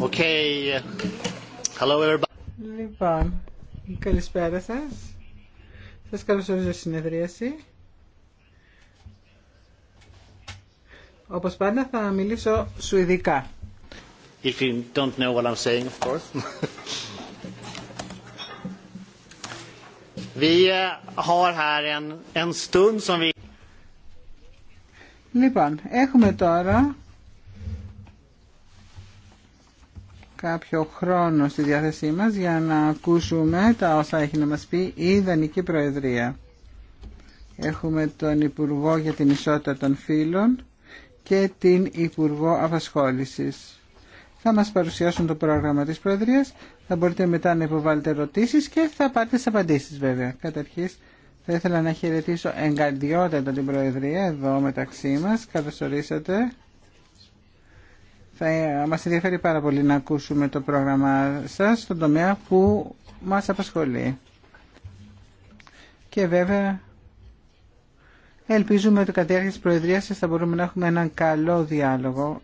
Okay. Hello everybody. Λοιπόν, καλησπέρα σας. Σας καλωσορίζω στη συνεδρίαση. Όπως πάντα θα μιλήσω σουηδικά. If you don't know what I'm saying, of course. Vi eh, har här en, en stund som vi... Λοιπόν, έχουμε τώρα κάποιο χρόνο στη διάθεσή μας για να ακούσουμε τα όσα έχει να μας πει η ιδανική Προεδρία. Έχουμε τον Υπουργό για την Ισότητα των Φύλων και την Υπουργό αφασχόλησης. Θα μας παρουσιάσουν το πρόγραμμα της Προεδρίας, θα μπορείτε μετά να υποβάλλετε ερωτήσεις και θα πάτε σε απαντήσεις βέβαια. Καταρχής θα ήθελα να χαιρετήσω εγκαρδιότατα την Προεδρία εδώ μεταξύ μας, Καλωσορίσατε. ορίσατε. Θα ε, μας ενδιαφέρει πάρα πολύ να ακούσουμε το πρόγραμμα σας στον τομέα που μας απασχολεί. Και βέβαια ελπίζουμε ότι κατά τη διάρκεια Προεδρίας θα μπορούμε να έχουμε έναν καλό διάλογο.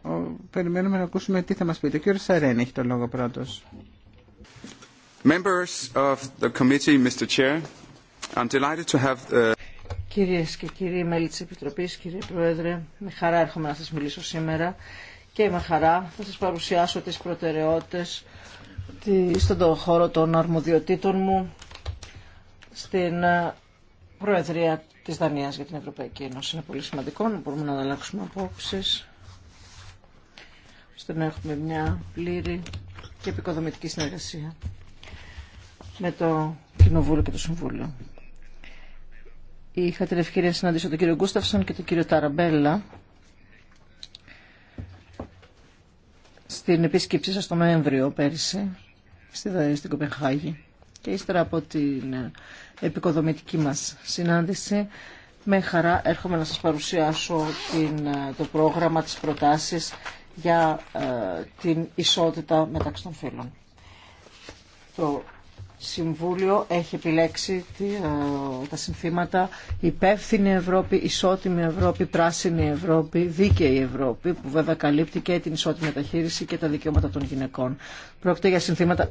Περιμένουμε να ακούσουμε τι θα μας πείτε. Ο κύριος Σαρέν έχει το λόγο πρώτος. Members of the committee, Mr. Chair, I'm delighted to have uh, Κυρίες και κύριοι μέλη της Επιτροπής, κύριε Πρόεδρε, με χαρά έρχομαι να σας μιλήσω σήμερα και με χαρά θα σας παρουσιάσω τις προτεραιότητες στον χώρο των αρμοδιοτήτων μου στην ε, Προεδρία της Δανίας για την Ευρωπαϊκή Ένωση. Είναι πολύ σημαντικό να μπορούμε να αλλάξουμε απόψεις ώστε να έχουμε μια πλήρη και επικοδομητική συνεργασία με το Κοινοβούλιο και το Συμβούλιο. Είχα την ευκαιρία να συναντήσω τον κύριο Γκούσταυσον και τον κύριο Ταραμπέλα στην επίσκεψή σας το Νοέμβριο πέρυσι στην Κοπεχάγη και ύστερα από την ε, επικοδομητική μας συνάντηση με χαρά έρχομαι να σας παρουσιάσω την, ε, το πρόγραμμα της προτάσεις για ε, την ισότητα μεταξύ των φίλων. Συμβούλιο έχει επιλέξει ε, τα συνθήματα υπεύθυνη Ευρώπη, ισότιμη Ευρώπη, πράσινη Ευρώπη, δίκαιη Ευρώπη, που βέβαια καλύπτει και την ισότιμη μεταχείριση και τα δικαιώματα των γυναικών. Πρόκειται για συνθήματα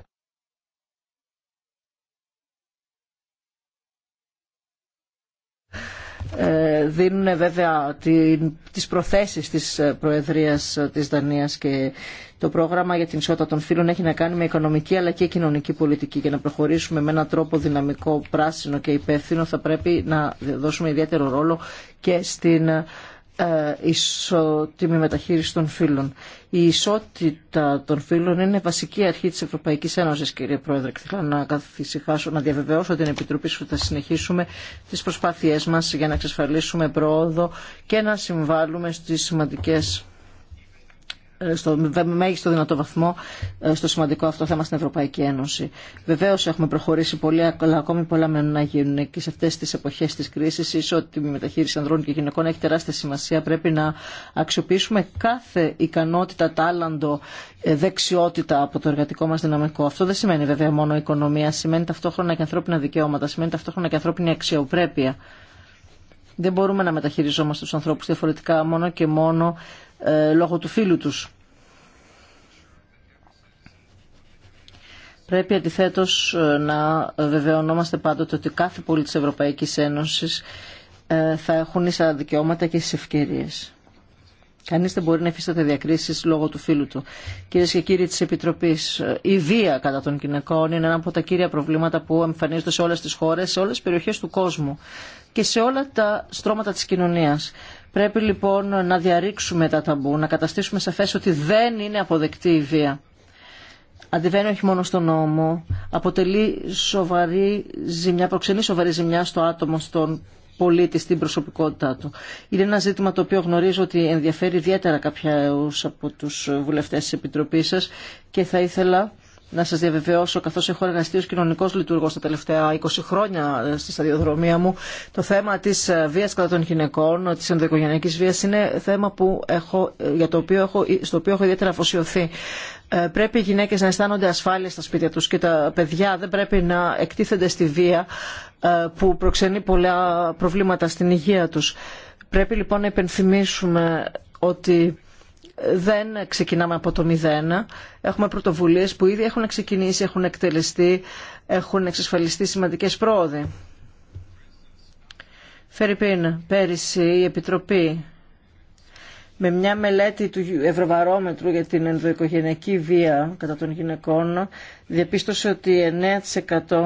Ε, δίνουν βέβαια τις προθέσεις της ε, Προεδρίας ε, της Δανίας και το πρόγραμμα για την ισότητα των φίλων έχει να κάνει με οικονομική αλλά και κοινωνική πολιτική. Για να προχωρήσουμε με έναν τρόπο δυναμικό, πράσινο και υπεύθυνο θα πρέπει να δώσουμε ιδιαίτερο ρόλο και στην ε, ισότιμη μεταχείριση των φύλων. Η ισότητα των φύλων είναι βασική αρχή της Ευρωπαϊκής Ένωσης, κύριε Πρόεδρε. Θέλω να καθησυχάσω, να διαβεβαιώσω την Επιτροπή σου θα συνεχίσουμε τις προσπάθειές μας για να εξασφαλίσουμε πρόοδο και να συμβάλλουμε στις σημαντικές ε, στο μέγιστο δυνατό βαθμό ε, στο σημαντικό αυτό θέμα στην Ευρωπαϊκή Ένωση. Βεβαίω έχουμε προχωρήσει πολύ, αλλά ακόμη πολλά μένουν να γίνουν και σε αυτέ τι εποχέ τη κρίση. Η μεταχείριση ανδρών και γυναικών έχει τεράστια σημασία. Πρέπει να αξιοποιήσουμε κάθε ικανότητα, τάλαντο, ε, δεξιότητα από το εργατικό μα δυναμικό. Αυτό δεν σημαίνει βέβαια μόνο οικονομία, σημαίνει ταυτόχρονα και ανθρώπινα δικαιώματα, σημαίνει ταυτόχρονα και ανθρώπινη αξιοπρέπεια. Δεν μπορούμε να μεταχειριζόμαστε του ανθρώπου διαφορετικά μόνο και μόνο ε, λόγω του φίλου τους. Πρέπει αντιθέτω ε, να βεβαιωνόμαστε πάντοτε ότι κάθε πολίτη της Ευρωπαϊκής Ένωσης ε, θα έχουν ίσα δικαιώματα και στις ευκαιρίες. Κανεί δεν μπορεί να υφίσταται διακρίσει λόγω του φίλου του. Κυρίε και κύριοι τη Επιτροπή, η βία κατά των γυναικών είναι ένα από τα κύρια προβλήματα που εμφανίζονται σε όλε τι χώρε, σε όλε τι περιοχέ του κόσμου και σε όλα τα στρώματα τη κοινωνία. Πρέπει λοιπόν να διαρρήξουμε τα ταμπού, να καταστήσουμε σαφές ότι δεν είναι αποδεκτή η βία. Αντιβαίνει όχι μόνο στον νόμο, αποτελεί σοβαρή ζημιά, προξενεί σοβαρή ζημιά στο άτομο, στον πολίτη, στην προσωπικότητά του. Είναι ένα ζήτημα το οποίο γνωρίζω ότι ενδιαφέρει ιδιαίτερα κάποιους από τους βουλευτές της Επιτροπής σας και θα ήθελα να σας διαβεβαιώσω, καθώς έχω εργαστεί ως κοινωνικός λειτουργός τα τελευταία 20 χρόνια ε, στη σταδιοδρομία μου, το θέμα της ε, βίας κατά των γυναικών, ε, της ενδοοικογενειακής βίας, είναι θέμα που έχω, για το οποίο έχω, στο οποίο έχω ιδιαίτερα αφοσιωθεί. Πρέπει οι γυναίκες να αισθάνονται ασφάλειες στα σπίτια τους και τα παιδιά δεν πρέπει να εκτίθενται στη βία που προξενεί πολλά προβλήματα στην υγεία τους. Πρέπει λοιπόν να υπενθυμίσουμε ότι δεν ξεκινάμε από το μηδέν. Έχουμε πρωτοβουλίες που ήδη έχουν ξεκινήσει, έχουν εκτελεστεί, έχουν εξασφαλιστεί σημαντικές πρόοδοι. Φερρυπίν, πέρυσι η Επιτροπή με μια μελέτη του Ευρωβαρόμετρου για την ενδοοικογενειακή βία κατά των γυναικών διαπίστωσε ότι 9%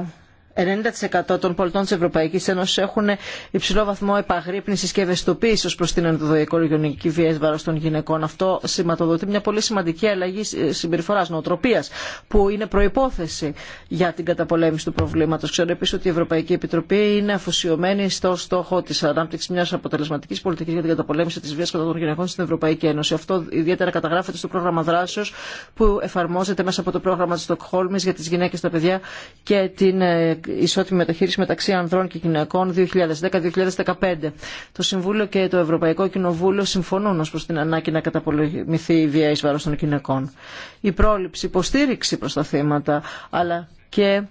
90% των πολιτών τη Ευρωπαϊκή Ένωση έχουν υψηλό βαθμό επαγρύπνηση και ευαισθητοποίηση ω προ την ενδοοικογενειακή βία εις βάρος των γυναικών. Αυτό σηματοδοτεί μια πολύ σημαντική αλλαγή συμπεριφοράς, νοοτροπία, που είναι προπόθεση για την καταπολέμηση του προβλήματο. Ξέρω επίση ότι η Ευρωπαϊκή Επιτροπή είναι αφοσιωμένη στο στόχο τη ανάπτυξη μια αποτελεσματική πολιτική για την καταπολέμηση τη βία κατά των γυναικών στην Ευρωπαϊκή Ένωση. Αυτό ιδιαίτερα καταγράφεται στο πρόγραμμα δράσεων που εφαρμόζεται μέσα από το πρόγραμμα τη Στοκχόλμη για τις γυναίκες, τα παιδιά και την ε, ισότιμη μεταχείριση μεταξύ ανδρών και γυναικών 2010-2015. Το Συμβούλιο και το Ευρωπαϊκό Κοινοβούλιο συμφωνούν ω προ την ανάγκη να καταπολεμηθεί η βία ει βάρο των γυναικών. Η πρόληψη, υποστήριξη προ τα θύματα, αλλά και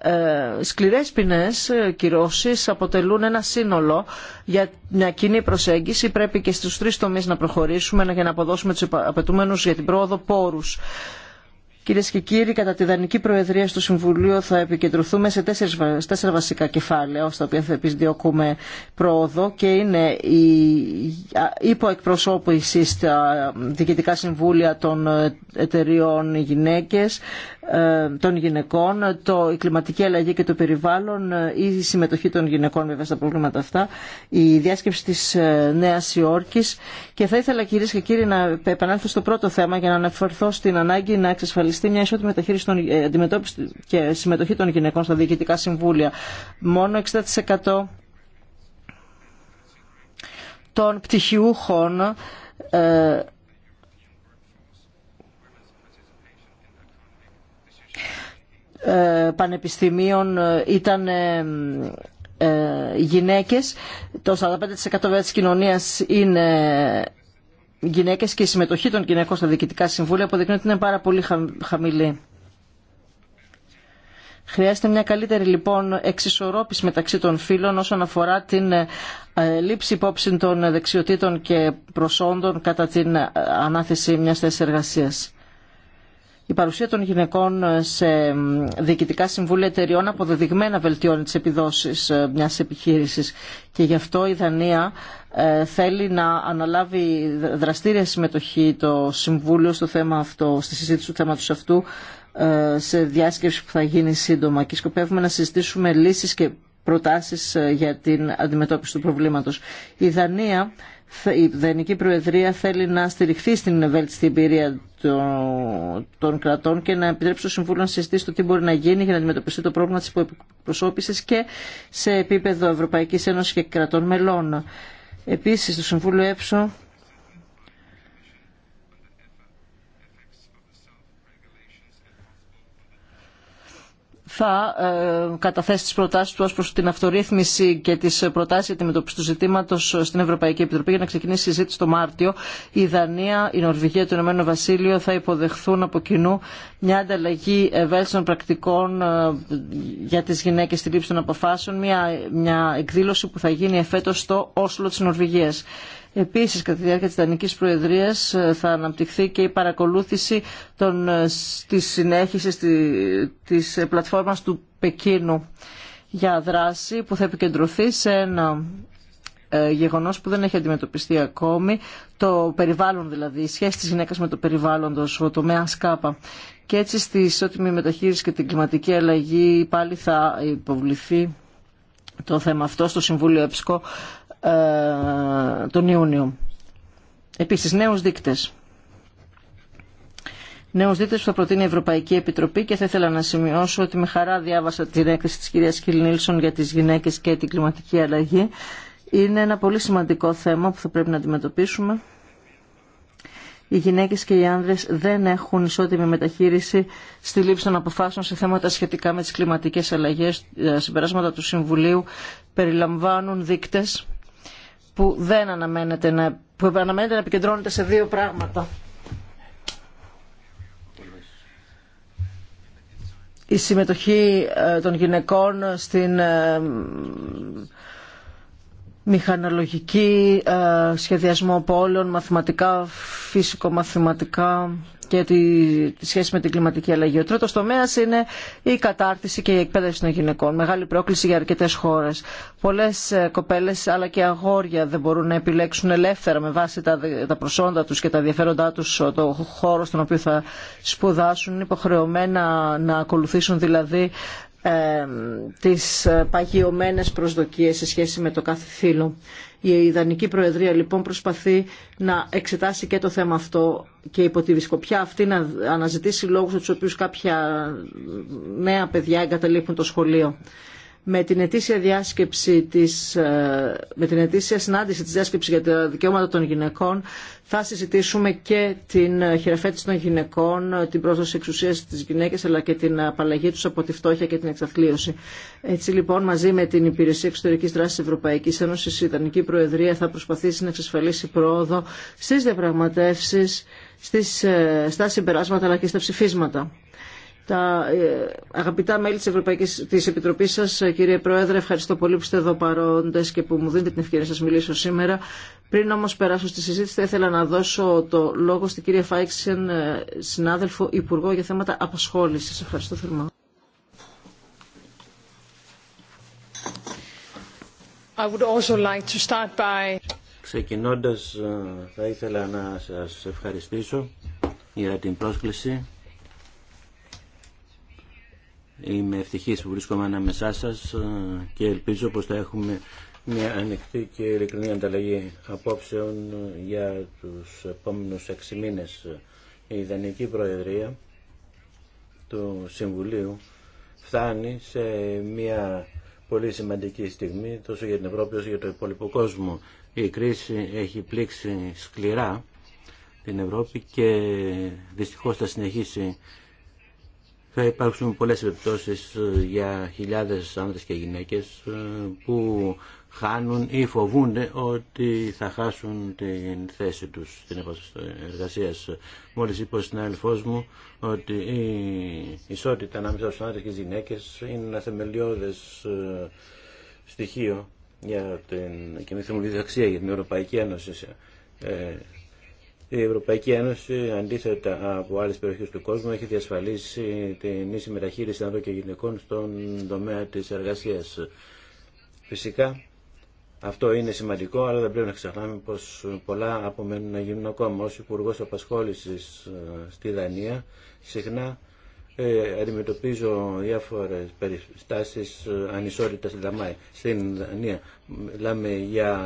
ε, σκληρές ποινές, ε, κυρώσεις αποτελούν ένα σύνολο για μια κοινή προσέγγιση. Πρέπει και στους τρει τομεί να προχωρήσουμε για να αποδώσουμε τους απαιτούμενους για την πρόοδο πόρους. Κυρίε και κύριοι, κατά τη δανεική προεδρία στο Συμβουλίο θα επικεντρωθούμε σε τέσσερα βασικά κεφάλαια, τα οποία θα επιδιώκουμε πρόοδο και είναι η υποεκπροσώπηση στα διοικητικά συμβούλια των ε, εταιριών γυναίκες, ε, των γυναικών, το, η κλιματική αλλαγή και το περιβάλλον, ε, η συμμετοχή των γυναικών βέβαια στα προβλήματα αυτά, η διάσκεψη της ε, Νέας Υόρκης και θα ήθελα κυρίες και κύριοι να επανέλθω στο πρώτο θέμα για να αναφερθώ στην ανάγκη να εξασφαλιστεί μια ισότητα μεταχείριση των, ε, αντιμετώπιση και συμμετοχή των γυναικών στα διοικητικά συμβούλια. Μόνο 60% των πτυχιούχων Ε, πανεπιστημίων ε, ήταν ε, γυναίκες. Το 45% της κοινωνίας είναι γυναίκες και η συμμετοχή των γυναικών στα διοικητικά συμβούλια αποδεικνύει ότι είναι πάρα πολύ χαμηλή. Χρειάζεται μια καλύτερη λοιπόν εξισορρόπηση μεταξύ των φύλων όσον αφορά την λήψη υπόψη των δεξιοτήτων και προσόντων κατά την ανάθεση μιας θέσης εργασίας. Η παρουσία των γυναικών ε, σε διοικητικά συμβούλια εταιριών αποδεδειγμένα βελτιώνει τις επιδόσεις ε, μιας επιχείρησης και γι' αυτό η Δανία ε, θέλει να αναλάβει δραστήρια συμμετοχή το Συμβούλιο στο θέμα αυτό, στη συζήτηση του θέματος αυτού σε διάσκεψη που θα γίνει σύντομα και σκοπεύουμε να συζητήσουμε λύσεις και προτάσεις για την αντιμετώπιση του προβλήματος. Η Δανία η Δενική Προεδρία θέλει να στηριχθεί στην ευέλτιστη εμπειρία των κρατών και να επιτρέψει το Συμβούλιο να συζητήσει το τι μπορεί να γίνει για να αντιμετωπιστεί το πρόβλημα της υποπροσώπησης και σε επίπεδο Ευρωπαϊκής Ένωσης και κρατών μελών. Επίσης, το Συμβούλιο έψω θα ε, καταθέσει τι προτάσει του ω προ την αυτορύθμιση και τι προτάσει για τη του ζητήματο στην Ευρωπαϊκή Επιτροπή για να ξεκινήσει η συζήτηση το Μάρτιο. Η Δανία, η Νορβηγία, το Ηνωμένο Βασίλειο θα υποδεχθούν από κοινού μια ανταλλαγή ευέλθυνων πρακτικών ε, για τι γυναίκε στη λήψη των αποφάσεων, μια, μια εκδήλωση που θα γίνει εφέτο στο Όσλο τη Νορβηγία. Επίσης, κατά τη διάρκεια της Δανικής Προεδρίας ε, θα αναπτυχθεί και η παρακολούθηση των, ε, της συνέχισης της ε, πλατφόρμας του Πεκίνου για δράση που θα επικεντρωθεί σε ένα γεγονός που δεν έχει αντιμετωπιστεί ακόμη, το περιβάλλον δηλαδή, η σχέση της γυναίκας με το περιβάλλον, το τομέα ΣΚΑΠΑ. Και έτσι στη ισότιμη μεταχείριση και την κλιματική αλλαγή πάλι θα υποβληθεί το θέμα αυτό στο Συμβούλιο ΕΠΣΚΟ ε, τον Ιούνιο. Επίσης, νέους δείκτες. Νέους δείκτες που θα προτείνει η Ευρωπαϊκή Επιτροπή και θα ήθελα να σημειώσω ότι με χαρά διάβασα την έκθεση της κυρίας Κιλνίλσον για τις γυναίκες και την κλιματική αλλαγή. Είναι ένα πολύ σημαντικό θέμα που θα πρέπει να αντιμετωπίσουμε. Οι γυναίκες και οι άνδρες δεν έχουν ισότιμη μεταχείριση στη λήψη των αποφάσεων σε θέματα σχετικά με τις κλιματικές αλλαγές. συμπεράσματα του Συμβουλίου περιλαμβάνουν δείκτες που δεν αναμένεται να, που αναμένεται να επικεντρώνεται σε δύο πράγματα. Η συμμετοχή ε, των γυναικών στην ε, μηχανολογική ε, σχεδιασμό πόλεων, μαθηματικά, φυσικομαθηματικά και τη σχέση με την κλιματική αλλαγή. Ο τρίτο τομέα είναι η κατάρτιση και η εκπαίδευση των γυναικών. Μεγάλη πρόκληση για αρκετέ χώρε. Πολλέ ε, κοπέλε αλλά και αγόρια δεν μπορούν να επιλέξουν ελεύθερα με βάση τα προσόντα του και τα ενδιαφέροντά του το χώρο στον οποίο θα σπουδάσουν. Είναι υποχρεωμένα να ακολουθήσουν δηλαδή τις ε, παγιωμένες προσδοκίες σε σχέση με το κάθε φύλλο. Η Ιδανική Προεδρία λοιπόν προσπαθεί να εξετάσει και το θέμα αυτό και υπό τη αυτή να αναζητήσει λόγους του οποίους κάποια νέα παιδιά εγκαταλείπουν το σχολείο με την ετήσια διάσκεψη της, ε, με την ετήσια συνάντηση της διάσκεψης για τα δικαιώματα των γυναικών θα συζητήσουμε και την χειραφέτηση των γυναικών, την πρόσδοση εξουσίας στις γυναίκες αλλά και την απαλλαγή τους από τη φτώχεια και την εξαθλίωση. Έτσι λοιπόν μαζί με την Υπηρεσία Εξωτερικής Δράσης Ευρωπαϊκής Ένωσης η Ιδανική Προεδρία θα προσπαθήσει να εξασφαλίσει πρόοδο στις διαπραγματεύσεις, στις, ε, στα συμπεράσματα αλλά και στα ψηφίσματα τα ε, αγαπητά μέλη της, Ευρωπαϊκής, της Επιτροπής σας, κύριε Πρόεδρε, ευχαριστώ πολύ που είστε εδώ παρόντες και που μου δίνετε την ευκαιρία να σας μιλήσω σήμερα. Πριν όμως περάσω στη συζήτηση, θα ήθελα να δώσω το λόγο στην κυρία Φάιξεν, ε, συνάδελφο Υπουργό για θέματα απασχόλησης. Ευχαριστώ θερμά. I Ξεκινώντας, ε, θα ήθελα να σας ευχαριστήσω για την πρόσκληση Είμαι ευτυχής που βρίσκομαι ανάμεσά σας ε, και ελπίζω πως θα έχουμε μια ανοιχτή και ειλικρινή ανταλλαγή απόψεων για τους επόμενους έξι μήνες. Η Ιδανική Προεδρία του Συμβουλίου φτάνει σε μια πολύ σημαντική στιγμή τόσο για την Ευρώπη όσο για το υπόλοιπο κόσμο. Η κρίση έχει πλήξει σκληρά την Ευρώπη και δυστυχώς θα συνεχίσει θα υπάρξουν πολλές επιπτώσεις ε, για χιλιάδες άνδρες και γυναίκες ε, που χάνουν ή φοβούνται ότι θα χάσουν την θέση τους στην εργασία. Μόλις είπε ο συνάδελφός μου ότι η ισότητα ανάμεσα στους άνδρες και γυναίκες είναι ένα θεμελιώδες ε, στοιχείο για την κοινή θεμελιώδη για την Ευρωπαϊκή Ένωση. Η Ευρωπαϊκή Ένωση, αντίθετα από άλλε περιοχέ του κόσμου, έχει διασφαλίσει την ίση μεταχείριση ανδρών και γυναικών στον τομέα τη εργασία. Φυσικά, αυτό είναι σημαντικό, αλλά δεν πρέπει να ξεχνάμε πω πολλά απομένουν να γίνουν ακόμα. Ω Υπουργό Απασχόληση ε, στη Δανία, συχνά ε, αντιμετωπίζω διάφορε περιστάσει ε, ανισότητα δηλαδή, στην Δανία. Μιλάμε για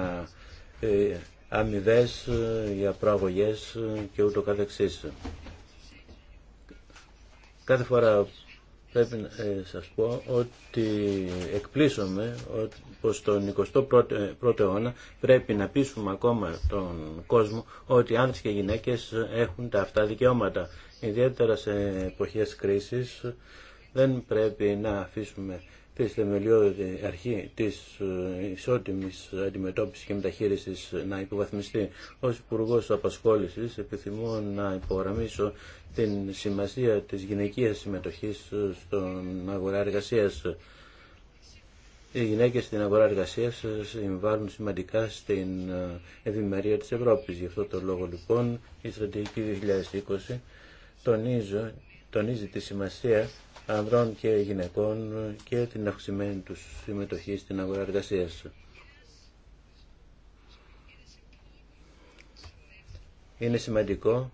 ε, αμοιβέ ε, για προαγωγέ ε, και ούτω καθεξής. Κάθε φορά πρέπει να ε, σας πω ότι εκπλήσωμε ότι πως τον 21ο αιώνα πρέπει να πείσουμε ακόμα τον κόσμο ότι άνθρωποι και γυναίκες έχουν τα αυτά δικαιώματα. Ιδιαίτερα σε εποχές κρίσης δεν πρέπει να αφήσουμε της θεμελιώδη αρχή της ε, ισότιμης αντιμετώπισης και μεταχείρισης να υποβαθμιστεί. Ως υπουργό Απασχόλησης επιθυμώ να υπογραμμίσω την σημασία της γυναικείας συμμετοχής ε, στον αγορά εργασίας. Οι γυναίκες στην αγορά εργασίας ε, συμβάλλουν σημαντικά στην ευημερία της Ευρώπης. Γι' αυτό το λόγο λοιπόν η στρατηγική 2020 τονίζω, τονίζει τη σημασία ανδρών και γυναικών και την αυξημένη τους συμμετοχή στην αγορά εργασίας. Είναι σημαντικό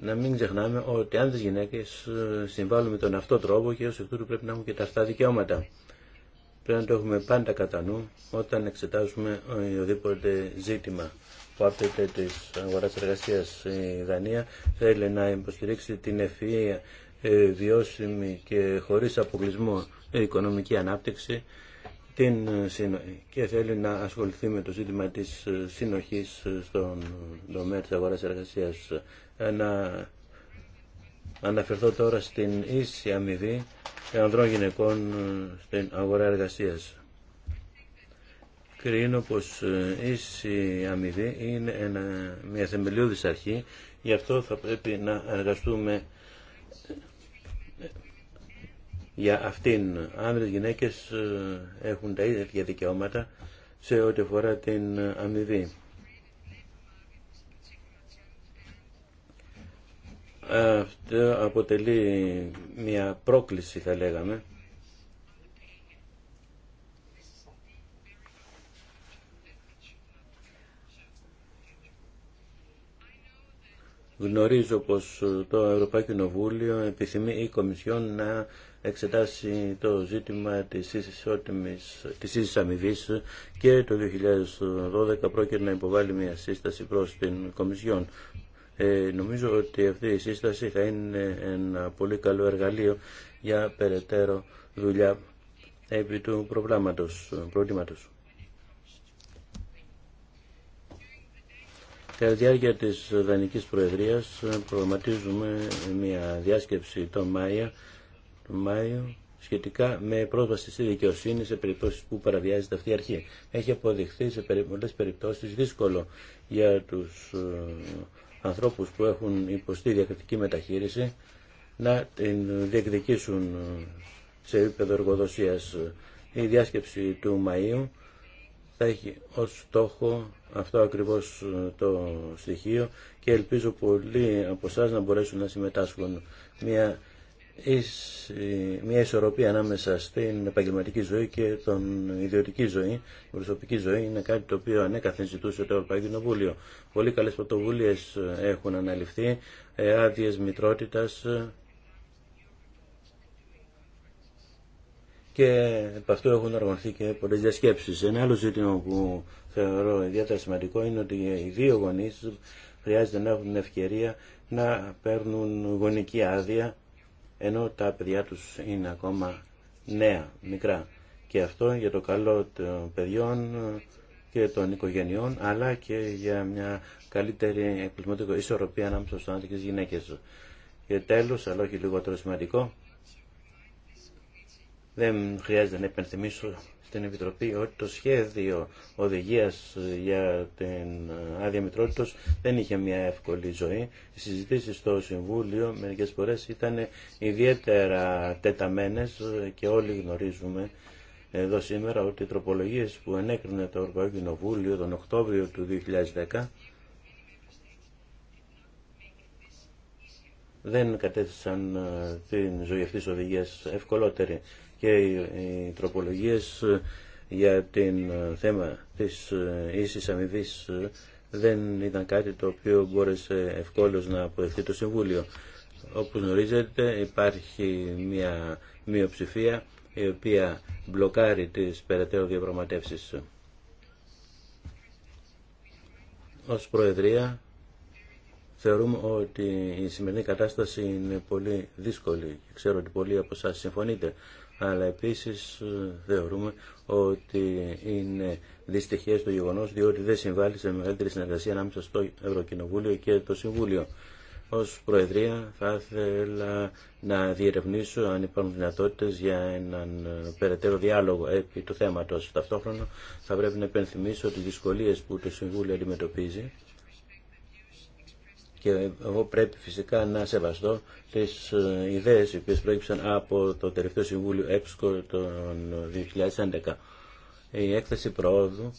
να μην ξεχνάμε ότι αν τις γυναίκες ε, συμβάλλουν με τον αυτό τρόπο και ω εκ τούτου πρέπει να έχουν και τα αυτά δικαιώματα. Πρέπει να το έχουμε πάντα κατά νου όταν εξετάζουμε οδήποτε ζήτημα που άπτεται της αγορά εργασία η Δανία θέλει να υποστηρίξει την ευφυή ε, βιώσιμη και χωρίς αποκλεισμό ε, οικονομική ανάπτυξη την ε, και θέλει να ασχοληθεί με το ζήτημα της συνοχής στον τομέα της αγοράς εργασίας. Να αναφερθώ τώρα στην ίση αμοιβή ανδρών γυναικών στην αγορά εργασίας κρίνω πως ε, η αμοιβή είναι μια θεμελιώδης αρχή, γι' αυτό θα πρέπει να εργαστούμε ε, για αυτήν. Άνδρες γυναίκες ε, έχουν τα ίδια δικαιώματα σε ό,τι αφορά την αμοιβή. Αυτό αποτελεί μια πρόκληση θα λέγαμε Γνωρίζω πως ε, το Ευρωπαϊκό Κοινοβούλιο επιθυμεί η Κομισιόν να εξετάσει το ζήτημα της ίσης, της ίσης αμοιβής και το 2012 πρόκειται να υποβάλει μια σύσταση προς την Κομισιόν. Ε, νομίζω ότι αυτή η σύσταση θα είναι ένα πολύ καλό εργαλείο για περαιτέρω δουλειά επί του προβλήματος. προβλήματος. Κατά τη διάρκεια της Δανικής Προεδρίας ε, προγραμματίζουμε μια διάσκεψη τον Μάιο, τον Μάιο σχετικά με πρόσβαση στη δικαιοσύνη σε περιπτώσεις που παραβιάζεται αυτή η αρχή. Έχει αποδειχθεί σε πολλές περιπτώσεις δύσκολο για τους ε, ανθρώπους που έχουν υποστεί διακριτική μεταχείριση να την διεκδικήσουν ε, σε επίπεδο εργοδοσίας. Η διάσκεψη του Μαΐου θα έχει ως στόχο αυτό ακριβώς ε, το στοιχείο και ελπίζω πολλοί από εσά να μπορέσουν να συμμετάσχουν. Μια, μια ισορροπία ανάμεσα στην επαγγελματική ζωή και τον ιδιωτική ζωή, την προσωπική ζωή, είναι κάτι το οποίο ανέκαθεν ζητούσε το Ευρωπαϊκό Κοινοβούλιο. Πολύ καλές πρωτοβουλίε ε, έχουν αναλυφθεί, ε, άδειε μητρότητας, και από αυτό έχουν οργανωθεί και πολλέ διασκέψει. Ένα άλλο ζήτημα που θεωρώ ιδιαίτερα σημαντικό είναι ότι οι δύο γονεί χρειάζεται να έχουν ευκαιρία να παίρνουν γονική άδεια ενώ τα παιδιά τους είναι ακόμα νέα, μικρά. Και αυτό για το καλό των παιδιών και των οικογενειών, αλλά και για μια καλύτερη εκπληκτική ισορροπία ανάμεσα στους άντρες και γυναίκε. γυναίκες. Και τέλος, αλλά όχι λιγότερο σημαντικό, δεν χρειάζεται να επενθυμίσω στην Επιτροπή ότι το σχέδιο οδηγίας για την άδεια μητρότητος δεν είχε μια εύκολη ζωή. Οι συζητήσεις στο Συμβούλιο μερικές φορές ήταν ιδιαίτερα τεταμένες και όλοι γνωρίζουμε εδώ σήμερα ότι οι τροπολογίες που ενέκρινε το Ευρωπαϊκό Κοινοβούλιο τον Οκτώβριο του 2010 δεν κατέθεσαν ε, την ζωή αυτής οδηγίας ευκολότερη και οι τροπολογίες ε, για την ε, θέμα της ε, ίσης αμοιβή δεν ήταν κάτι το οποίο μπόρεσε ευκόλως να αποδεχθεί το Συμβούλιο. Όπως γνωρίζετε υπάρχει μια μειοψηφία η οποία μπλοκάρει τις περαιτέρω διαπραγματεύσεις. Ως Προεδρία θεωρούμε ότι η σημερινή κατάσταση είναι πολύ δύσκολη. Ξέρω ότι πολλοί από εσάς συμφωνείτε αλλά επίσης ε, θεωρούμε ότι είναι δυστυχές το γεγονός διότι δεν συμβάλλει σε μεγαλύτερη συνεργασία ανάμεσα στο Ευρωκοινοβούλιο και το Συμβούλιο. Ως Προεδρία θα ήθελα να διερευνήσω αν υπάρχουν δυνατότητες για έναν ε, περαιτέρω διάλογο επί του θέματος. Ταυτόχρονα θα πρέπει να επενθυμίσω τις δυσκολίες που το Συμβούλιο αντιμετωπίζει και εγώ πρέπει φυσικά να σεβαστώ τις ε, ιδέες οι οποίες προέκυψαν από το τελευταίο Συμβούλιο ΕΠΣΚΟ το 2011. Η έκθεση προόδου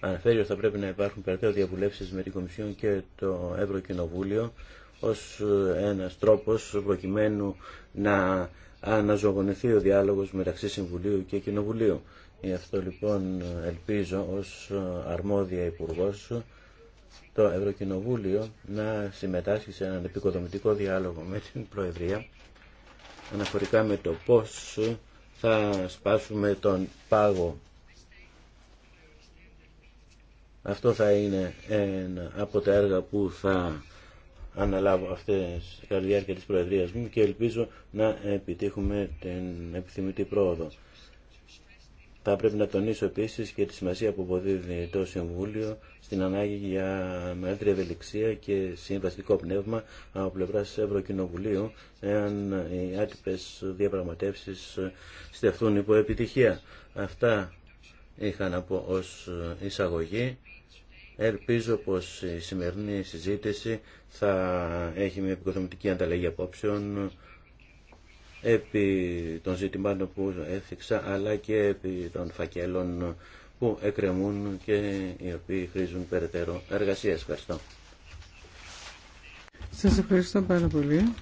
αναφέρει ότι θα πρέπει να υπάρχουν περαιτέρω διαβουλεύσεις με την Κομισιόν και το Ευρωκοινοβούλιο ως ε, ένας τρόπος προκειμένου να αναζωογονηθεί ο διάλογος μεταξύ Συμβουλίου και Κοινοβουλίου. Γι' αυτό λοιπόν ελπίζω ως ε, αρμόδια υπουργό το Ευρωκοινοβούλιο να συμμετάσχει σε έναν επικοδομητικό διάλογο με την Προεδρία αναφορικά με το πώς θα σπάσουμε τον πάγο. Αυτό θα είναι ένα από τα έργα που θα αναλάβω αυτές κατά διάρκεια της Προεδρίας μου και ελπίζω να επιτύχουμε την επιθυμητή πρόοδο. Θα πρέπει να τονίσω επίση και τη σημασία που αποδίδει το Συμβούλιο στην ανάγκη για μεγαλύτερη ευελιξία και συμβαστικό πνεύμα από πλευρά Ευρωκοινοβουλίου, εάν οι άτυπε διαπραγματεύσει στεφθούν υπό επιτυχία. Αυτά είχα να πω ω εισαγωγή. Ελπίζω πως η σημερινή συζήτηση θα έχει μια επικοδομητική ανταλλαγή απόψεων επί των ζητημάτων που έφυξα αλλά και επί των φακέλων που εκκρεμούν και οι οποίοι χρήζουν περαιτέρω εργασία. Ευχαριστώ. Σας ευχαριστώ πάρα πολύ.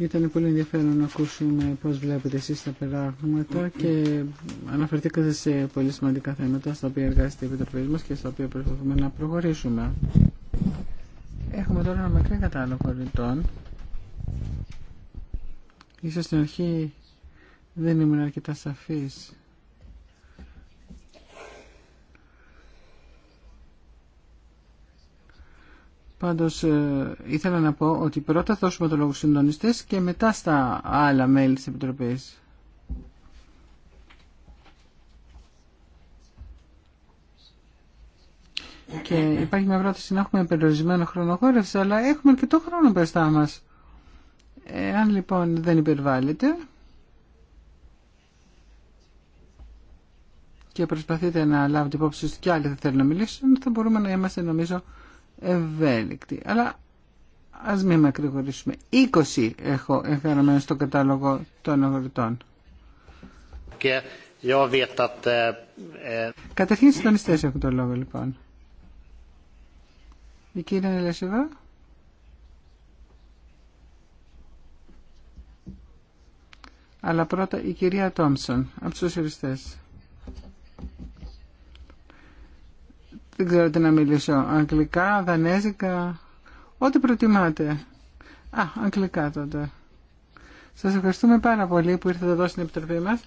Ήταν πολύ ενδιαφέρον να ακούσουμε πώς βλέπετε εσείς τα πράγματα mm-hmm. και αναφερθήκατε σε πολύ σημαντικά θέματα στα οποία εργάζεται η Επιτροπή μας και στα οποία προσπαθούμε να προχωρήσουμε. Έχουμε τώρα ένα μακρύ κατάλογο ρητών. Ίσως στην αρχή δεν ήμουν αρκετά σαφής. Πάντως ε, ήθελα να πω ότι πρώτα θα δώσουμε το λόγο συντονιστές και μετά στα άλλα μέλη της Επιτροπής. Και υπάρχει μια πρόταση να έχουμε περιορισμένο χρόνο αλλά έχουμε αρκετό χρόνο μπροστά μα. Εάν λοιπόν δεν υπερβάλλετε και προσπαθείτε να λάβετε υπόψη και άλλοι θα θέλουν να μιλήσουν, θα μπορούμε να είμαστε νομίζω ευέλικτη. Αλλά ας μην με μακρηγορήσουμε. 20 έχω εγγραμμένο στο κατάλογο των αγορητών. Και... Ε, ε, Καταρχήν συντονιστέ έχουν το λόγο λοιπόν. Η κυρία Νελεσίβα. Αλλά πρώτα η κυρία Τόμψον από του σοσιαλιστές. Δεν ξέρω τι να μιλήσω. Αγγλικά, δανέζικα, ό,τι προτιμάτε. Α, αγγλικά τότε. Σας ευχαριστούμε πάρα πολύ που ήρθατε εδώ στην Επιτροπή μας.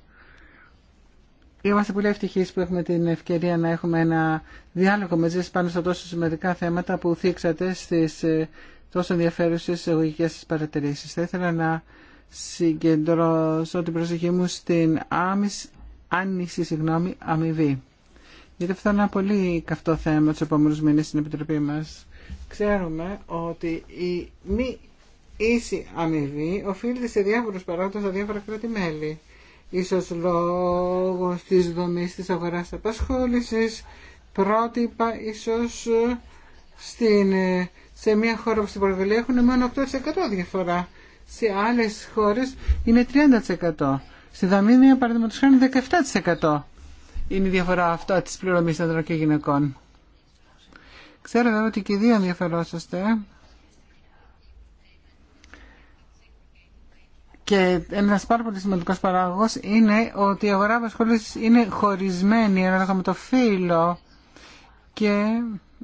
Είμαστε πολύ ευτυχείς που έχουμε την ευκαιρία να έχουμε ένα διάλογο μαζί σας πάνω στα τόσο σημαντικά θέματα που θίξατε στις ε, τόσο ενδιαφέρουσες εισαγωγικές σας παρατηρήσεις. Θα ήθελα να συγκεντρώσω την προσοχή μου στην άμυση, άνηση συγγνώμη, αμοιβή γιατί αυτό είναι ένα πολύ καυτό θέμα του επόμενου μήνε στην Επιτροπή μα. Ξέρουμε ότι η μη ίση αμοιβή οφείλεται σε διάφορου παράγοντε στα διάφορα κράτη-μέλη. Ίσως λόγω τη δομή τη αγορά απασχόληση. πρότυπα ίσω ε, στην, ε, σε μια χώρα που στην Πορτογαλία έχουν μόνο 8% διαφορά. Σε άλλες χώρες είναι 30%. Στη Δανία, παραδείγματος χάνει 17% είναι η διαφορά αυτά της πληρωμής ανδρών και γυναικών. Ξέρω βέβαια ότι και οι δύο ενδιαφερόσαστε. Και ένα πάρα πολύ σημαντικό παράγοντα είναι ότι η αγορά απασχόληση είναι χωρισμένη ανάλογα με το φύλλο. Και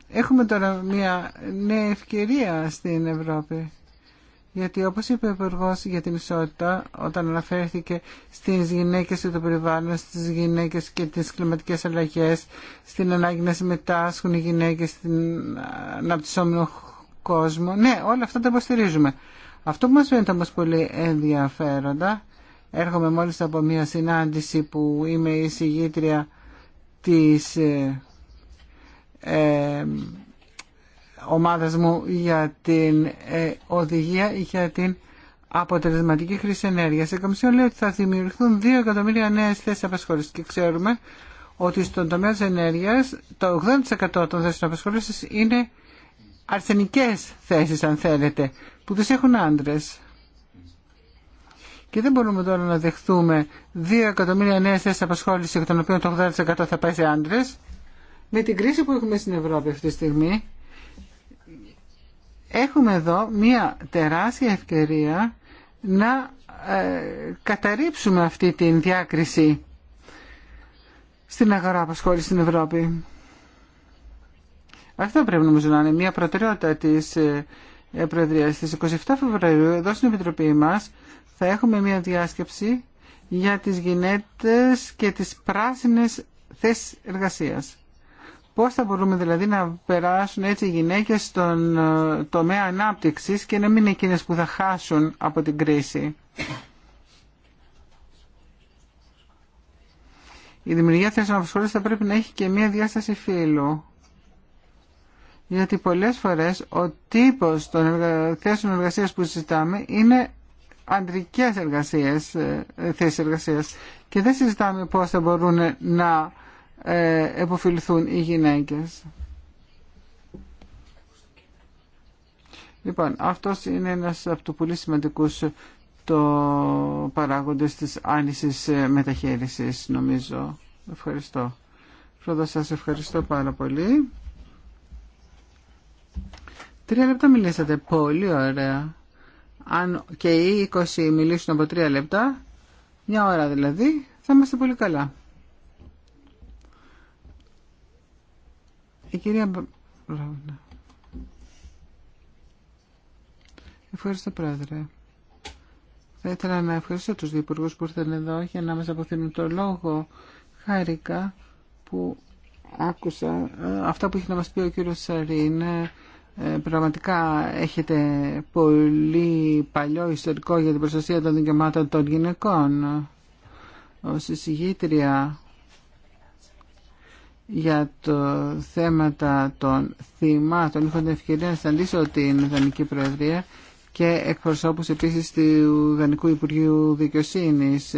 έχουμε τώρα μια νέα ευκαιρία στην Ευρώπη. Γιατί όπως είπε ο υπουργό για την ισότητα όταν αναφέρθηκε στις γυναίκες και το περιβάλλον, στις γυναίκες και τις κλιματικές αλλαγές, στην ανάγκη να συμμετάσχουν οι γυναίκες στην αναπτυσσόμενο κόσμο. Ναι, όλα αυτά τα υποστηρίζουμε. Αυτό που μας φαίνεται όμως πολύ ενδιαφέροντα, έρχομαι μόλις από μια συνάντηση που είμαι η συγγήτρια της... Ε, ε ομάδας μου για την ε, οδηγία για την αποτελεσματική χρήση ενέργεια. Η Κομισιόν λέει ότι θα δημιουργηθούν 2 εκατομμύρια νέε θέσει απασχόληση και ξέρουμε ότι στον τομέα τη ενέργεια το 80% των θέσεων απασχόληση είναι αρσενικέ θέσει, αν θέλετε, που τι έχουν άντρε. Και δεν μπορούμε τώρα να δεχθούμε 2 εκατομμύρια νέε θέσει απασχόληση, εκ των οποίων το 80% θα πάει σε άντρε. Με την κρίση που έχουμε στην Ευρώπη αυτή τη στιγμή, έχουμε εδώ μία τεράστια ευκαιρία να ε, καταρρύψουμε αυτή την διάκριση στην αγορά απασχόληση στην Ευρώπη. Αυτό πρέπει νομίζω να είναι μια προτεραιότητα της ε, ε, Προεδρίας. Στις 27 Φεβρουαρίου εδώ στην Επιτροπή μας θα έχουμε μια διάσκεψη για τις γυναίκες και τις πράσινες θέσεις εργασίας. Πώς θα μπορούμε δηλαδή να περάσουν έτσι οι γυναίκες στον ε, τομέα ανάπτυξης και να μην είναι εκείνες που θα χάσουν από την κρίση. Η δημιουργία θέσεων απασχόλησης θα πρέπει να έχει και μία διάσταση φύλου. Γιατί πολλές φορές ο τύπος των θέσεων εργασίας που συζητάμε είναι ανδρικές εργασίες, ε, ε, θέσεις εργασίας και δεν συζητάμε πώς θα μπορούν να ε, εποφιλθούν οι γυναίκες. Λοιπόν, αυτός είναι ένας από τους πολύ σημαντικούς το παράγοντες της άνησης ε, μεταχείρισης, νομίζω. Ευχαριστώ. Πρώτα σας ευχαριστώ πάρα πολύ. Τρία λεπτά μιλήσατε. Πολύ ωραία. Αν και οι 20 μιλήσουν από τρία λεπτά, μια ώρα δηλαδή, θα είμαστε πολύ καλά. Η κυρία Μπρόνα. Ευχαριστώ πρόεδρε. Θα ήθελα να ευχαριστώ τους διευπουργούς που ήρθαν εδώ για να μας αποθύνουν το λόγο. Χάρηκα που άκουσα ε, αυτά που έχει να μας πει ο κύριος Σαρίν. Ε, πραγματικά έχετε πολύ παλιό ιστορικό για την προστασία των δικαιωμάτων των γυναικών. Ως εισηγήτρια για το θέματα των θυμάτων. Είχα την ευκαιρία να συναντήσω την Δανική Προεδρία και εκπροσώπους επίσης του Δανικού Υπουργείου Δικαιοσύνης.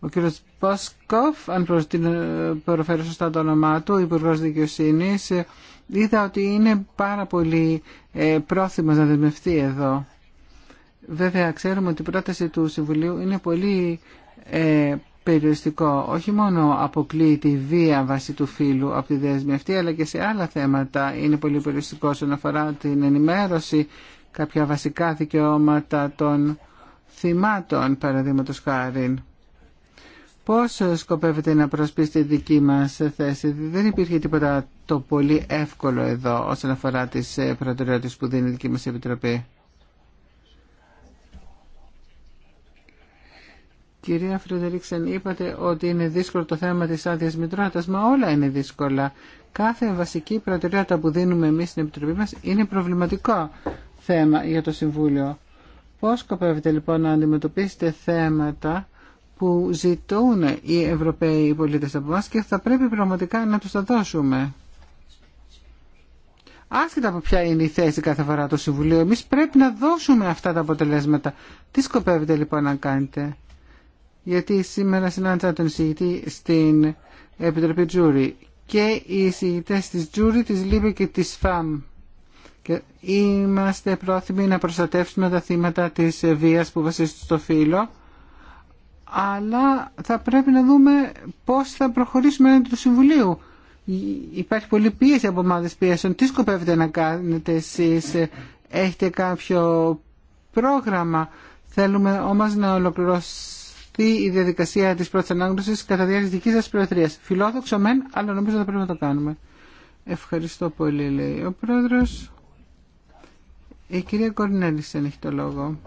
Ο κύριος Πόσκοφ, αν ε, προφέρω σωστά το όνομά του, υπουργό Δικαιοσύνης, είδα ότι είναι πάρα πολύ ε, πρόθυμος να δεσμευτεί εδώ. Βέβαια, ξέρουμε ότι η πρόταση του Συμβουλίου είναι πολύ ε, περιοριστικό. Όχι μόνο αποκλείει τη βία βάση του φύλου από τη δέσμη αυτή, αλλά και σε άλλα θέματα είναι πολύ περιοριστικό όσον αφορά την ενημέρωση, κάποια βασικά δικαιώματα των θυμάτων, παραδείγματο χάρη. Πώς σκοπεύετε να προσπίσετε δική μας θέση. Δεν υπήρχε τίποτα το πολύ εύκολο εδώ όσον αφορά τις προτεραιότητες που δίνει η δική μας Επιτροπή. Κυρία Φρεντερίξεν, είπατε ότι είναι δύσκολο το θέμα της άδειας μητρότητα, μα όλα είναι δύσκολα. Κάθε βασική προτεραιότητα που δίνουμε εμείς στην Επιτροπή μας είναι προβληματικό θέμα για το Συμβούλιο. Πώς σκοπεύετε λοιπόν να αντιμετωπίσετε θέματα που ζητούν οι Ευρωπαίοι πολίτες από εμάς και θα πρέπει πραγματικά να τους τα δώσουμε. Άσχετα από ποια είναι η θέση κάθε φορά του Συμβουλίου, εμείς πρέπει να δώσουμε αυτά τα αποτελέσματα. Τι σκοπεύετε λοιπόν να κάνετε γιατί σήμερα συνάντησα τον εισηγητή στην Επιτροπή Τζούρι και οι εισηγητές της Τζούρι, της Λίμπη και της ΦΑΜ. Και είμαστε πρόθυμοι να προστατεύσουμε τα θύματα της βίας που βασίζεται στο φύλλο, αλλά θα πρέπει να δούμε πώς θα προχωρήσουμε έναντι του Συμβουλίου. Υπάρχει πολλή πίεση από ομάδες πίεσεων. Τι σκοπεύετε να κάνετε εσείς, έχετε κάποιο πρόγραμμα. Θέλουμε όμως να ολοκληρώσουμε η διαδικασία της πρώτης ανάγνωσης κατά διάρκεια δικής σας προεδρίας. Φιλόδοξο μεν, αλλά νομίζω θα πρέπει να το κάνουμε. Ευχαριστώ πολύ, λέει ο πρόεδρος. Η κυρία κορνέλη έχει το λόγο.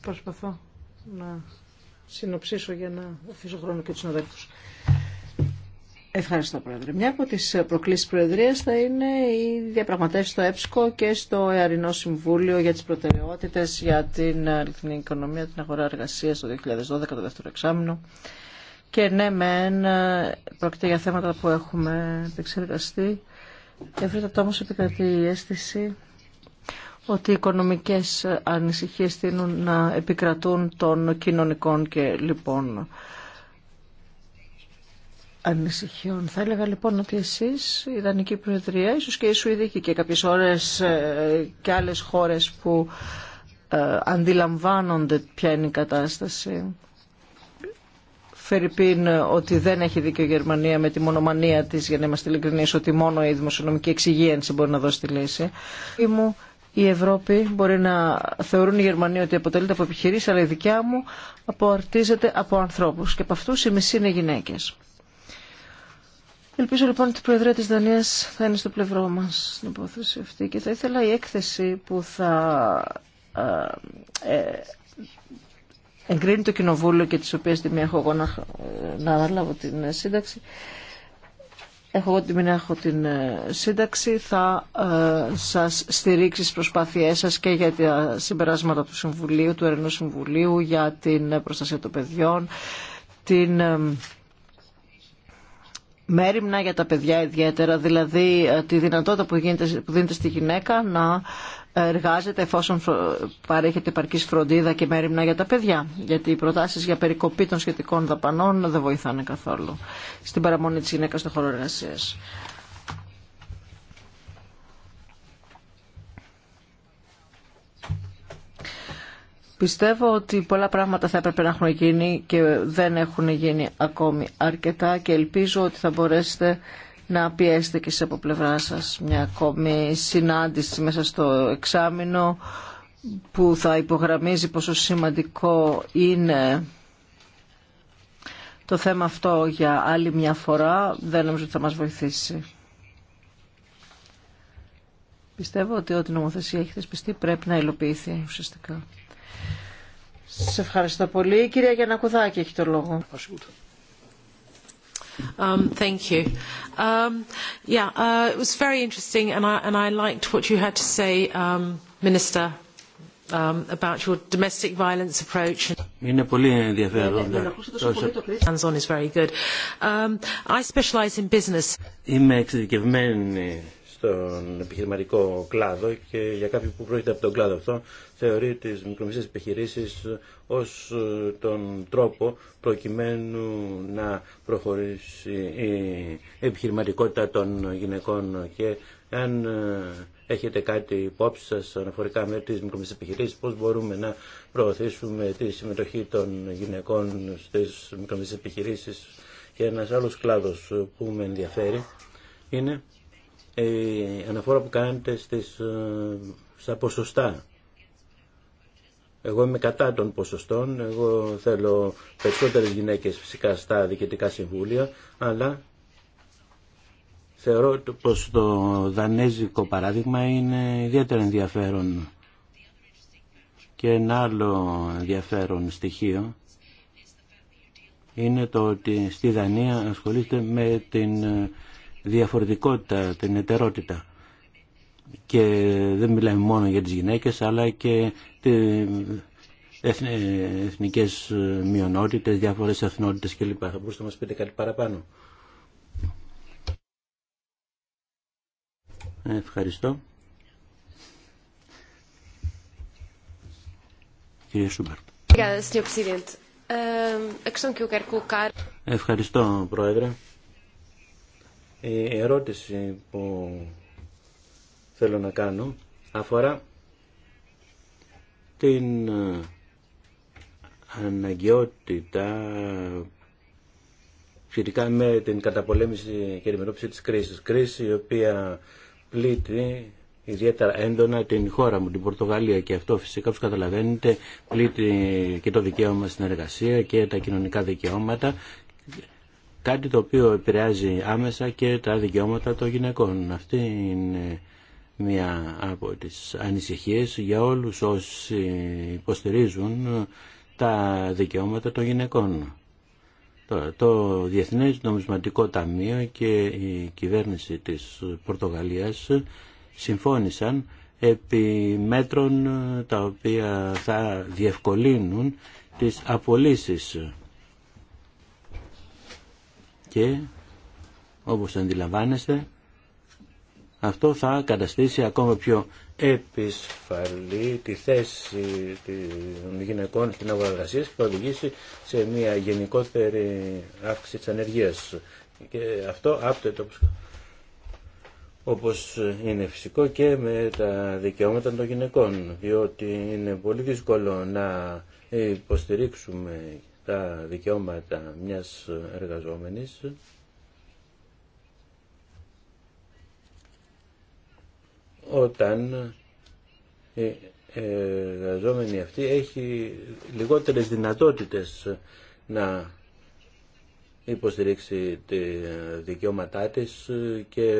Προσπαθώ να συνοψίσω για να αφήσω χρόνο και τους συναδέλφους. Ευχαριστώ, Πρόεδρε. Μια από τις προκλήσεις προεδρία θα είναι η διαπραγματεύσει στο ΕΠΣΚΟ και στο Εαρινό Συμβούλιο για τι προτεραιότητε για την αληθινή ε, οικονομία, την αγορά εργασία το 2012, το δεύτερο εξάμεινο. Και ναι, μεν, ε, πρόκειται για θέματα που έχουμε επεξεργαστεί. Εύρετα όμω επικρατεί η αίσθηση ότι οι οικονομικές ανησυχίες τείνουν να επικρατούν των κοινωνικών και λοιπόν ανησυχιών. Θα έλεγα λοιπόν ότι εσείς, η Δανική Προεδρία, ίσως και η Σουηδική και κάποιες ώρες ε, και άλλες χώρες που ε, αντιλαμβάνονται ποια είναι η κατάσταση. Φερρυπίν ότι δεν έχει δίκιο η Γερμανία με τη μονομανία της, για να είμαστε ειλικρινείς, ότι μόνο η δημοσιονομική εξυγίανση μπορεί να δώσει τη λύση. Η μου η Ευρώπη μπορεί να θεωρούν οι Γερμανοί ότι αποτελείται από επιχειρήσει, αλλά η δικιά μου αποαρτίζεται από ανθρώπους και από αυτούς οι μισοί είναι γυναίκες. Ελπίζω λοιπόν ότι η Προεδρία της Δανίας θα είναι στο πλευρό μας στην υπόθεση αυτή και θα ήθελα η έκθεση που θα ε, εγκρίνει το Κοινοβούλιο και τις οποίες τιμή έχω εγώ να, να αναλάβω την σύνταξη έχω εγώ τιμή να έχω την ε, σύνταξη θα ε, σας στηρίξει στις προσπάθειές σας και για τα συμπεράσματα του Συμβουλίου, του Ερενού Συμβουλίου για την προστασία των παιδιών την ε, μέρημνα για τα παιδιά ιδιαίτερα, δηλαδή ε, τη δυνατότητα που, γίνεται, που δίνεται στη γυναίκα να εργάζεται εφόσον παρέχεται επαρκή φροντίδα και μέρημνα για τα παιδιά. Γιατί οι προτάσει για περικοπή των σχετικών δαπανών δεν βοηθάνε καθόλου στην παραμονή τη γυναίκα στον χώρο εργασία. Πιστεύω ότι πολλά πράγματα θα έπρεπε να έχουν γίνει και δεν έχουν γίνει ακόμη αρκετά και ελπίζω ότι θα μπορέσετε να πιέσετε και σε από πλευρά σας μια ακόμη συνάντηση μέσα στο εξάμεινο που θα υπογραμμίζει πόσο σημαντικό είναι το θέμα αυτό για άλλη μια φορά. Δεν νομίζω ότι θα μας βοηθήσει. Πιστεύω ότι ό,τι νομοθεσία έχει θεσπιστεί πρέπει να υλοποιηθεί ουσιαστικά. Σας ευχαριστώ πολύ. Η κυρία Γιανακουδάκη έχει το λόγο. Um, thank you. Um, yeah, uh, it was very interesting, and I, and I liked what you had to say, um, Minister, um, about your domestic violence approach. Είναι πολύ ενδιαφέροντα. Hands on is very good. Um, I specialize in business τον επιχειρηματικό κλάδο και για κάποιον που πρόκειται από τον κλάδο αυτό θεωρεί τις μικρομεσαίες επιχειρήσεις ως ε, τον τρόπο προκειμένου να προχωρήσει η επιχειρηματικότητα των γυναικών και αν ε, έχετε κάτι υπόψη σας αναφορικά με τις μικρομεσαίες επιχειρήσεις, πώς μπορούμε να προωθήσουμε τη συμμετοχή των γυναικών στις μικρομεσαίες επιχειρήσεις και ένας άλλος κλάδος που με ενδιαφέρει είναι η ε, αναφορά που κάνετε στις, ε, στα ποσοστά. Εγώ είμαι κατά των ποσοστών, εγώ θέλω περισσότερες γυναίκες φυσικά στα διοικητικά συμβούλια, αλλά θεωρώ πως το δανέζικο παράδειγμα είναι ιδιαίτερα ενδιαφέρον. Και ένα άλλο ενδιαφέρον στοιχείο είναι το ότι στη Δανία ασχολείται με την διαφορετικότητα, την ετερότητα. Και δεν μιλάμε μόνο για τις γυναίκες, αλλά και τι εθνικές μειονότητες, διάφορες εθνότητες κλπ. Θα μπορούσατε να μας πείτε κάτι παραπάνω. Ευχαριστώ. Κύριε ε, Ευχαριστώ, Πρόεδρε. Η ε, ερώτηση που θέλω να κάνω αφορά την ε, αναγκαιότητα σχετικά με την καταπολέμηση και της κρίσης. Κρίση η οποία πλήττει ιδιαίτερα έντονα την χώρα μου, την Πορτογαλία και αυτό φυσικά όπως καταλαβαίνετε πλήττει και το δικαίωμα στην εργασία και τα κοινωνικά δικαιώματα κάτι το οποίο επηρεάζει άμεσα και τα δικαιώματα των γυναικών. Αυτή είναι μια από τις ανησυχίες για όλους όσοι υποστηρίζουν τα δικαιώματα των γυναικών. το Διεθνές Νομισματικό Ταμείο και η κυβέρνηση της Πορτογαλίας συμφώνησαν επί μέτρων τα οποία θα διευκολύνουν τις απολύσεις και όπως αντιλαμβάνεστε αυτό θα καταστήσει ακόμα πιο επισφαλή τη θέση των γυναικών στην αγορά εργασία και θα οδηγήσει σε μια γενικότερη αύξηση της ανεργίας. Και αυτό άπτεται όπως είναι φυσικό και με τα δικαιώματα των γυναικών, διότι είναι πολύ δύσκολο να υποστηρίξουμε τα δικαιώματα μιας εργαζόμενης όταν η εργαζόμενη αυτή έχει λιγότερες δυνατότητες να υποστηρίξει τη δικαιώματά της και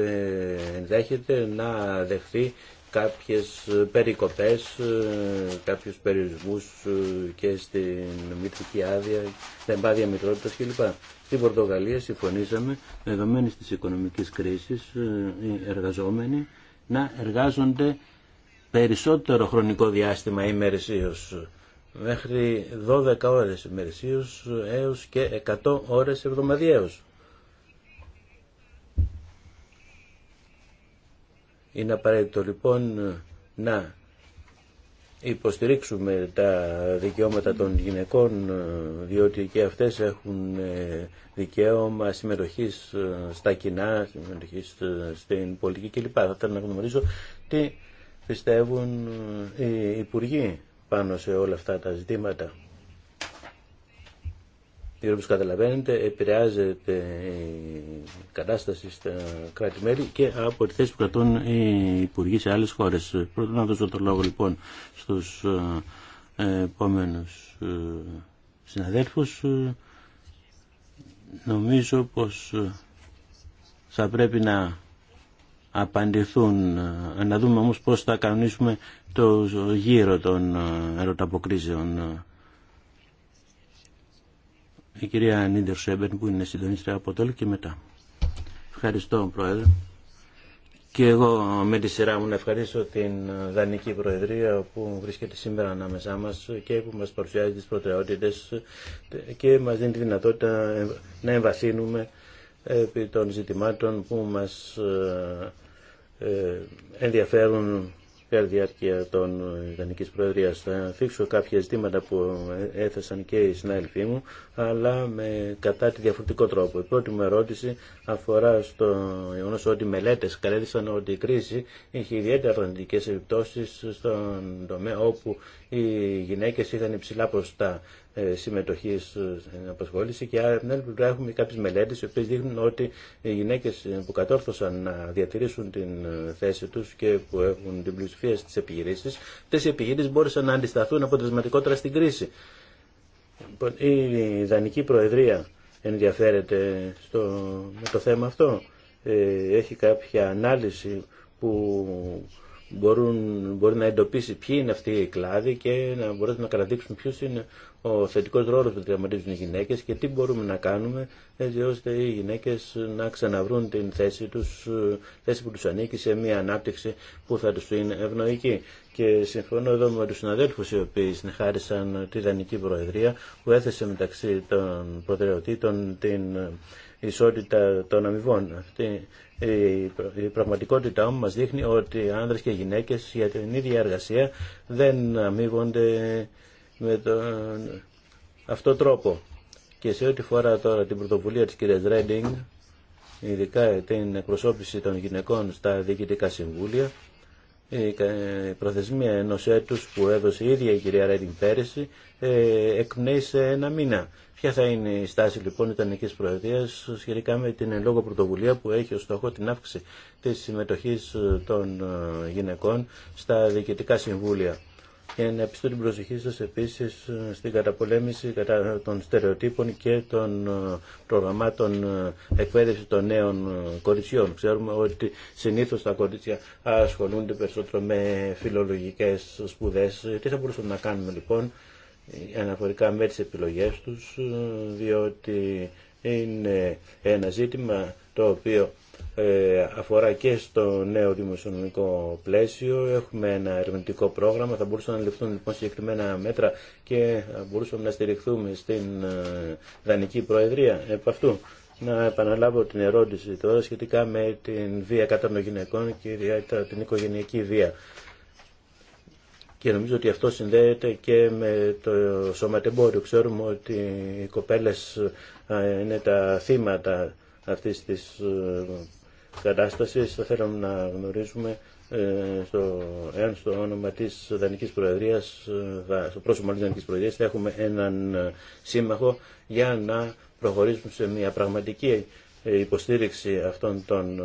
ενδέχεται να δεχθεί κάποιες περικοπές, ε, κάποιους περιορισμούς ε, και στην μητρική άδεια, στην εμπάδια μητρότητας κλπ. Στην Πορτογαλία συμφωνήσαμε, δεδομένη της οικονομικής κρίσης, ε, οι εργαζόμενοι να εργάζονται περισσότερο χρονικό διάστημα ημερησίως, μέχρι 12 ώρες ημερησίως έως και 100 ώρες εβδομαδιαίως. Είναι απαραίτητο λοιπόν να υποστηρίξουμε τα δικαιώματα των γυναικών διότι και αυτές έχουν ε, δικαίωμα συμμετοχής ε, στα κοινά, συμμετοχής ε, στην πολιτική κλπ. Θα ήθελα να γνωρίζω τι πιστεύουν οι υπουργοί πάνω σε όλα αυτά τα ζητήματα η όπως καταλαβαίνετε επηρεάζεται η κατάσταση στα κράτη-μέλη και από τη θέση που κρατούν οι υπουργοί σε άλλες χώρες. Πρώτον να δώσω το λόγο λοιπόν στους ε, επόμενους ε, συναδέλφους. Νομίζω πως ε, θα πρέπει να απαντηθούν, να δούμε όμως πώς θα κανονίσουμε το γύρο των ερωταποκρίσεων η κυρία Νίντερ Σέμπερν που είναι συντονίστρια από το και μετά. Ευχαριστώ Πρόεδρε. Και εγώ με τη σειρά μου να ευχαριστήσω την Δανική Προεδρία που βρίσκεται σήμερα ανάμεσά μας και που μας παρουσιάζει τις προτεραιότητες και μας δίνει τη δυνατότητα να εμβαθύνουμε επί των ζητημάτων που μας ε, ε, ενδιαφέρουν κατά τη διάρκεια των Ιδανικής Προεδρίας. Θα θίξω κάποια ζητήματα που έθεσαν και οι συνάδελφοί μου, αλλά με κατά τη διαφορετικό τρόπο. Η πρώτη μου ερώτηση αφορά στο γεγονό ότι οι μελέτες κατέδειξαν ότι η κρίση είχε ιδιαίτερα αρνητικέ επιπτώσει στον τομέα όπου οι γυναίκες είχαν υψηλά ποστά. Ε, συμμετοχή ε, στην απασχόληση και άρα την άλλη έχουμε κάποιε μελέτε οι οποίε δείχνουν ότι οι γυναίκε που κατόρθωσαν να διατηρήσουν την ε, θέση του και που έχουν την πλειοψηφία στι επιχειρήσει, αυτέ οι επιχειρήσει μπόρεσαν να αντισταθούν αποτελεσματικότερα στην κρίση. Λοιπόν, η Δανική Προεδρία ενδιαφέρεται στο, με το θέμα αυτό. έχει κάποια ανάλυση που μπορούν, μπορεί να εντοπίσει ποιοι είναι αυτοί οι κλάδοι και να μπορέσουν να καταδείξουν ποιους είναι ο θετικό ρόλο που διαμορφώνουν οι γυναίκε και τι μπορούμε να κάνουμε έτσι ώστε οι γυναίκε να ξαναβρούν την θέση του, θέση που του ανήκει σε μια ανάπτυξη που θα του είναι ευνοϊκή. Και συμφωνώ εδώ με του συναδέλφου οι οποίοι συνεχάρισαν τη Δανική Προεδρία που έθεσε μεταξύ των προτεραιοτήτων την ισότητα των αμοιβών. Αυτή η πραγματικότητα όμως μας δείχνει ότι άνδρες και γυναίκες για την ίδια εργασία δεν αμείβονται με τον αυτό τρόπο. Και σε ό,τι φορά τώρα την πρωτοβουλία της κυρίας Ρέντινγκ, ειδικά την εκπροσώπηση των γυναικών στα διοικητικά συμβούλια, η προθεσμία ενό έτου που έδωσε η ίδια η κυρία Ρέντινγκ πέρυσι ε, εκπνέει σε ένα μήνα. Ποια θα είναι η στάση λοιπόν η Ιταλική Προεδρία σχετικά με την εν λόγω πρωτοβουλία που έχει ως στόχο την αύξηση τη συμμετοχή των ε, γυναικών στα διοικητικά συμβούλια και να επιστώ την προσοχή σας επίσης ε, στην καταπολέμηση κατά των στερεοτύπων και των ε, προγραμμάτων ε, εκπαίδευση των νέων κοριτσιών. Ξέρουμε ότι συνήθως τα κορίτσια ασχολούνται περισσότερο με φιλολογικές σπουδές. Τι θα μπορούσαμε να κάνουμε λοιπόν αναφορικά με τις επιλογές τους, διότι είναι ένα ζήτημα το οποίο ε, αφορά και στο νέο δημοσιονομικό πλαίσιο. Έχουμε ένα ερευνητικό πρόγραμμα, θα μπορούσαν να ληφθούν λοιπόν συγκεκριμένα μέτρα και θα μπορούσαμε να στηριχθούμε στην ε, Δανική Προεδρία επ' αυτού. Να επαναλάβω την ερώτηση τώρα σχετικά με την βία κατά των γυναικών και ιδιαίτερα την οικογενειακή βία. Και νομίζω ότι αυτό συνδέεται και με το σωματεμπόριο. Ξέρουμε ότι οι κοπέλες ε, είναι τα θύματα αυτή τη ε, κατάσταση. Θα θέλαμε να γνωρίζουμε ε, στο, εάν στο όνομα τη δανική προεδρία, ε, στο πρόσωπο της δανική Προεδρίας θα έχουμε έναν σύμμαχο για να προχωρήσουμε σε μια πραγματική υποστήριξη αυτών των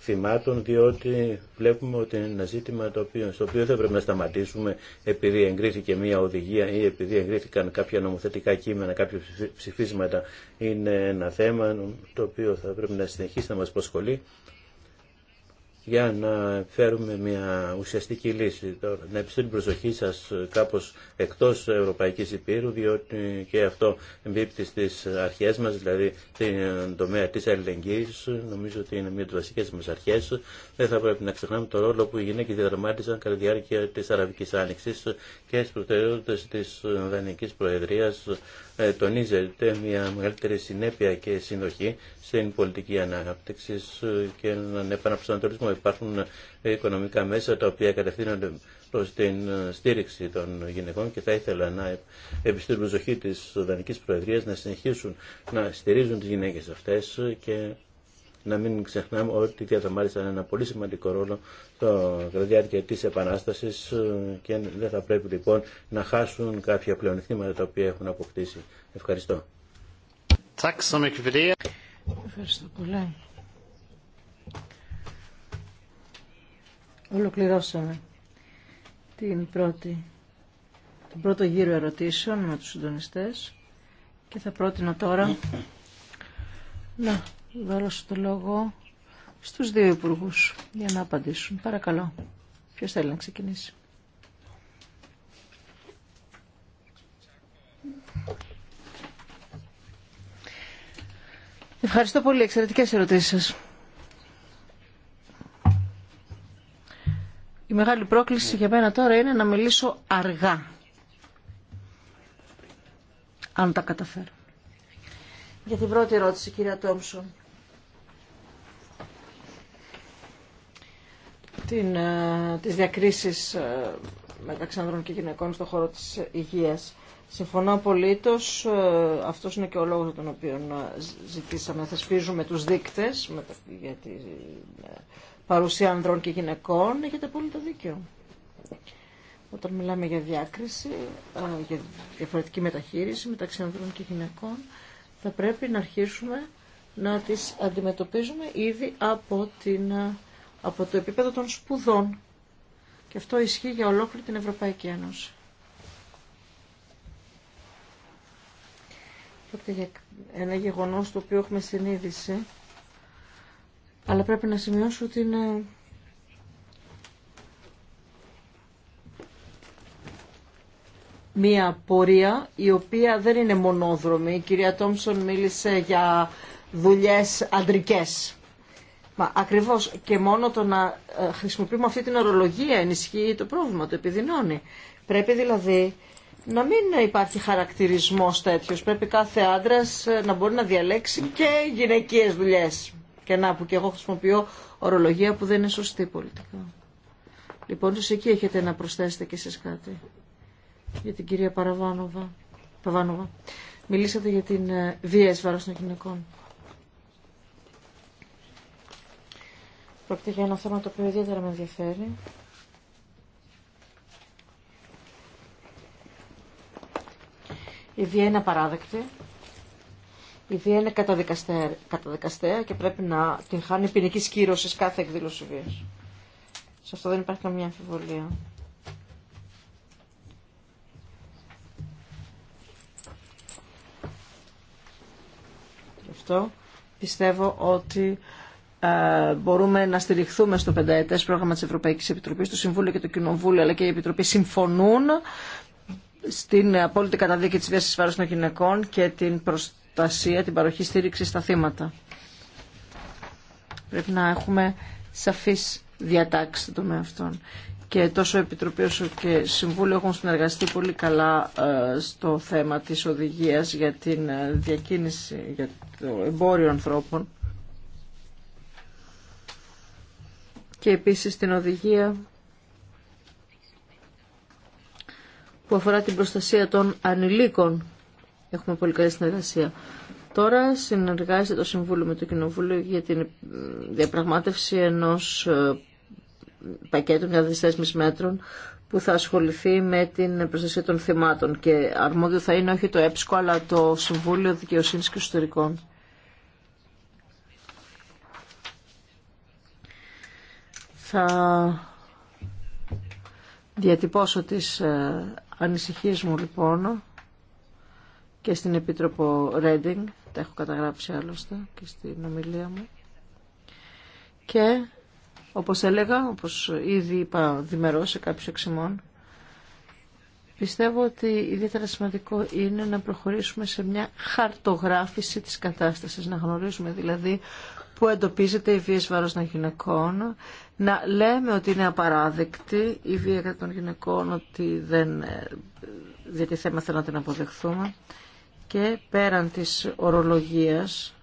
θυμάτων, διότι βλέπουμε ότι είναι ένα ζήτημα το οποίο, στο οποίο δεν πρέπει να σταματήσουμε επειδή εγκρίθηκε μια οδηγία ή επειδή εγκρίθηκαν κάποια νομοθετικά κείμενα, κάποια ψηφίσματα. Είναι ένα θέμα το οποίο θα πρέπει να συνεχίσει να μας προσχολεί για να φέρουμε μια ουσιαστική λύση. Τώρα, να επιστρέψω την προσοχή σας κάπως εκτός Ευρωπαϊκής Υπήρου, διότι και αυτό εμπίπτει στις αρχές μας, δηλαδή την τομέα της αλληλεγγύης, νομίζω ότι είναι μια από τις βασικές μας αρχές. Δεν θα πρέπει να ξεχνάμε το ρόλο που οι γυναίκες διαδραμάτισαν κατά τη διάρκεια της Αραβικής Άνοιξης και στις προτεραιότητες της δανεική Προεδρίας ε, τονίζεται μια μεγαλύτερη συνέπεια και συνοχή στην πολιτική ανάπτυξη ε, και έναν επαναπροσανατολισμό. Υπάρχουν ε, οικονομικά μέσα τα οποία κατευθύνονται προ την ε, στήριξη των γυναικών και θα ήθελα να επιστήσω την προσοχή τη Δανική Προεδρία να συνεχίσουν να στηρίζουν τι γυναίκε αυτέ και να μην ξεχνάμε ότι διαδραμάτισαν ένα πολύ σημαντικό ρόλο στο διάρκεια τη επανάσταση και δεν θα πρέπει λοιπόν να χάσουν κάποια πλεονεκτήματα τα οποία έχουν αποκτήσει. Ευχαριστώ. Ευχαριστώ πολύ. Ολοκληρώσαμε την πρώτη, τον πρώτο γύρο ερωτήσεων με τους συντονιστές και θα πρότεινα τώρα να δώσω το λόγο στους δύο υπουργούς για να απαντήσουν. Παρακαλώ. Ποιος θέλει να ξεκινήσει. Ευχαριστώ πολύ. Εξαιρετικές ερωτήσεις σας. Η μεγάλη πρόκληση για μένα τώρα είναι να μιλήσω αργά. Αν τα καταφέρω. Για την πρώτη ερώτηση, κυρία Τόμσον. Την, ε, διακρίσεις ε, μεταξύ ανδρών και γυναικών στον χώρο της υγείας. Συμφωνώ απολύτω. Ε, αυτό είναι και ο λόγο για τον οποίο ε, ζητήσαμε να θεσπίζουμε του δείκτε για την ε, παρουσία ανδρών και γυναικών. Έχετε το δίκιο. Όταν μιλάμε για διάκριση, για διαφορετική μεταχείριση μεταξύ ανδρών και γυναικών, θα πρέπει να αρχίσουμε να τις αντιμετωπίζουμε ήδη από, την, από το επίπεδο των σπουδών. Και αυτό ισχύει για ολόκληρη την Ευρωπαϊκή Ένωση. Πρόκειται για ένα γεγονός το οποίο έχουμε συνείδηση, αλλά πρέπει να σημειώσω ότι είναι μία πορεία η οποία δεν είναι μονόδρομη. Η κυρία Τόμσον μίλησε για δουλειές αντρικές. Μα ακριβώς και μόνο το να ε, χρησιμοποιούμε αυτή την ορολογία ενισχύει το πρόβλημα, το επιδεινώνει. Πρέπει δηλαδή να μην υπάρχει χαρακτηρισμό τέτοιο. Πρέπει κάθε άντρα ε, να μπορεί να διαλέξει και γυναικείες δουλειέ. Και να που και εγώ χρησιμοποιώ ορολογία που δεν είναι σωστή πολιτικά. Λοιπόν, σε εκεί έχετε να προσθέσετε κι εσεί κάτι. Για την κυρία Παραβάνοβα. Παβάνοβα. Μιλήσατε για την ε, βία ει των γυναικών. Πρόκειται για ένα θέμα το οποίο ιδιαίτερα με ενδιαφέρει. Η βία είναι απαράδεκτη. Η βία είναι καταδικαστέα και πρέπει να την χάνει ποινική κύρωση κάθε εκδήλωση βία. Σε αυτό δεν υπάρχει καμία αμφιβολία. Γι' αυτό πιστεύω ότι ε, μπορούμε να στηριχθούμε στο πενταετές πρόγραμμα της Ευρωπαϊκής Επιτροπής, το Συμβούλιο και το Κοινοβούλιο αλλά και η Επιτροπή συμφωνούν στην απόλυτη καταδίκη της βίας βάρος των γυναικών και την προστασία, την παροχή στήριξη στα θύματα. Πρέπει να έχουμε σαφείς διατάξεις στον τομέα αυτών. Και τόσο Επιτροπή όσο και Συμβούλιο έχουν συνεργαστεί πολύ καλά ε, στο θέμα της οδηγίας για την ε, διακίνηση, για το εμπόριο ανθρώπων. Και επίσης την οδηγία που αφορά την προστασία των ανηλίκων. Έχουμε πολύ καλή συνεργασία. Τώρα συνεργάζεται το Συμβούλιο με το Κοινοβούλιο για την διαπραγμάτευση ενός ε, πακέτου μια δυσθέσμης μέτρων που θα ασχοληθεί με την προστασία των θυμάτων και αρμόδιο θα είναι όχι το ΕΠΣΚΟ αλλά το Συμβούλιο Δικαιοσύνης και Ιστορικών. Θα διατυπώσω τις ε, Ανησυχίες μου λοιπόν και στην Επίτροπο Ρέντινγκ, τα έχω καταγράψει άλλωστε και στην ομιλία μου. Και όπως έλεγα, όπως ήδη είπα δημερό σε κάποιους εξημών, πιστεύω ότι ιδιαίτερα σημαντικό είναι να προχωρήσουμε σε μια χαρτογράφηση της κατάστασης, να γνωρίζουμε δηλαδή που εντοπίζεται η βία βάρος των γυναικών, να λέμε ότι είναι απαράδεκτη η βία κατά των γυναικών, ότι δεν διατηθέμαστε ε, να την αποδεχθούμε και πέραν της ορολογίας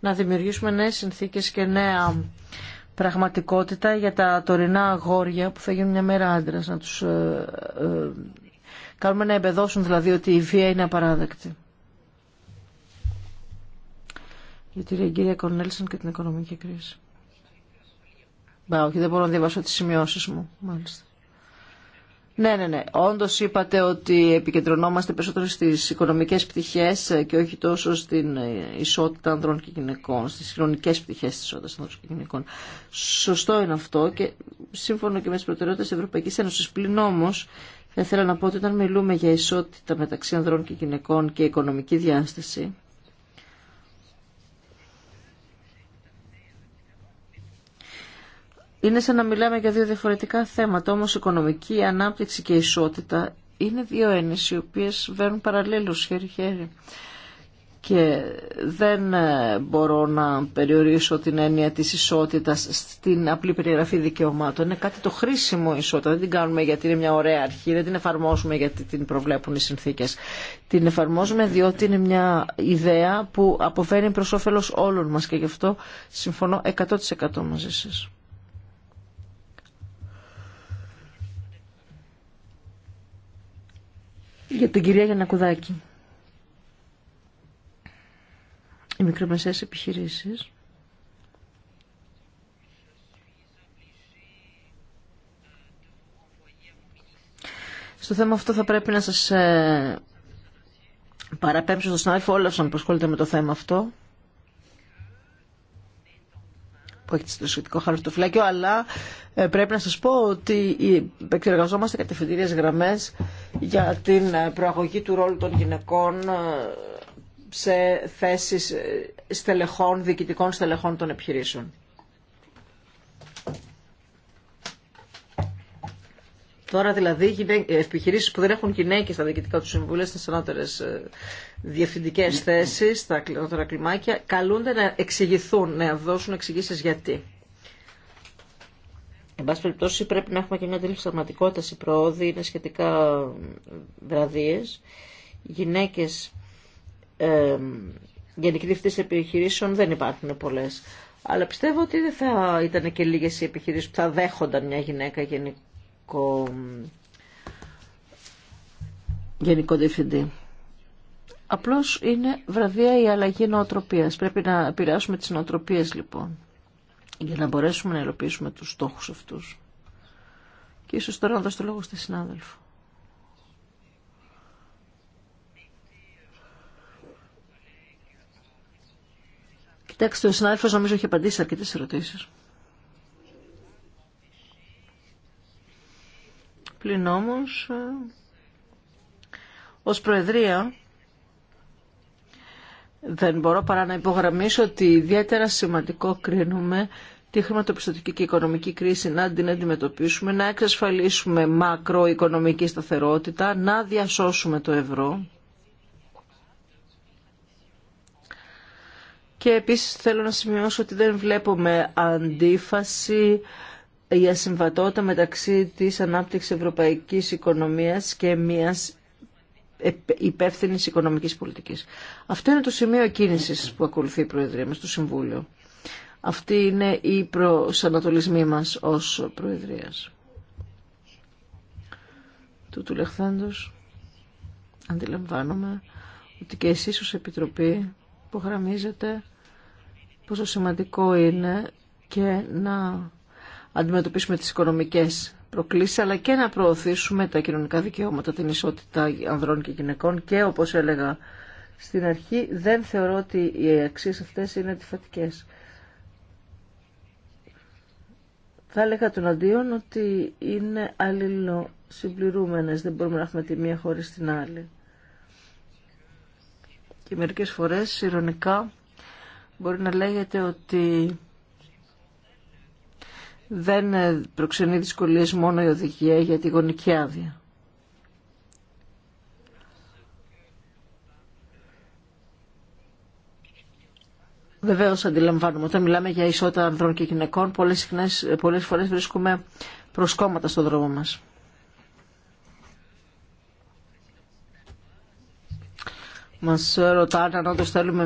να δημιουργήσουμε νέες συνθήκες και νέα πραγματικότητα για τα τωρινά αγόρια που θα γίνουν μια μέρα άντρας, να τους ε, ε, κάνουμε να εμπεδώσουν δηλαδή ότι η βία είναι απαράδεκτη. για τη Ρεγκύρια Κορνέλσον και την οικονομική κρίση. Μπα, όχι, δεν μπορώ να διαβάσω τις σημειώσεις μου, μάλιστα. Ναι, ναι, ναι. Όντω είπατε ότι επικεντρωνόμαστε περισσότερο στι οικονομικέ πτυχέ και όχι τόσο στην ισότητα ανδρών και γυναικών, στι κοινωνικέ πτυχέ τη ισότητα ανδρών και γυναικών. Σωστό είναι αυτό και σύμφωνα και με τι προτεραιότητε τη Ευρωπαϊκή Ένωση. Πλην όμω, θα ήθελα να πω ότι όταν μιλούμε για ισότητα μεταξύ ανδρών και γυναικών και οικονομική διάσταση, Είναι σαν να μιλάμε για δύο διαφορετικά θέματα, όμως οικονομική ανάπτυξη και η ισότητα είναι δύο έννοιες οι οποίες βαίνουν παραλλήλως χέρι-χέρι. Και δεν ε, μπορώ να περιορίσω την έννοια της ισότητας στην απλή περιγραφή δικαιωμάτων. Είναι κάτι το χρήσιμο ισότητα. Δεν την κάνουμε γιατί είναι μια ωραία αρχή, δεν την εφαρμόζουμε γιατί την προβλέπουν οι συνθήκες. Την εφαρμόζουμε διότι είναι μια ιδέα που αποφέρει προς όφελος όλων μας και γι' αυτό συμφωνώ 100% μαζί σας. για την κυρία Γιανακουδάκη. Οι μικρομεσαίες επιχειρήσεις Στο θέμα αυτό θα πρέπει να σας ε, παραπέμψω στον συνάδελφο όλα που ασχολείται με το θέμα αυτό. που έχετε στο σχετικό φυλάκιο, αλλά ε, πρέπει να σας πω ότι επεξεργαζόμαστε κατευθυντήριες γραμμές για την ε, προαγωγή του ρόλου των γυναικών ε, σε θέσεις στελεχών, διοικητικών στελεχών των επιχειρήσεων. Τώρα δηλαδή ε, επιχειρήσει που δεν έχουν γυναίκε στα διοικητικά του συμβούλια, στι ανώτερε διευθυντικέ θέσει, στα ανώτερα κλιμάκια, καλούνται να εξηγηθούν, να δώσουν εξηγήσει γιατί. Εν πάση περιπτώσει, πρέπει να έχουμε και μια αντίληψη πραγματικότητα. Οι προόδοι είναι σχετικά βραδίε. Γυναίκε ε, επιχειρήσεων δεν υπάρχουν πολλέ. Αλλά πιστεύω ότι δεν θα ήταν και λίγε οι επιχειρήσει που θα δέχονταν μια γυναίκα γενική Γενικό, Γενικό Διευθυντή. Απλώς είναι βραδεία η αλλαγή νοοτροπίας. Πρέπει να επηρεάσουμε τις νοοτροπίες λοιπόν για να μπορέσουμε να υλοποιήσουμε τους στόχους αυτούς. Και ίσως τώρα να δώσω το λόγο στη συνάδελφο. Κοιτάξτε, ο συνάδελφος νομίζω έχει απαντήσει αρκετές ερωτήσεις. Πλην όμως, ε, ως Προεδρία, δεν μπορώ παρά να υπογραμμίσω ότι ιδιαίτερα σημαντικό κρίνουμε τη χρηματοπιστωτική και οικονομική κρίση να την αντιμετωπίσουμε, να εξασφαλίσουμε μακροοικονομική σταθερότητα, να διασώσουμε το ευρώ. Και επίσης θέλω να σημειώσω ότι δεν βλέπουμε αντίφαση η ασυμβατότητα μεταξύ της ανάπτυξης ευρωπαϊκής οικονομίας και μιας υπεύθυνη οικονομικής πολιτικής. Αυτό είναι το σημείο κίνησης που ακολουθεί η Προεδρία μας το Συμβούλιο. Αυτή είναι η προσανατολισμή μας ως Προεδρίας. Του τουλεχθέντος αντιλαμβάνομαι ότι και εσείς ως Επιτροπή υπογραμμίζετε πόσο σημαντικό είναι και να αντιμετωπίσουμε τις οικονομικές προκλήσεις, αλλά και να προωθήσουμε τα κοινωνικά δικαιώματα, την ισότητα ανδρών και γυναικών και όπως έλεγα στην αρχή, δεν θεωρώ ότι οι αξίες αυτές είναι αντιφατικές. Θα έλεγα τον αντίον ότι είναι αλληλοσυμπληρούμενες, δεν μπορούμε να έχουμε τη μία χωρίς την άλλη. Και μερικές φορές, ηρωνικά, μπορεί να λέγεται ότι δεν ε, προξενεί δυσκολίε μόνο η οδηγία για τη γονική άδεια. Βεβαίω αντιλαμβάνουμε, όταν μιλάμε για ισότητα ανδρών και γυναικών, Πολλέ ε, φορέ βρίσκουμε προσκόμματα στον δρόμο μας. Μας ρωτάνε αν όντως θέλουμε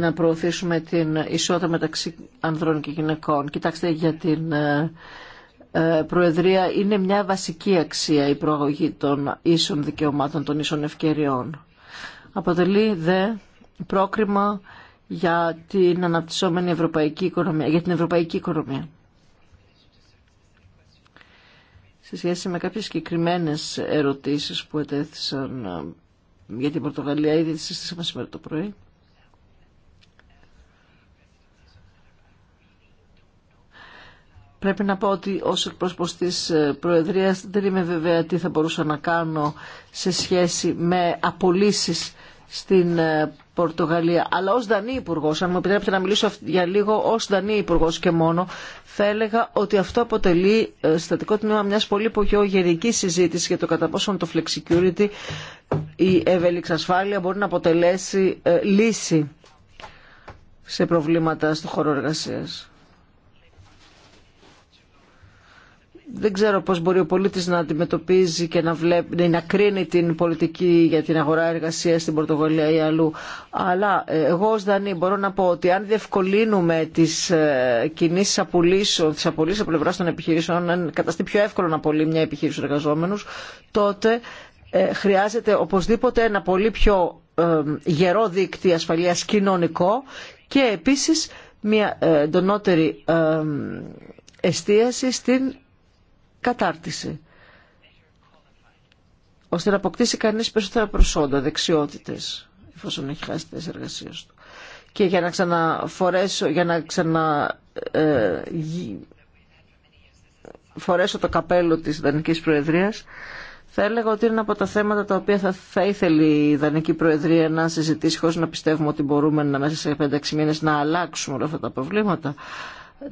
να προωθήσουμε την ισότητα μεταξύ ανδρών και γυναικών. Κοιτάξτε για την ε, ε, Προεδρία είναι μια βασική αξία η προαγωγή των ίσων δικαιωμάτων, των ίσων ευκαιριών. Αποτελεί δε πρόκριμα για την αναπτυσσόμενη ευρωπαϊκή οικονομία, για την ευρωπαϊκή οικονομία. Σε σχέση με κάποιες συγκεκριμένε ερωτήσεις που ετέθησαν για την Πορτογαλία ήδη τη συστήσαμε σήμερα το πρωί. Πρέπει να πω ότι ως εκπρόσωπος της ε, Προεδρίας δεν είμαι βέβαια τι θα μπορούσα να κάνω σε σχέση με απολύσεις στην ε, Πορτογαλία. Αλλά ως Δανή Υπουργό, αν μου επιτρέπετε να μιλήσω για λίγο ως Δανή Υπουργό και μόνο, θα έλεγα ότι αυτό αποτελεί ε, στατικό τμήμα μιας πολύ υπογειογενικής συζήτησης για το κατά πόσον το flexicurity, η ευελίξη ασφάλεια μπορεί να αποτελέσει ε, λύση σε προβλήματα στο χώρο εργασίας. δεν ξέρω πώς μπορεί ο πολίτης να αντιμετωπίζει και να, βλέπει, να κρίνει την πολιτική για την αγορά εργασίας στην Πορτογαλία ή αλλού. Αλλά ε, εγώ ως Δανή μπορώ να πω ότι αν διευκολύνουμε τις ε, κινήσεις απολύσεων, τις απολύσεις από πλευρά των επιχειρήσεων, αν καταστεί πιο εύκολο να απολύει μια επιχείρηση εργαζόμενους, τότε ε, χρειάζεται οπωσδήποτε ένα πολύ πιο γερό δίκτυο ασφαλείας κοινωνικό και επίσης μια εντονότερη εστίαση στην κατάρτιση ώστε να αποκτήσει κανείς περισσότερα προσόντα, δεξιότητες, εφόσον έχει χάσει τις εργασίες του. Και για να ξαναφορέσω, για να ξανα, ε, φορέσω το καπέλο της Δανικής Προεδρίας, θα έλεγα ότι είναι από τα θέματα τα οποία θα, θα ήθελε η Δανική Προεδρία να συζητήσει χωρίς να πιστεύουμε ότι μπορούμε να μέσα σε 5-6 μήνες να αλλάξουμε όλα αυτά τα προβλήματα,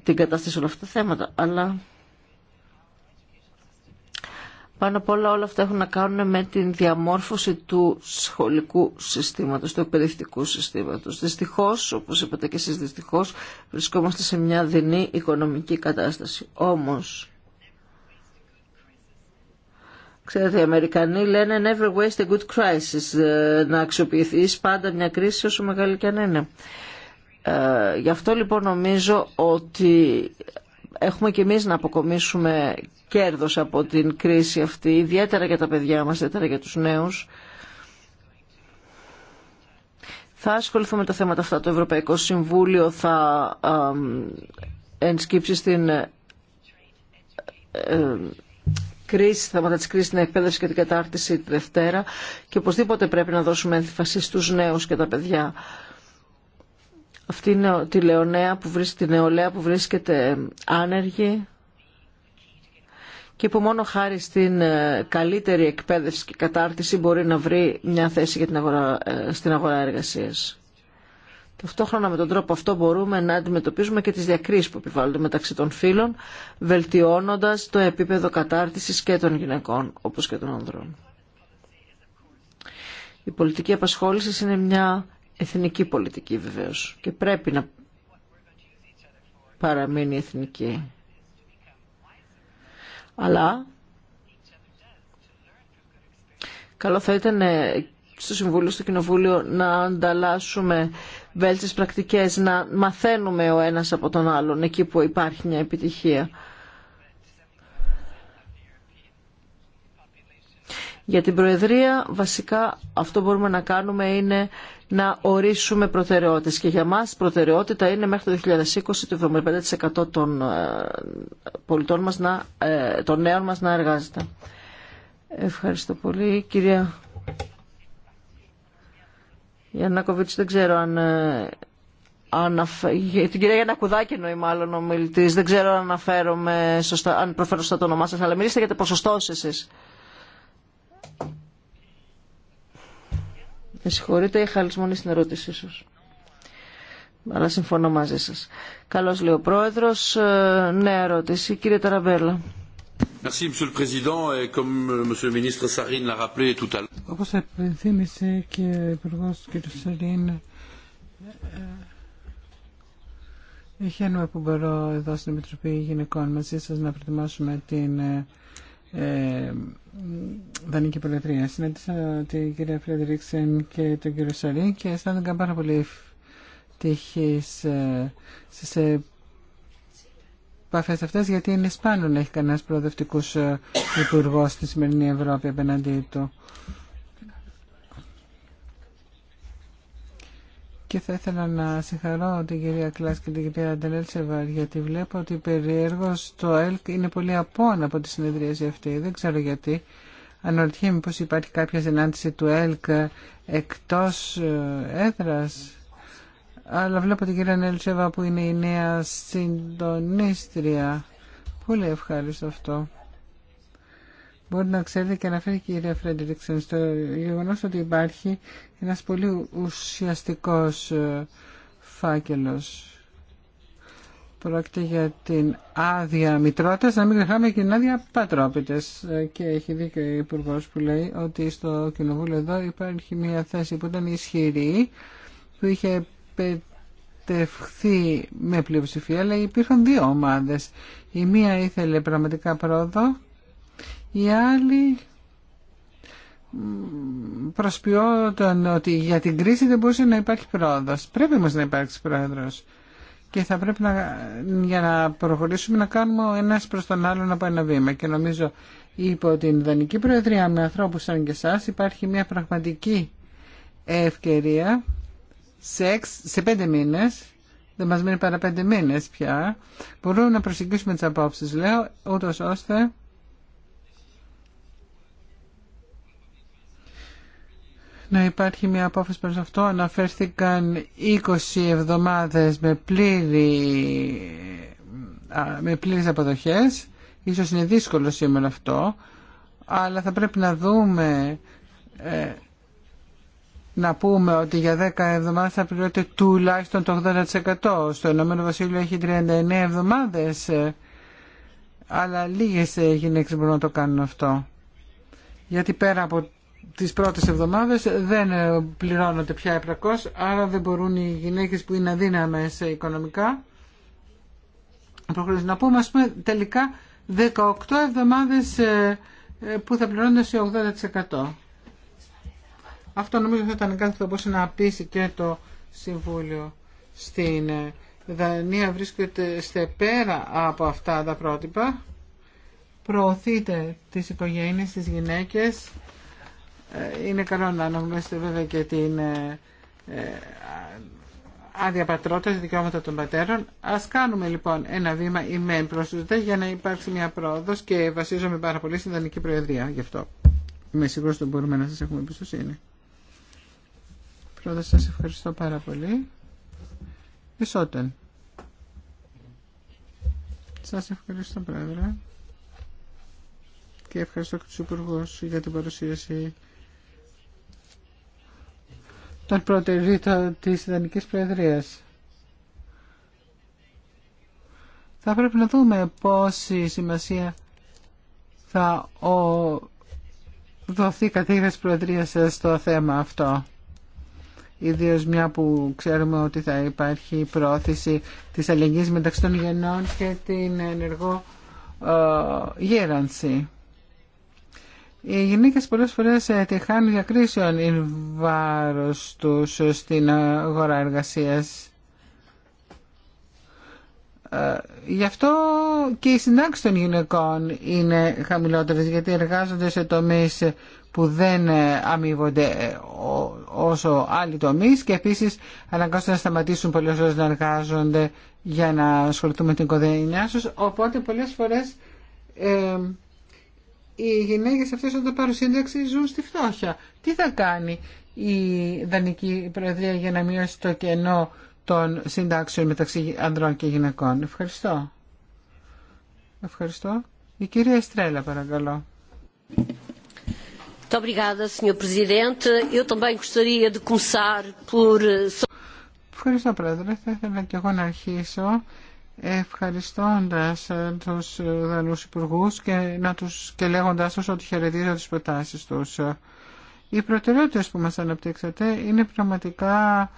την κατάσταση όλα αυτά τα θέματα. Αλλά πάνω απ' όλα όλα αυτά έχουν να κάνουν με τη διαμόρφωση του σχολικού συστήματος, του εκπαιδευτικού συστήματος. Δυστυχώς, όπως είπατε και εσείς δυστυχώς, βρισκόμαστε σε μια δεινή οικονομική κατάσταση. Όμως, Ξέρετε, οι Αμερικανοί λένε never waste a good crisis, ε, να αξιοποιηθείς πάντα μια κρίση όσο μεγάλη και αν είναι. Ε, γι' αυτό λοιπόν νομίζω ότι έχουμε και εμείς να αποκομίσουμε κέρδος από την κρίση αυτή, ιδιαίτερα για τα παιδιά μας, ιδιαίτερα για τους νέους. Θα ασχοληθούμε με τα θέματα αυτά. Το Ευρωπαϊκό Συμβούλιο θα ενσκύψει στην ε, ε, κρίση, θέματα της κρίσης, την εκπαίδευση και την κατάρτιση τη Δευτέρα και οπωσδήποτε πρέπει να δώσουμε έμφαση στους νέους και τα παιδιά αυτή είναι τη, νεολαία που βρίσκεται, που ε, βρίσκεται άνεργη και που μόνο χάρη στην ε, καλύτερη εκπαίδευση και κατάρτιση μπορεί να βρει μια θέση για την αγορά, ε, στην αγορά εργασίας. Ταυτόχρονα με τον τρόπο αυτό μπορούμε να αντιμετωπίζουμε και τις διακρίσεις που επιβάλλονται μεταξύ των φύλων, βελτιώνοντας το επίπεδο κατάρτισης και των γυναικών όπως και των ανδρών. Η πολιτική απασχόληση είναι μια εθνική πολιτική βεβαίως και πρέπει να παραμείνει εθνική. Αλλά καλό θα ήταν ε, στο Συμβούλιο, στο Κοινοβούλιο να ανταλλάσσουμε βέλτιστες πρακτικές, να μαθαίνουμε ο ένας από τον άλλον εκεί που υπάρχει μια επιτυχία. Για την Προεδρία βασικά αυτό που μπορούμε να κάνουμε είναι να ορίσουμε προτεραιότητες και για μας προτεραιότητα είναι μέχρι το 2020 το 75% των ε, πολιτών μας, να, ε, των νέων μας να εργάζεται. Ευχαριστώ πολύ. Κυρία Γιαννάκοβιτς, δεν ξέρω αν... Ε, την κυρία Γιάννα Κουδάκη εννοεί μάλλον ο μιλητής. Δεν ξέρω αν, αναφέρομαι σωστά, αν προφέρω σωστά το όνομά σας, αλλά μιλήστε για τα ποσοστώσεις εσείς. Με συγχωρείτε, είχα λησμονή στην ερώτησή σα. Αλλά συμφωνώ μαζί σα. Καλώ λέει ο πρόεδρο, ε, Νέα ερώτηση. Κύριε Ταραβέλα. Euh, Όπως επενθύμησε και ο Υπουργό κ. Σαρίν, ε, χαίρομαι που μπορώ εδώ στην Επιτροπή Γυναικών μαζί σα να προετοιμάσουμε την ε, ε, Δανική Προεδρία. Συνέντησα την κυρία Φρεντρίξεν και τον κύριο Σαλή και αισθάνθηκα πάρα πολύ τύχη ε, στις επαφές αυτές γιατί είναι σπάνιο να έχει κανένας προοδευτικός ε, υπουργός στη σημερινή Ευρώπη απέναντί του. και θα ήθελα να συγχαρώ την κυρία Κλάς και την κυρία Αντελέτσεβα γιατί βλέπω ότι περιέργως το ΕΛΚ είναι πολύ απόν από τη συνεδρίαση αυτή. Δεν ξέρω γιατί. Αναρωτιέμαι πως υπάρχει κάποια συνάντηση του ΕΛΚ εκτός ε, έδρας. Αλλά βλέπω την κυρία Νέλσεβα, που είναι η νέα συντονίστρια. Πολύ ευχάριστο αυτό. Μπορεί να ξέρετε και αναφέρει η κυρία Φρέντριξεν στο γεγονός ότι υπάρχει ένας πολύ ουσιαστικός ε, φάκελος. Πρόκειται για την άδεια μητρότητα, να μην ξεχνάμε και την άδεια πατρόπιτε. Και έχει δει και ο Υπουργό που λέει ότι στο κοινοβούλιο εδώ υπάρχει μια θέση που ήταν ισχυρή, που είχε πετευχθεί με πλειοψηφία, αλλά υπήρχαν δύο ομάδε. Η μία ήθελε πραγματικά πρόοδο οι άλλοι προσποιόταν ότι για την κρίση δεν μπορούσε να υπάρχει πρόοδος. Πρέπει όμως να υπάρξει πρόεδρος. Και θα πρέπει να, για να προχωρήσουμε να κάνουμε ένας προς τον άλλον από ένα βήμα. Και νομίζω υπό την Ιδανική Προεδρία με ανθρώπους σαν και εσά υπάρχει μια πραγματική ευκαιρία σε, σε πέντε μήνες δεν μα μείνει παρά πέντε μήνες πια μπορούμε να προσεγγίσουμε τις απόψεις λέω ούτως ώστε να υπάρχει μια απόφαση προς αυτό. Αναφέρθηκαν 20 εβδομάδες με, πλήρη, με πλήρες αποδοχές. Ίσως είναι δύσκολο σήμερα αυτό, αλλά θα πρέπει να δούμε, ε, να πούμε ότι για 10 εβδομάδες θα πληρώνεται τουλάχιστον το 80%. Στο Ηνωμένο Βασίλειο έχει 39 εβδομάδες, ε, αλλά λίγες γυναίκες μπορούν να το κάνουν αυτό. Γιατί πέρα από τις πρώτες εβδομάδες δεν ε, πληρώνονται πια επρακώς, άρα δεν μπορούν οι γυναίκες που είναι αδύναμες οικονομικά να πούμε, ας πούμε, τελικά 18 εβδομάδες ε, ε, που θα πληρώνονται σε 80%. Αυτό νομίζω θα ήταν κάτι που θα μπορούσε να πείσει και το Συμβούλιο στην Δανία βρίσκεται σε πέρα από αυτά τα πρότυπα. Προωθείτε τις οικογένειες, τις γυναίκες ε, είναι καλό να αναγνωρίσετε βέβαια και την ε, ε, άδεια πατρότητα, δικαιώματα των πατέρων. Α κάνουμε λοιπόν ένα βήμα ημέν προ για να υπάρξει μια πρόοδο και βασίζομαι πάρα πολύ στην Δανική Προεδρία γι' αυτό. Είμαι σίγουρο ότι μπορούμε να σα έχουμε εμπιστοσύνη. Πρώτα σα ευχαριστώ πάρα πολύ. Ισότεν. Σα ευχαριστώ πρόεδρε. Και ευχαριστώ και του υπουργού για την παρουσίαση τον πρωτερήτο της Ιδανικής Προεδρίας. Θα πρέπει να δούμε πόση σημασία θα ο... δοθεί της Προεδρίας στο θέμα αυτό. ιδίω μια που ξέρουμε ότι θα υπάρχει πρόθεση της αλληλεγγύης μεταξύ των γενών και την ενεργό ε, γέρανση. Οι γυναίκε πολλές φορές ε, τη χάνουν διακρίσεων ει βάρο του ε, στην ε, αγορά εργασία. Γι' αυτό και οι συντάξει των γυναικών είναι χαμηλότερε γιατί εργάζονται σε τομείς που δεν αμείβονται όσο άλλοι τομείς και επίσης αναγκάζονται να σταματήσουν πολλέ φορέ να εργάζονται για να ασχοληθούν με την οικογένειά του. Οπότε πολλές φορές ε, οι γυναίκες αυτές όταν πάρουν σύνταξη ζουν στη φτώχεια. Τι θα κάνει η Δανική Προεδρία για να μειώσει το κενό των συντάξεων μεταξύ ανδρών και γυναικών. Ευχαριστώ. Ευχαριστώ. Η κυρία Εστρέλα παρακαλώ. Ευχαριστώ πρόεδρε. Θα ήθελα και εγώ να αρχίσω ευχαριστώντας ε, τους Δανούς ε, υπουργού και, να τους, και λέγοντάς τους ότι χαιρετίζω τις προτάσεις τους. Ε, οι προτεραιότητες που μας αναπτύξατε είναι πραγματικά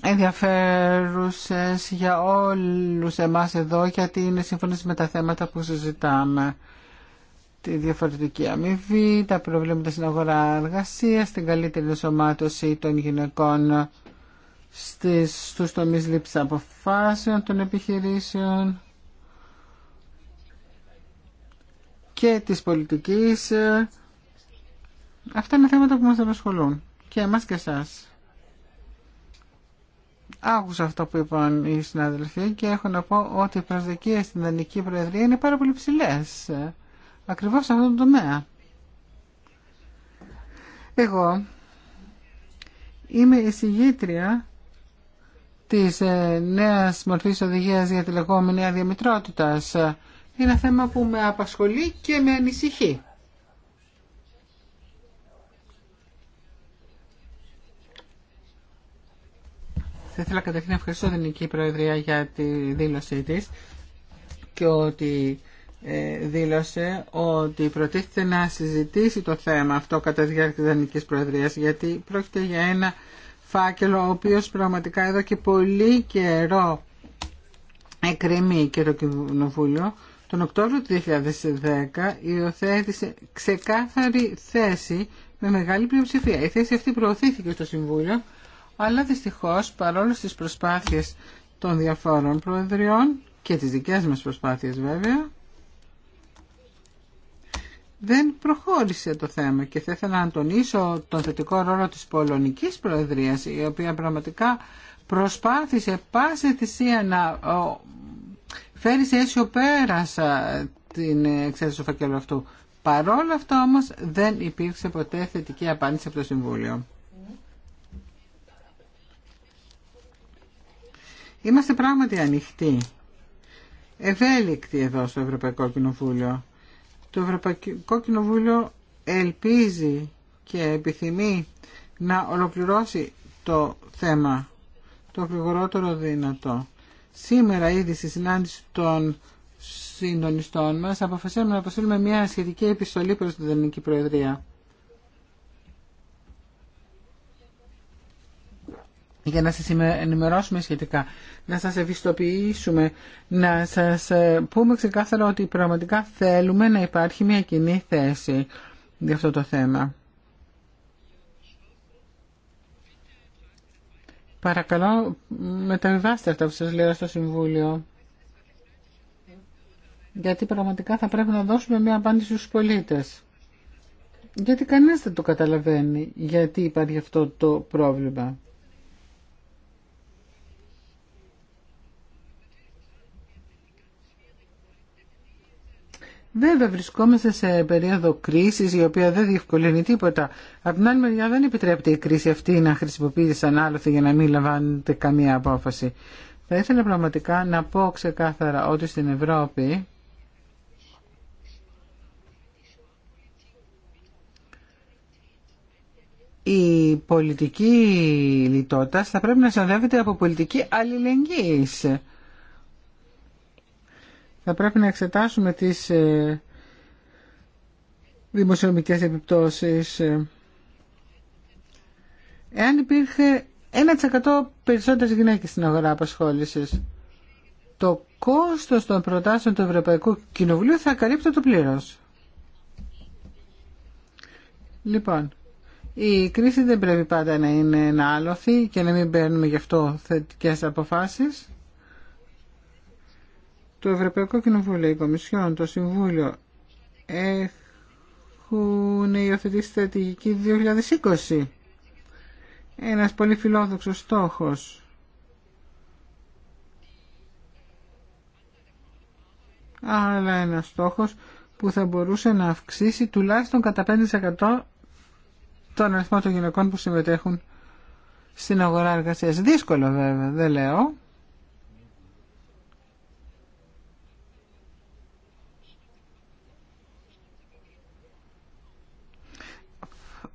ενδιαφέρουσες για όλους εμάς εδώ γιατί είναι σύμφωνες με τα θέματα που συζητάμε. Τη διαφορετική αμοιβή, τα προβλήματα στην αγορά εργασία, την καλύτερη ενσωμάτωση των γυναικών στις, στους τομείς λήψης αποφάσεων των επιχειρήσεων και της πολιτικής. Αυτά είναι θέματα που μας απασχολούν και εμάς και εσάς. Άκουσα αυτό που είπαν οι συνάδελφοι και έχω να πω ότι οι προσδοκίες στην Δανική Προεδρία είναι πάρα πολύ ψηλέ. Ακριβώς σε αυτόν τον τομέα. Εγώ είμαι η συγγήτρια της ε, νέας μορφής οδηγίας για τη λεγόμενη αδιαμητρότητα. Ε, είναι ένα θέμα που με απασχολεί και με ανησυχεί. Θα ήθελα καταρχήν να ευχαριστώ την Ελληνική Προεδρία για τη δήλωσή της και ότι ε, δήλωσε ότι προτίθεται να συζητήσει το θέμα αυτό κατά τη διάρκεια της Ελληνικής Προεδρίας γιατί πρόκειται για ένα φάκελο ο οποίος πραγματικά εδώ και πολύ καιρό εκκρεμεί και το Κοινοβούλιο. Τον Οκτώβριο του 2010 υιοθέτησε ξεκάθαρη θέση με μεγάλη πλειοψηφία. Η θέση αυτή προωθήθηκε στο Συμβούλιο, αλλά δυστυχώς παρόλο στις προσπάθειες των διαφόρων προεδριών και τις δικές μας προσπάθειες βέβαια, δεν προχώρησε το θέμα και θα ήθελα να τονίσω τον θετικό ρόλο της Πολωνικής Προεδρίας η οποία πραγματικά προσπάθησε πάση θυσία να φέρει σε αίσιο πέρας την εξέλιξη του φακελού αυτού. Παρόλα αυτά όμως δεν υπήρξε ποτέ θετική απάντηση από το Συμβούλιο. Είμαστε πράγματι ανοιχτοί, ευέλικτοι εδώ στο Ευρωπαϊκό Κοινοβούλιο το Ευρωπαϊκό Κοινοβούλιο ελπίζει και επιθυμεί να ολοκληρώσει το θέμα το γρηγορότερο δυνατό. Σήμερα ήδη στη συνάντηση των συντονιστών μας αποφασίσαμε να αποστείλουμε μια σχετική επιστολή προς την Ελληνική Προεδρία. για να σας ενημερώσουμε σχετικά να σας ευιστοποιήσουμε, να σας ε, πούμε ξεκάθαρα ότι πραγματικά θέλουμε να υπάρχει μια κοινή θέση για αυτό το θέμα. Παρακαλώ μεταβιβάστε αυτά που σας λέω στο Συμβούλιο. Γιατί πραγματικά θα πρέπει να δώσουμε μια απάντηση στους πολίτες. Γιατί κανένας δεν το καταλαβαίνει γιατί υπάρχει αυτό το πρόβλημα. Βέβαια βρισκόμαστε σε περίοδο κρίσης η οποία δεν διευκολύνει τίποτα. Από την άλλη μεριά δεν επιτρέπεται η κρίση αυτή να χρησιμοποιείται σαν άλοθη για να μην λαμβάνετε καμία απόφαση. Θα ήθελα πραγματικά να πω ξεκάθαρα ότι στην Ευρώπη η πολιτική λιτότητα θα πρέπει να συνοδεύεται από πολιτική αλληλεγγύης θα πρέπει να εξετάσουμε τις ε, δημοσιονομικές επιπτώσεις. Ε. Εάν υπήρχε 1% περισσότερες γυναίκες στην αγορά απασχόλησης, το κόστος των προτάσεων του Ευρωπαϊκού Κοινοβουλίου θα καλύπτει το πλήρως. Λοιπόν, η κρίση δεν πρέπει πάντα να είναι ένα άλοθη και να μην παίρνουμε γι' αυτό θετικές αποφάσεις το Ευρωπαϊκό Κοινοβούλιο, η Κομισιόν, το Συμβούλιο έχουν υιοθετήσει στρατηγική 2020. Ένας πολύ φιλόδοξος στόχος. Αλλά ένας στόχος που θα μπορούσε να αυξήσει τουλάχιστον κατά 5% τον αριθμό των γυναικών που συμμετέχουν στην αγορά εργασίας. Δύσκολο βέβαια, δεν λέω.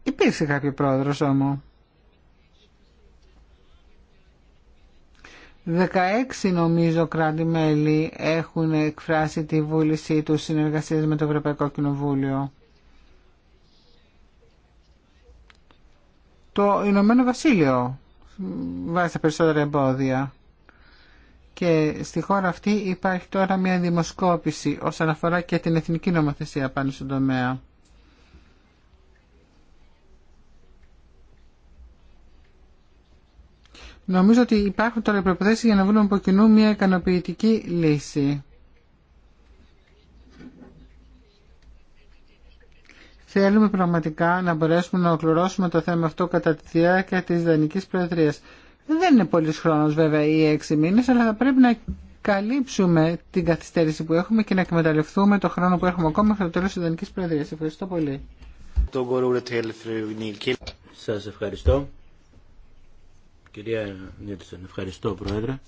Υπήρξε κάποιο πρόεδρος όμως. 16 νομίζω κράτη-μέλη έχουν εκφράσει τη βούλησή του συνεργασίας με το Ευρωπαϊκό Κοινοβούλιο. Το Ηνωμένο Βασίλειο βάζει τα περισσότερα εμπόδια. Και στη χώρα αυτή υπάρχει τώρα μια δημοσκόπηση όσον αφορά και την εθνική νομοθεσία πάνω στον τομέα. Νομίζω ότι υπάρχουν τώρα προποθέσει για να βρούμε από κοινού μια ικανοποιητική λύση. Θέλουμε πραγματικά να μπορέσουμε να ολοκληρώσουμε το θέμα αυτό κατά τη διάρκεια της Δανικής Προεδρίας. Δεν είναι πολλής χρόνος βέβαια οι έξι μήνες, αλλά θα πρέπει να καλύψουμε την καθυστέρηση που έχουμε και να εκμεταλλευτούμε το χρόνο που έχουμε ακόμα μέχρι το τέλος της Δανικής Προεδρίας. Ευχαριστώ πολύ. Σας ευχαριστώ. Κυρία Νίτσεν, ευχαριστώ Πρόεδρε.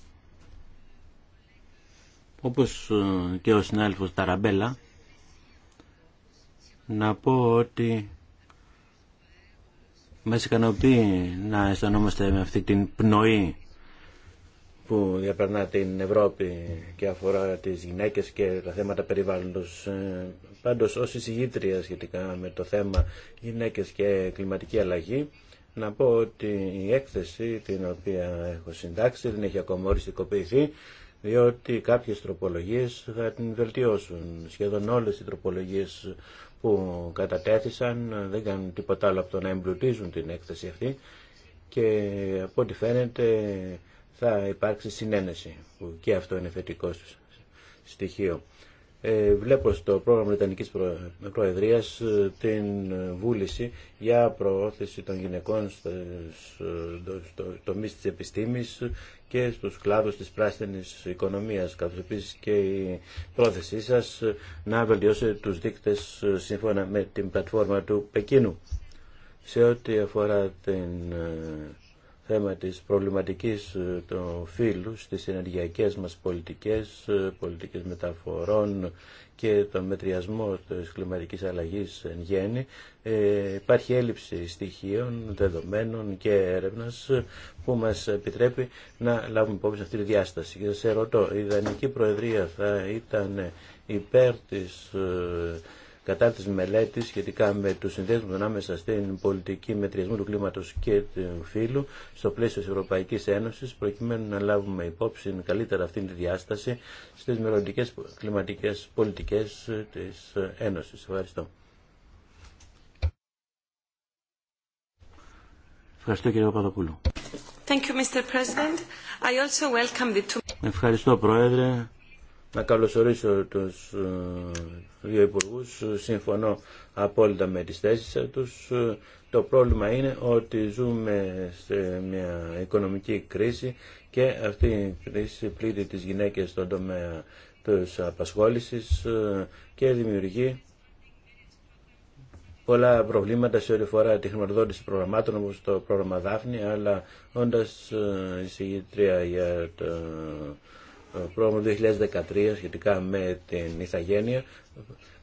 Όπως ε, και ο συνάδελφος Ταραμπέλα, να πω ότι μας ικανοποιεί να αισθανόμαστε με αυτή την πνοή που διαπερνά την Ευρώπη και αφορά τις γυναίκες και τα θέματα περιβάλλοντος. Ε, πάντως, ως εισηγήτρια σχετικά με το θέμα γυναίκες και κλιματική αλλαγή, να πω ότι η έκθεση την οποία έχω συντάξει δεν έχει ακόμα οριστικοποιηθεί διότι κάποιες τροπολογίες θα την βελτιώσουν. Σχεδόν όλες οι τροπολογίες που κατατέθησαν δεν κάνουν τίποτα άλλο από το να εμπλουτίζουν την έκθεση αυτή και από ό,τι φαίνεται θα υπάρξει συνένεση που και αυτό είναι θετικό στοιχείο. Ε, βλέπω στο πρόγραμμα προ Προεδρίας ε, την ε, βούληση για προώθηση των γυναικών στο τομείς της επιστήμης και στους κλάδους της πράσινης οικονομίας, καθώς επίσης και η πρόθεσή σας να βελτιώσει τους δείκτες σύμφωνα με την πλατφόρμα του Πεκίνου. Σε ό,τι αφορά την θέμα της προβληματικής ε, του φύλου στις ενεργειακές μας πολιτικές, ε, πολιτικές μεταφορών και τον μετριασμό της κλιματικής αλλαγής εν γέννη. Ε, υπάρχει έλλειψη στοιχείων, δεδομένων και έρευνας που μας επιτρέπει να λάβουμε υπόψη αυτή τη διάσταση. Και σε ρωτώ, η Ιδανική Προεδρία θα ήταν υπέρ της ε, κατά της μελέτης σχετικά με το συνδέσμους ανάμεσα στην πολιτική μετριασμού του κλίματος και του φύλου στο πλαίσιο της Ευρωπαϊκής Ένωσης προκειμένου να λάβουμε υπόψη καλύτερα αυτήν τη διάσταση στις μελλοντικέ κλιματικές πολιτικές της Ένωσης. Ευχαριστώ. Ευχαριστώ κύριε Παπαδοπούλου. Thank you, Mr. I also Ευχαριστώ Πρόεδρε. Να καλωσορίσω τους ε, δύο υπουργούς. Συμφωνώ απόλυτα με τις θέσεις τους. Το πρόβλημα είναι ότι ζούμε σε μια οικονομική κρίση και αυτή η κρίση πλήττει τις γυναίκες στον τομέα της απασχόλησης ε, και δημιουργεί πολλά προβλήματα σε ό,τι φορά τη χρηματοδότηση προγραμμάτων όπως το πρόγραμμα Δάφνη αλλά όντας εισηγητρία για το πρόγραμμα 2013 σχετικά με την ηθαγένεια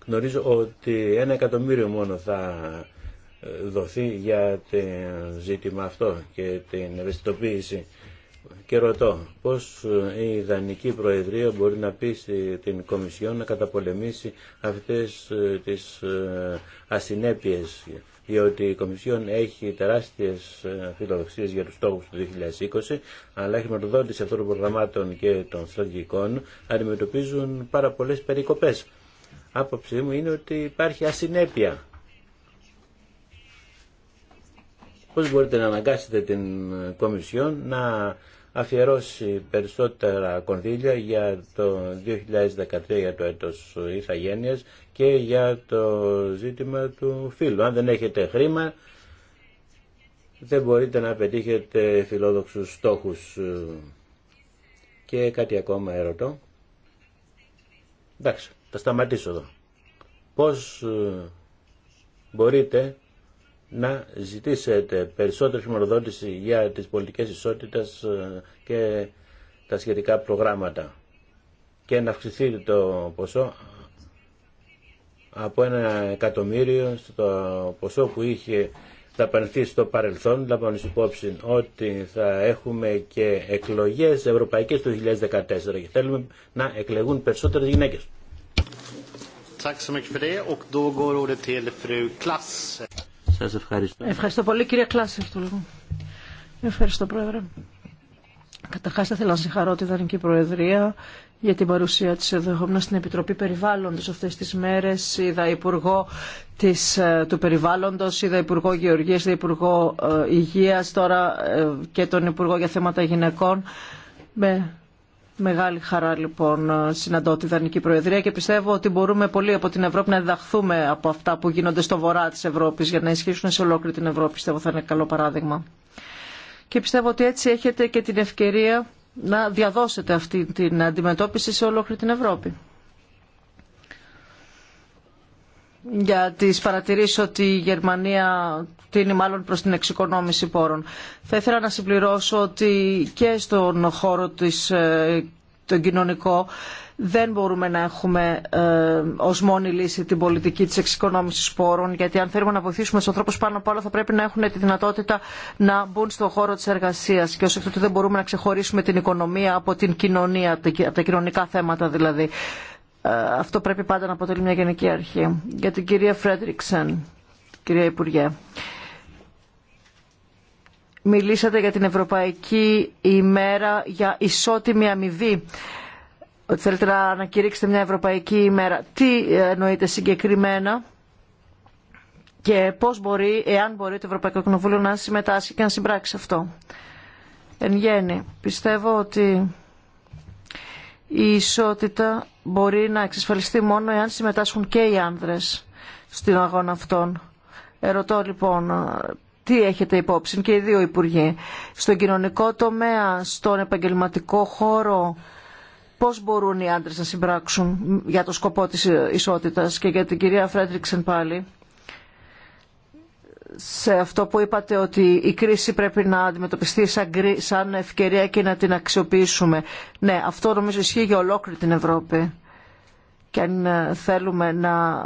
γνωρίζω ότι ένα εκατομμύριο μόνο θα ε, δοθεί για το ζήτημα αυτό και την ευαισθητοποίηση και ρωτώ πώς ε, η ιδανική προεδρία μπορεί να πείσει την Κομισιόν να καταπολεμήσει αυτές ε, τις ασυνέπειες διότι η Κομισιόν έχει τεράστιες ε, φιλοδοξίες για τους στόχους του 2020, αλλά η χρηματοδότηση αυτών των προγραμμάτων και των στρατηγικών αντιμετωπίζουν πάρα πολλές περικοπές. Άποψή μου είναι ότι υπάρχει ασυνέπεια. Πώς μπορείτε να αναγκάσετε την ε, Κομισιόν να αφιερώσει περισσότερα κονδύλια για το 2013 για το έτος Ιθαγένειας και για το ζήτημα του φίλου Αν δεν έχετε χρήμα δεν μπορείτε να πετύχετε φιλόδοξους στόχους. Και κάτι ακόμα ερωτώ. Εντάξει, θα σταματήσω εδώ. Πώς ε, μπορείτε να ζητήσετε περισσότερη χρηματοδότηση για τις πολιτικές ισότητας ε, και τα σχετικά προγράμματα και να αυξηθεί το ποσό από ένα εκατομμύριο στο ποσό που είχε δαπανηθεί στο παρελθόν, λαμβάνοντας υπόψη ότι θα έχουμε και εκλογές ευρωπαϊκές το 2014 και θέλουμε να εκλεγούν περισσότερες γυναίκες. Σας ευχαριστώ. Ευχαριστώ πολύ κυρία Κλάση. Ευχαριστώ πρόεδρε. Καταρχάς θα ήθελα να συγχαρώ τη Δανική Προεδρία για την παρουσία της εδώ. Έχω στην Επιτροπή Περιβάλλοντος αυτές τις μέρες. Είδα Υπουργό της, ε, του Περιβάλλοντος, είδα Υπουργό Γεωργίας, είδα Υπουργό ε, Υγείας τώρα ε, και τον Υπουργό για θέματα γυναικών. Μεγάλη χαρά λοιπόν συναντώ τη Δανική Προεδρία και πιστεύω ότι μπορούμε πολύ από την Ευρώπη να διδαχθούμε από αυτά που γίνονται στο βορρά της Ευρώπης για να ισχύσουν σε ολόκληρη την Ευρώπη. Πιστεύω θα είναι καλό παράδειγμα. Και πιστεύω ότι έτσι έχετε και την ευκαιρία να διαδώσετε αυτή την αντιμετώπιση σε ολόκληρη την Ευρώπη. για τις παρατηρήσεις ότι η Γερμανία τίνει μάλλον προς την εξοικονόμηση πόρων. Θα ήθελα να συμπληρώσω ότι και στον χώρο της, ε, τον κοινωνικό δεν μπορούμε να έχουμε ε, ως μόνη λύση την πολιτική της εξοικονόμησης πόρων γιατί αν θέλουμε να βοηθήσουμε τους ανθρώπους πάνω απ' όλα θα πρέπει να έχουν τη δυνατότητα να μπουν στον χώρο της εργασίας και ως εκ τούτου δεν μπορούμε να ξεχωρίσουμε την οικονομία από την κοινωνία, από τα κοινωνικά θέματα δηλαδή. Ε, αυτό πρέπει πάντα να αποτελεί μια γενική αρχή. Για την κυρία Φρέντριξεν, κυρία Υπουργέ, μιλήσατε για την Ευρωπαϊκή ημέρα για ισότιμη αμοιβή ότι θέλετε να ανακηρύξετε μια Ευρωπαϊκή ημέρα. Τι εννοείτε συγκεκριμένα και πώς μπορεί, εάν μπορεί το Ευρωπαϊκό Κοινοβούλιο να συμμετάσχει και να συμπράξει αυτό. Εν γέννη, πιστεύω ότι η ισότητα μπορεί να εξασφαλιστεί μόνο εάν συμμετάσχουν και οι άνδρες στην αγώνα αυτών. Ερωτώ λοιπόν τι έχετε υπόψη και οι δύο Υπουργοί. Στον κοινωνικό τομέα, στον επαγγελματικό χώρο, πώς μπορούν οι άντρες να συμπράξουν για το σκοπό της ισότητας και για την κυρία Φρέντριξεν πάλι σε αυτό που είπατε ότι η κρίση πρέπει να αντιμετωπιστεί σαν ευκαιρία και να την αξιοποιήσουμε. Ναι, αυτό νομίζω ισχύει για ολόκληρη την Ευρώπη. Και αν ε, θέλουμε να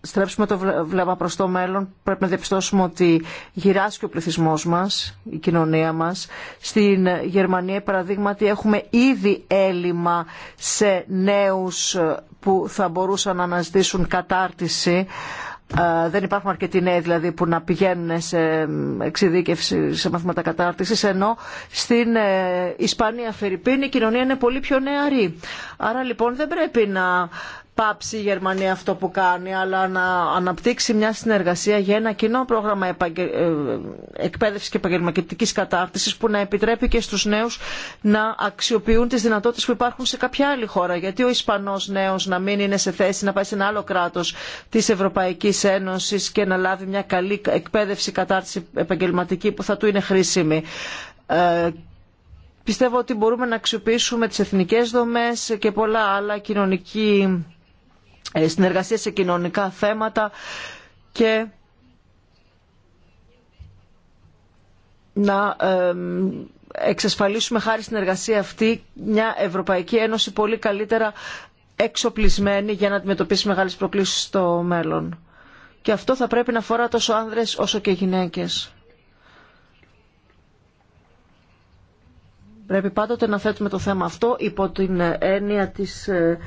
στρέψουμε το βλέμμα προς το μέλλον, πρέπει να διαπιστώσουμε ότι γυράσκει ο πληθυσμός μας, η κοινωνία μας. Στην ε, Γερμανία, παραδείγματι, έχουμε ήδη έλλειμμα σε νέους ε, που θα μπορούσαν να αναζητήσουν κατάρτιση δεν υπάρχουν αρκετοί νέοι δηλαδή που να πηγαίνουν σε εξειδίκευση, σε μαθήματα κατάρτιση, ενώ στην ε, Ισπανία Φερρυπίνη η κοινωνία είναι πολύ πιο νεαρή. Άρα λοιπόν δεν πρέπει να πάψει η Γερμανία αυτό που κάνει, αλλά να αναπτύξει μια συνεργασία για ένα κοινό πρόγραμμα ε, εκπαίδευσης και επαγγελματική κατάρτισης που να επιτρέπει και στους νέους να αξιοποιούν τις δυνατότητες που υπάρχουν σε κάποια άλλη χώρα. Γιατί ο Ισπανός νέος να μην είναι σε θέση να πάει σε ένα άλλο κράτος της Ευρωπαϊκής Ένωσης και να λάβει μια καλή εκπαίδευση κατάρτιση επαγγελματική που θα του είναι χρήσιμη ε, πιστεύω ότι μπορούμε να αξιοποιήσουμε τις εθνικές δομές και πολλά άλλα κοινωνική ε, συνεργασία σε κοινωνικά θέματα και να εξασφαλίσουμε χάρη στην εργασία αυτή μια Ευρωπαϊκή Ένωση πολύ καλύτερα εξοπλισμένη για να αντιμετωπίσει μεγάλες προκλήσεις στο μέλλον. Και αυτό θα πρέπει να αφορά τόσο άνδρες όσο και γυναίκες. Πρέπει πάντοτε να θέτουμε το θέμα αυτό υπό την έννοια της ε,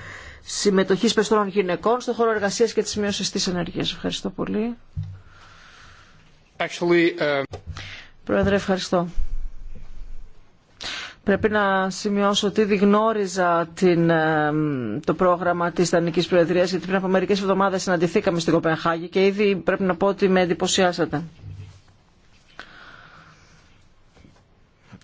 Συμμετοχή πεστρών γυναικών στον χώρο εργασία και τη μείωση τη ενέργεια. Ευχαριστώ πολύ. Actually, uh... Πρόεδρε, ευχαριστώ. Πρέπει να σημειώσω ότι ήδη γνώριζα την, ε, το πρόγραμμα της Δανικής Προεδρίας γιατί πριν από μερικές εβδομάδες συναντηθήκαμε στην Κοπενχάγη και ήδη πρέπει να πω ότι με εντυπωσιάσατε.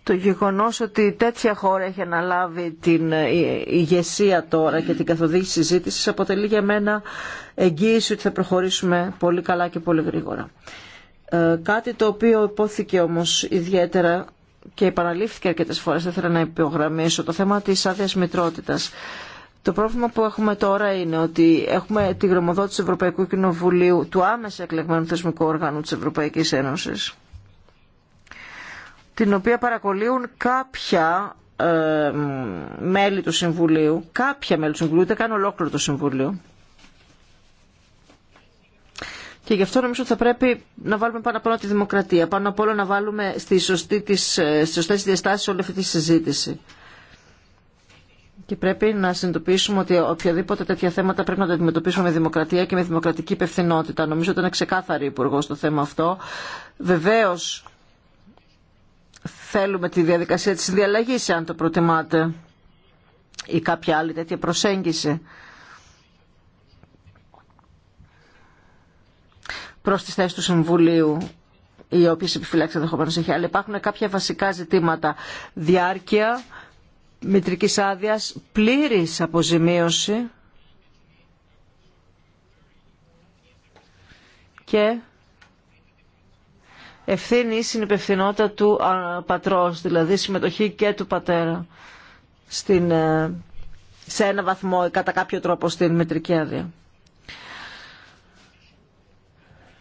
το γεγονός ότι τέτοια χώρα έχει αναλάβει την ε, ηγεσία τώρα και την καθοδήγηση συζήτηση αποτελεί για μένα εγγύηση ότι θα προχωρήσουμε πολύ καλά και πολύ γρήγορα. Ε, κάτι το οποίο υπόθηκε όμως ιδιαίτερα και επαναλήφθηκε αρκετέ φορές, δεν ήθελα να υπογραμμίσω, το θέμα της άδειας μητρότητας. Το πρόβλημα που έχουμε τώρα είναι ότι έχουμε τη γρομοδότηση του Ευρωπαϊκού Κοινοβουλίου, του άμεσα εκλεγμένου θεσμικού όργανου της Ευρωπαϊκής Ένωσης, την οποία παρακολύουν κάποια ε, μέλη του Συμβουλίου, κάποια μέλη του Συμβουλίου, δεν καν ολόκληρο το Συμβούλιο. Και γι' αυτό νομίζω ότι θα πρέπει να βάλουμε πάνω απ' όλα τη δημοκρατία, πάνω απ' όλα να βάλουμε στι σωστέ διαστάσει σωστές διαστάσεις όλη αυτή τη συζήτηση. Και πρέπει να συνειδητοποιήσουμε ότι οποιαδήποτε τέτοια θέματα πρέπει να τα αντιμετωπίσουμε με δημοκρατία και με δημοκρατική υπευθυνότητα. Νομίζω ότι ήταν ξεκάθαρη υπουργό το θέμα αυτό. Βεβαίω θέλουμε τη διαδικασία της διαλλαγής αν το προτιμάτε ή κάποια άλλη τέτοια προσέγγιση. προς τις θέσεις του Συμβουλίου οι οποίες επιφυλάξει ενδεχομένω έχει, αλλά υπάρχουν κάποια βασικά ζητήματα. Διάρκεια μητρικής άδεια, πλήρης αποζημίωση και ευθύνη ή συνυπευθυνότητα του πατρός, δηλαδή συμμετοχή και του πατέρα στην, ε, σε ένα βαθμό κατά κάποιο τρόπο στην μετρική άδεια.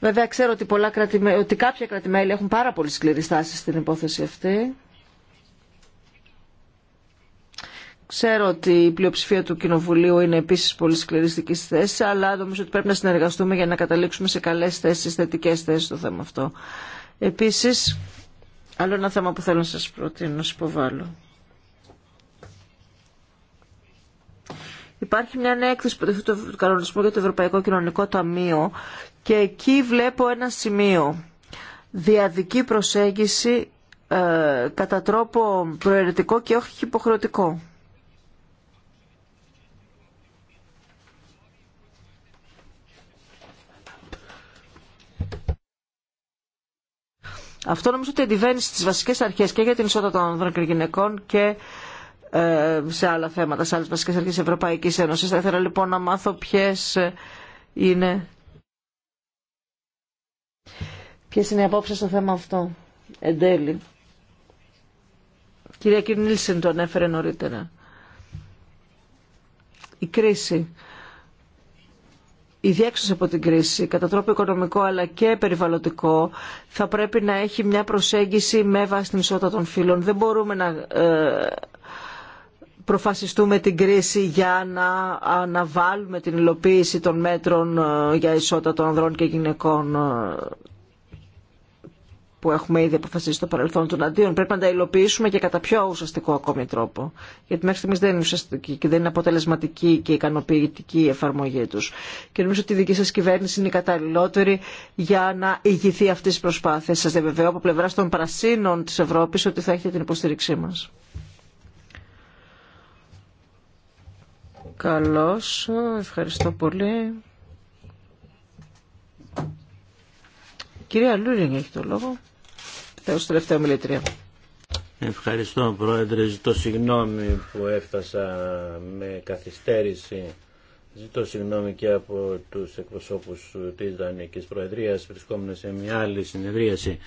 Βέβαια ξέρω ότι, πολλά κρατημέ... ότι κάποια κρατημέλη έχουν πάρα πολύ σκληρή στάση στην υπόθεση αυτή. Ξέρω ότι η πλειοψηφία του Κοινοβουλίου είναι επίσης πολύ σκληριστική στη θέση, αλλά νομίζω ότι πρέπει να συνεργαστούμε για να καταλήξουμε σε καλές θέσεις, θετικές θέσεις στο θέμα αυτό. Επίσης, άλλο ένα θέμα που θέλω να σας προτείνω, να σας υποβάλω. Υπάρχει μια νέα έκθεση που το κανονισμό για το Ευρωπαϊκό Κοινωνικό Ταμείο και εκεί βλέπω ένα σημείο. Διαδική προσέγγιση ε, κατά τρόπο προαιρετικό και όχι υποχρεωτικό. Αυτό νομίζω ότι αντιβαίνει στις βασικές αρχές και για την ισότητα των ανδρών και γυναικών και ε, σε άλλα θέματα, σε άλλες βασικές αρχές Ευρωπαϊκής Ένωσης. Θα ήθελα λοιπόν να μάθω ποιε ε, είναι, Ποιε είναι οι απόψει στο θέμα αυτό εν τέλει. Κυρία Κυρνίλσεν το ανέφερε νωρίτερα. Η κρίση η διέξοδος από την κρίση κατά τρόπο οικονομικό αλλά και περιβαλλοντικό θα πρέπει να έχει μια προσέγγιση με βάση την ισότητα των φύλων. Δεν μπορούμε να ε, προφασιστούμε την κρίση για να αναβάλουμε την υλοποίηση των μέτρων ε, για ισότητα των ανδρών και γυναικών ε, που έχουμε ήδη αποφασίσει στο παρελθόν των αντίων, Πρέπει να τα υλοποιήσουμε και κατά πιο ουσιαστικό ακόμη τρόπο. Γιατί μέχρι στιγμή δεν είναι ουσιαστική και δεν είναι αποτελεσματική και ικανοποιητική η εφαρμογή του. Και νομίζω ότι η δική σα κυβέρνηση είναι η καταλληλότερη για να ηγηθεί αυτή τη προσπάθεια. Σα διαβεβαιώ από πλευρά των πρασίνων τη Ευρώπη ότι θα έχετε την υποστήριξή μα. Καλώς, ευχαριστώ πολύ. Κυρία Λούρινγκ έχει το λόγο. τελευταία Ευχαριστώ Πρόεδρε. Ζητώ συγγνώμη που έφτασα με καθυστέρηση. Ζητώ συγγνώμη και από τους εκπροσώπους της Δανεικής Προεδρίας. Βρισκόμουν σε μια άλλη συνεδρίαση.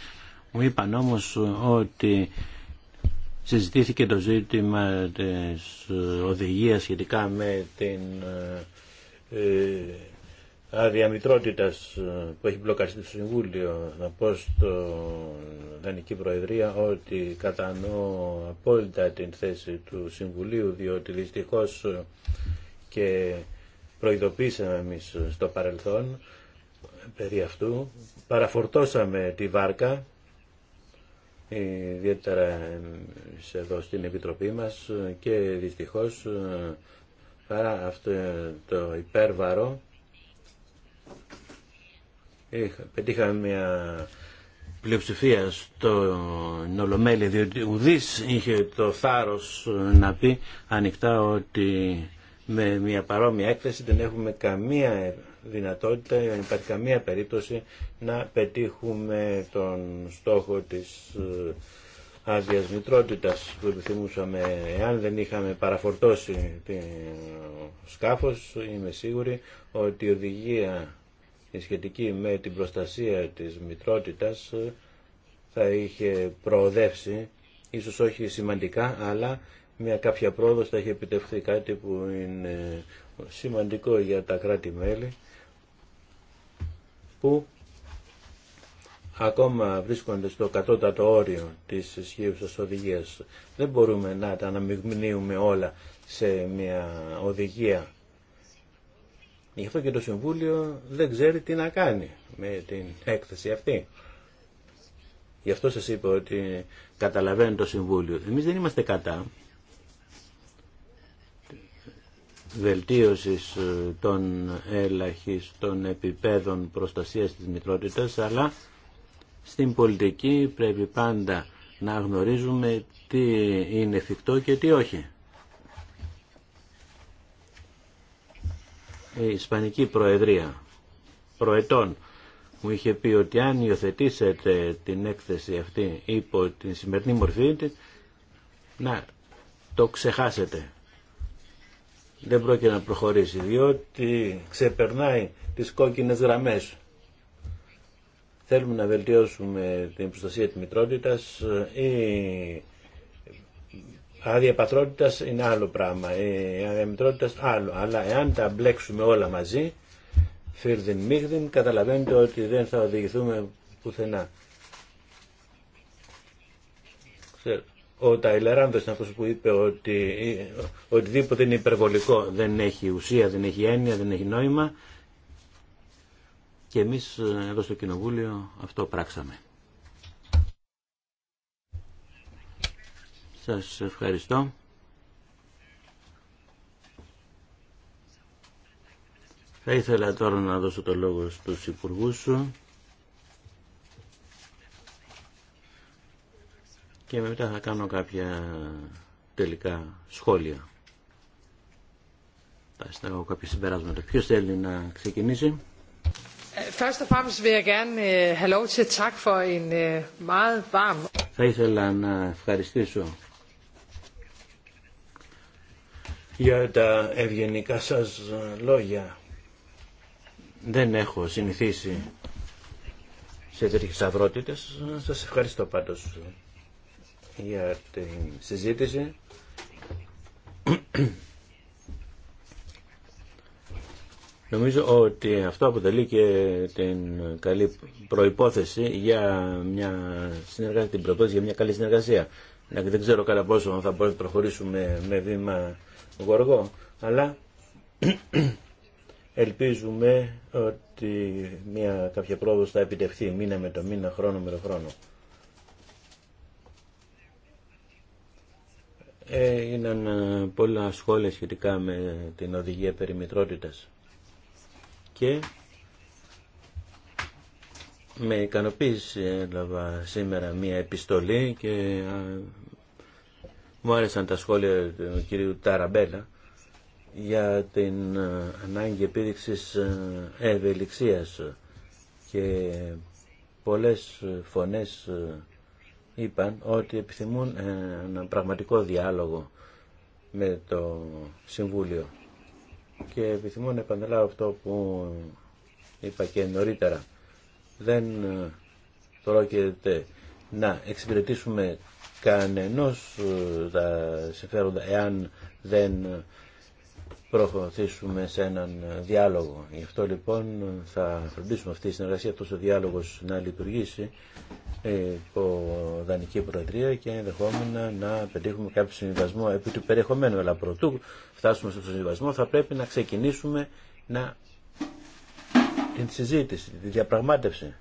Μου είπαν όμως ότι συζητήθηκε το ζήτημα της οδηγίας σχετικά με την ε, αδιαμητρότητας ε, που έχει μπλοκαριστεί στο Συμβούλιο να πω στο Δανική Προεδρία ότι κατανοώ απόλυτα την θέση του Συμβουλίου διότι δυστυχώς ε, και προειδοποίησαμε εμείς στο παρελθόν περί αυτού παραφορτώσαμε τη βάρκα ιδιαίτερα εδώ στην Επιτροπή μας και δυστυχώς ε, παρά αυτό το υπέρβαρο πετύχαμε μια πλειοψηφία στο Νολομέλη διότι ουδής είχε το θάρρος να πει ανοιχτά ότι με μια παρόμοια έκθεση δεν έχουμε καμία δυνατότητα, δεν υπάρχει καμία περίπτωση να πετύχουμε τον στόχο της ε, άδειας μητρότητας που επιθυμούσαμε εάν δεν είχαμε παραφορτώσει το ε, σκάφος είμαι σίγουρη ότι η οδηγία σχετική με την προστασία της μητρότητας ε, θα είχε προοδεύσει, ίσως όχι σημαντικά, αλλά μια κάποια πρόοδος θα είχε επιτευχθεί κάτι που είναι σημαντικό για τα κράτη-μέλη που ακόμα βρίσκονται στο κατώτατο όριο της της οδηγίας. Δεν μπορούμε να τα αναμειγνύουμε όλα σε μια οδηγία Γι' αυτό και το Συμβούλιο δεν ξέρει τι να κάνει με την έκθεση αυτή. Γι' αυτό σας είπα ότι καταλαβαίνει το Συμβούλιο. Εμείς δεν είμαστε κατά βελτίωσης ε, των των επιπέδων προστασίας της μητρότητας, αλλά στην πολιτική πρέπει πάντα να γνωρίζουμε τι είναι εφικτό και τι όχι. Ε, η Ισπανική Προεδρία προετών μου είχε πει ότι αν υιοθετήσετε την έκθεση αυτή υπό την σημερινή μορφή να το ξεχάσετε. Δεν πρόκειται να προχωρήσει διότι ξεπερνάει τις κόκκινες γραμμές. Θέλουμε να βελτιώσουμε την προστασία της μητρότητας ή ε, άδεια πατρότητα είναι άλλο πράγμα, η άδεια άλλο. Αλλά εάν τα μπλέξουμε όλα μαζί, φίρδιν μίγδιν, καταλαβαίνετε ότι δεν θα οδηγηθούμε πουθενά. Ο Ταϊλεράνδος είναι αυτός που είπε ότι οτιδήποτε είναι υπερβολικό δεν έχει ουσία, δεν έχει έννοια, δεν έχει νόημα. Και εμείς εδώ στο Κοινοβούλιο αυτό πράξαμε. Σας ευχαριστώ. Θα ήθελα τώρα να δώσω το λόγο στους υπουργούς σου. και μετά θα κάνω κάποια τελικά σχόλια. Θα στεγώ κάποια συμπεράσματα. Ποιος θέλει να ξεκινήσει. Θα ήθελα να ευχαριστήσω για τα ευγενικά σας λόγια. Δεν έχω συνηθίσει σε τέτοιες αυρότητε. Σα ευχαριστώ πάντω για τη συζήτηση. Νομίζω ότι αυτό αποτελεί και την καλή προϋπόθεση για μια, συνεργασία, την για μια καλή συνεργασία. Δεν ξέρω κατά πόσο θα μπορούμε να προχωρήσουμε με βήμα αλλά ελπίζουμε ότι μια κάποια πρόοδος θα επιτευχθεί μήνα με το μήνα, χρόνο με το χρόνο. Ε, έγιναν ε, πολλά σχόλια σχετικά με την οδηγία περιμητρότητας και με ικανοποίηση έλαβα σήμερα μία επιστολή και μου άρεσαν τα σχόλια του κυρίου Ταραμπέλα για την ε, ανάγκη επίδειξης ε, ευελιξίας και πολλές φωνές ε, είπαν ότι επιθυμούν ένα πραγματικό διάλογο με το Συμβούλιο και επιθυμούν να αυτό που είπα και νωρίτερα. Δεν πρόκειται να εξυπηρετήσουμε κανενός ε, τα συμφέροντα εάν δεν προχωρήσουμε σε έναν διάλογο. Γι' αυτό λοιπόν θα φροντίσουμε αυτή η συνεργασία, αυτός ο διάλογος να λειτουργήσει ε, υπό δανεική Προεδρία και ενδεχόμενα να πετύχουμε κάποιο συμβιβασμό επί του περιεχομένου. Αλλά πρωτού φτάσουμε στο συμβιβασμό θα πρέπει να ξεκινήσουμε να... την συζήτηση, τη διαπραγμάτευση.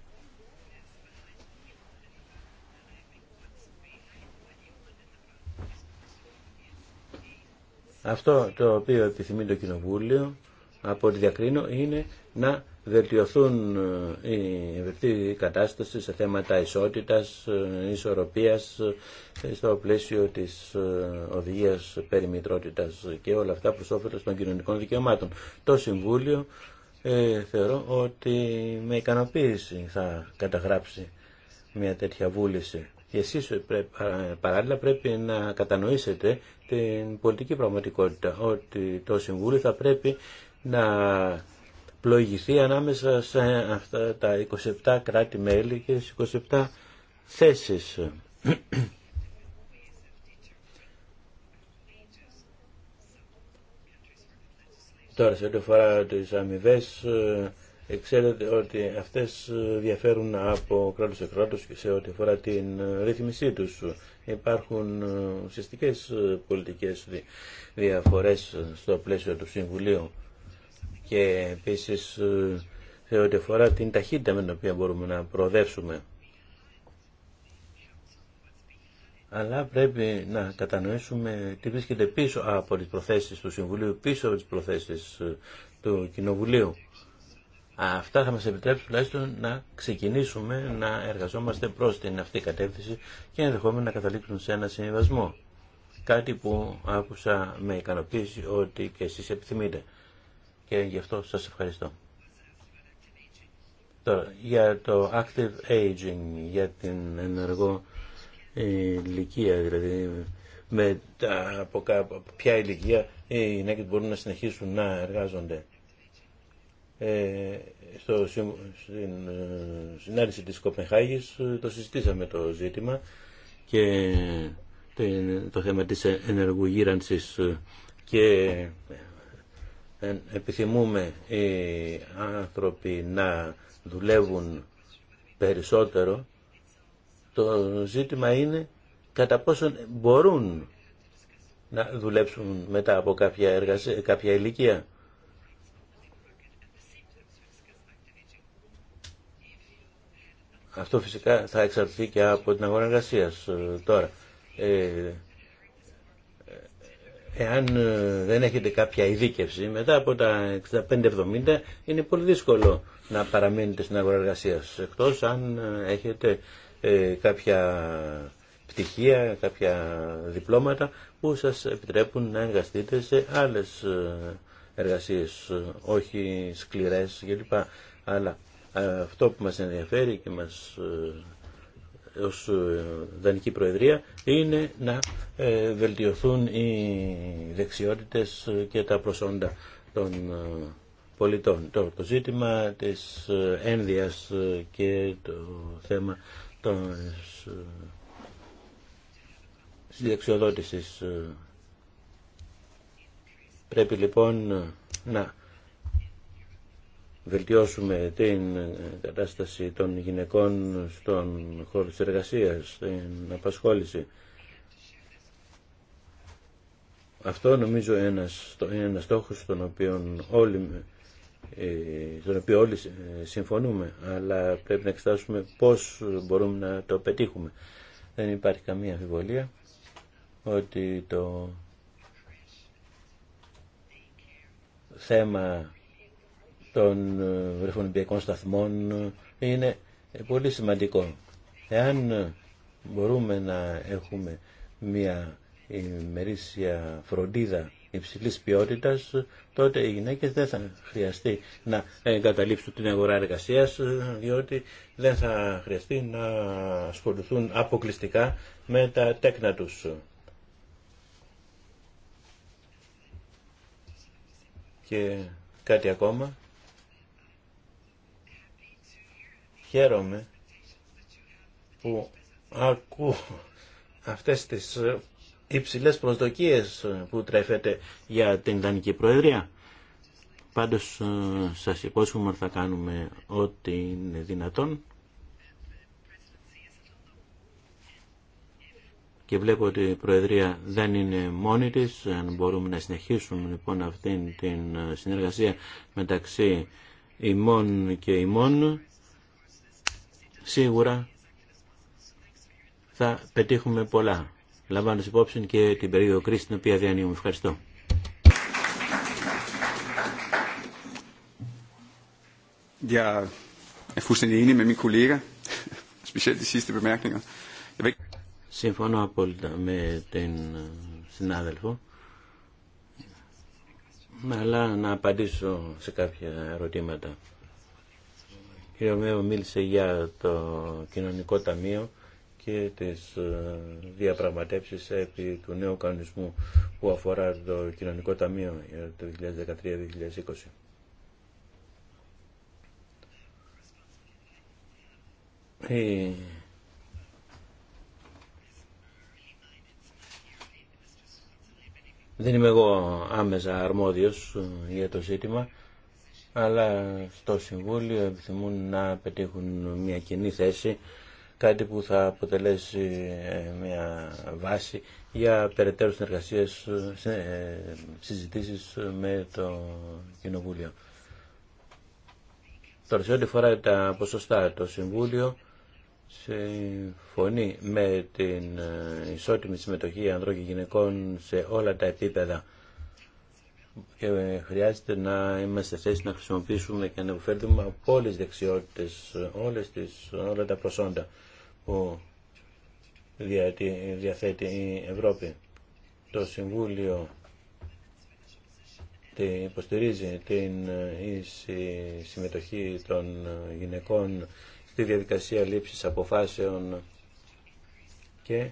Αυτό το οποίο επιθυμεί το Κοινοβούλιο, από ό,τι διακρίνω, είναι να βελτιωθούν ε, η κατάσταση σε θέματα ισότητας, ε, ισορροπίας ε, στο πλαίσιο της οδηγίας περιμητρότητας και όλα αυτά προς όφελος των κοινωνικών δικαιωμάτων. Το Συμβούλιο ε, θεωρώ ότι με ικανοποίηση θα καταγράψει μια τέτοια βούληση. Εσείς παράλληλα πρέπει να κατανοήσετε την πολιτική πραγματικότητα, ότι το Συμβούλιο θα πρέπει να πλοηγηθεί ανάμεσα σε αυτά τα 27 κράτη-μέλη και στις 27 θέσεις. Τώρα, σε ό,τι αφορά τις αμοιβές, ε, ξέρετε ότι αυτές ε, διαφέρουν από κράτος σε κράτος και σε ό,τι αφορά την ε, ρύθμισή τους. Υπάρχουν ουσιαστικέ πολιτικές διαφορές στο πλαίσιο του Συμβουλίου και επίσης σε ό,τι αφορά την ταχύτητα με την οποία μπορούμε να προοδεύσουμε. Αλλά πρέπει να κατανοήσουμε τι βρίσκεται πίσω από τις προθέσεις του Συμβουλίου, πίσω από τις προθέσεις του Κοινοβουλίου. Αυτά θα μας επιτρέψουν τουλάχιστον να ξεκινήσουμε να εργαζόμαστε προς την αυτή κατεύθυνση και ενδεχόμενα να καταλήξουν σε ένα συμβιβασμό. Κάτι που άκουσα με ικανοποίηση ότι και εσείς επιθυμείτε. Και γι' αυτό σας ευχαριστώ. Τώρα, για το active aging, για την ενεργό ηλικία, δηλαδή με τα, από ποια ηλικία οι γυναίκες μπορούν να συνεχίσουν να εργάζονται. Ε, στο, στην ε, συνάντηση της Κοπενχάγης ε, το συζητήσαμε το ζήτημα και το θέμα της ενεργού και επιθυμούμε οι άνθρωποι να δουλεύουν περισσότερο το ζήτημα είναι κατά πόσον μπορούν να δουλέψουν μετά από κάποια, εργασία, κάποια ηλικία Αυτό φυσικά θα εξαρτηθεί και από την αγορά εργασία ε, τώρα. Ε, ε εάν ε, δεν έχετε κάποια ειδίκευση, μετά από τα 65-70 είναι πολύ δύσκολο να παραμείνετε στην αγορά εργασία. Εκτό αν έχετε ε, κάποια πτυχία, κάποια διπλώματα που σας επιτρέπουν να εργαστείτε σε άλλες εργασίες, όχι σκληρές κλπ. Αλλά ε, αυτό που μας ενδιαφέρει και μας ε, ως ε, Δανική Προεδρία είναι να βελτιωθούν οι δεξιότητες και τα προσόντα των πολιτών. Το, το ζήτημα της ένδυας και το θέμα της δεξιοδότησης πρέπει λοιπόν να βελτιώσουμε την ε, κατάσταση των γυναικών στον χώρο της εργασίας, στην απασχόληση. Αυτό νομίζω ένας, είναι ένας στόχος στον οποίο όλοι, ε, στον οποίο όλοι ε, συμφωνούμε, αλλά πρέπει να εξετάσουμε πώς μπορούμε να το πετύχουμε. Δεν υπάρχει καμία αμφιβολία ότι το θέμα των ε, βρεφονιμπιακών σταθμών ε, είναι πολύ σημαντικό. Εάν ε, μπορούμε να έχουμε μια ημερήσια φροντίδα υψηλής ποιότητας, τότε οι γυναίκες δεν θα χρειαστεί να εγκαταλείψουν την αγορά εργασίας, διότι δεν θα χρειαστεί να ασχοληθούν αποκλειστικά με τα τέκνα τους. Και κάτι ακόμα. Χαίρομαι που ακούω αυτές τις υψηλές προσδοκίες που τρέφεται για την Ιδανική Προεδρία. Πάντως ε, σας υπόσχομαι ότι θα κάνουμε ό,τι είναι δυνατόν. Και βλέπω ότι η Προεδρία δεν είναι μόνη της. Αν μπορούμε να συνεχίσουμε λοιπόν αυτήν την συνεργασία μεταξύ ημών και ημών σίγουρα θα πετύχουμε πολλά, σε υπόψη και την περίοδο κρίση την οποία διανύουμε. Ευχαριστώ. Για είναι με σπισέτη σύστη Συμφωνώ απόλυτα με την ε, συνάδελφο. Ναι, αλλά να απαντήσω σε κάποια ερωτήματα κ. Μέου μίλησε για το κοινωνικό ταμείο και τις ε, διαπραγματεύσεις επί του νέου κανονισμού που αφορά το κοινωνικό ταμείο το 2013-2020. Δεν είμαι εγώ άμεσα αρμόδιος για το ζήτημα, αλλά στο Συμβούλιο επιθυμούν να πετύχουν μια κοινή θέση, κάτι που θα αποτελέσει ε, μια βάση για περαιτέρω συνεργασίες, ε, συζητήσεις με το Κοινοβούλιο. Τώρα σε ό,τι φορά τα ποσοστά, το Συμβούλιο συμφωνεί με την ε, ισότιμη συμμετοχή ανδρών και γυναικών σε όλα τα επίπεδα και χρειάζεται να είμαστε θέση να χρησιμοποιήσουμε και να υποφέρουμε από όλες τις δεξιότητες, όλες τις, όλα τα προσόντα που διαθέτει η Ευρώπη. Το Συμβούλιο υποστηρίζει την ίση συμμετοχή των γυναικών στη διαδικασία λήψης αποφάσεων και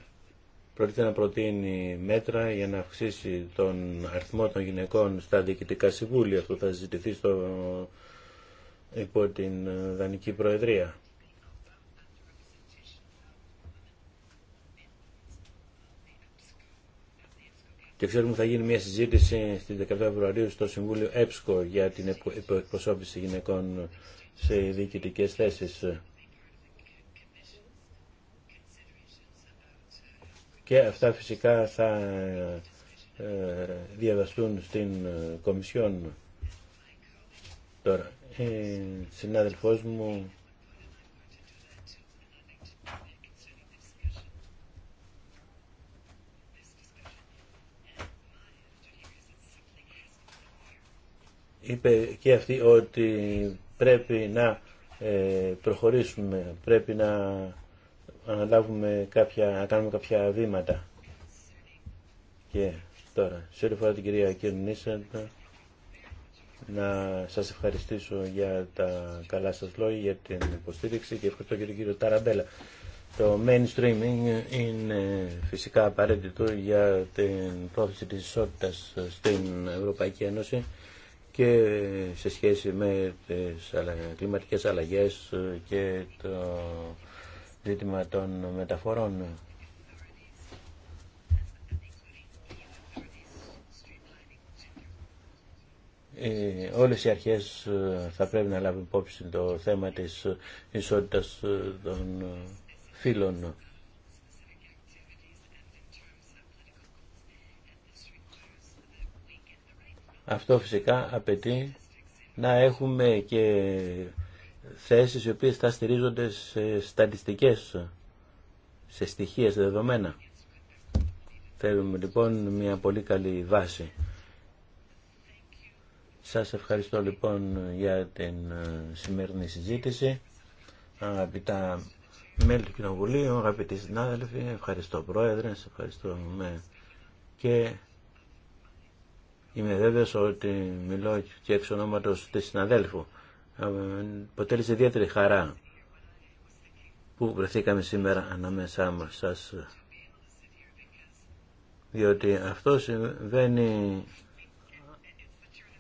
πρόκειται να προτείνει μέτρα για να αυξήσει τον αριθμό των γυναικών στα διοικητικά συμβούλια που θα συζητηθεί στο, υπό την ε, Δανική Προεδρία. Και ξέρουμε ότι θα γίνει μια συζήτηση στις 17 Φεβρουαρίου στο Συμβούλιο ΕΠΣΚΟ για την υποεκπροσώπηση γυναικών σε διοικητικές θέσεις. και αυτά φυσικά θα ε, διαβαστούν στην ε, Κομισιόν. Τώρα, η ε, συνάδελφός μου είπε και αυτή ότι πρέπει να προχωρήσουμε, πρέπει να αναλάβουμε κάποια, να κάνουμε κάποια βήματα. Και τώρα, σε όλη φορά την κυρία να σας ευχαριστήσω για τα καλά σας λόγια, για την υποστήριξη και ευχαριστώ και τον κύριο Ταραμπέλα. Το mainstreaming είναι φυσικά απαραίτητο για την πρόθεση της ισότητας στην Ευρωπαϊκή Ένωση και σε σχέση με τις κλιματικές αλλαγές και το ζήτημα των μεταφορών. Ε, όλες οι αρχές ε, θα πρέπει να λάβουν υπόψη το θέμα της ισότητας ε, των φύλων. Αυτό φυσικά απαιτεί να έχουμε και θέσεις οι οποίες θα στηρίζονται σε στατιστικές, σε στοιχεία, σε δεδομένα. Θέλουμε λοιπόν μια πολύ καλή βάση. Σας ευχαριστώ λοιπόν για την ε, σημερινή συζήτηση. Αγαπητά μέλη του Κοινοβουλίου, αγαπητοί συνάδελφοι, ευχαριστώ Πρόεδρε, σας ευχαριστώ με... και είμαι βέβαιος ότι μιλώ και εξ ονόματος της συναδέλφου αποτέλεσε ιδιαίτερη χαρά που βρεθήκαμε σήμερα ανάμεσά μας σας διότι αυτό συμβαίνει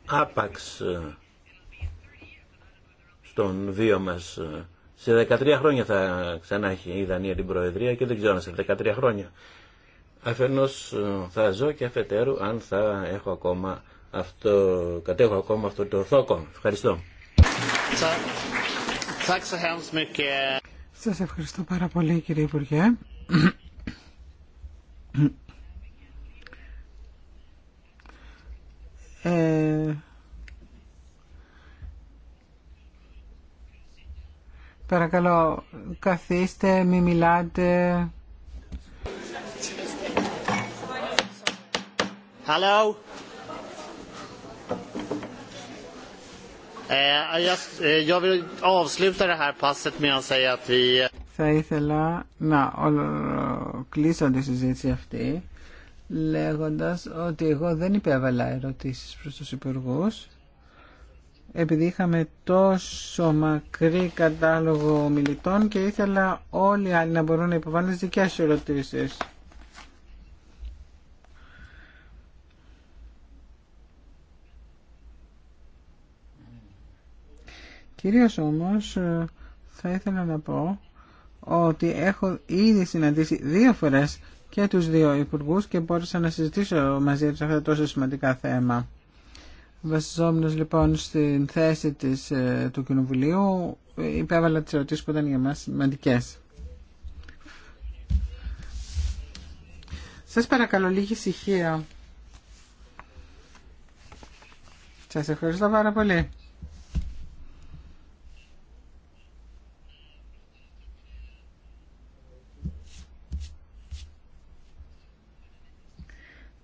άπαξ στον βίο μας σε 13 χρόνια θα ξανά έχει η Δανία την Προεδρία και δεν ξέρω αν σε 13 χρόνια αφενός ε, θα ζω και αφετέρου αν θα έχω ακόμα αυτό, κατέχω ακόμα αυτό το θόκο. Ευχαριστώ. Σας ευχαριστώ πάρα πολύ κύριε Υπουργέ. Ε, παρακαλώ, καθίστε, μη μιλάτε. Θα ήθελα να κλείσω τη συζήτηση αυτή λέγοντας ότι εγώ δεν υπέβαλα ερωτήσεις προς τους υπουργούς επειδή είχαμε τόσο μακρύ κατάλογο μιλητών και ήθελα όλοι οι άλλοι να μπορούν να υποβάλουν τις δικές ερωτήσεις. Κυρίως όμως ε, θα ήθελα να πω ότι έχω ήδη συναντήσει δύο φορές και τους δύο υπουργούς και μπόρεσα να συζητήσω μαζί τους αυτά τόσο σημαντικά θέμα. Βασιζόμενος λοιπόν στην θέση της, ε, του Κοινοβουλίου υπέβαλα τις ερωτήσεις που ήταν για μας σημαντικές. Σας παρακαλώ λίγη ησυχία. Σας ευχαριστώ πάρα πολύ.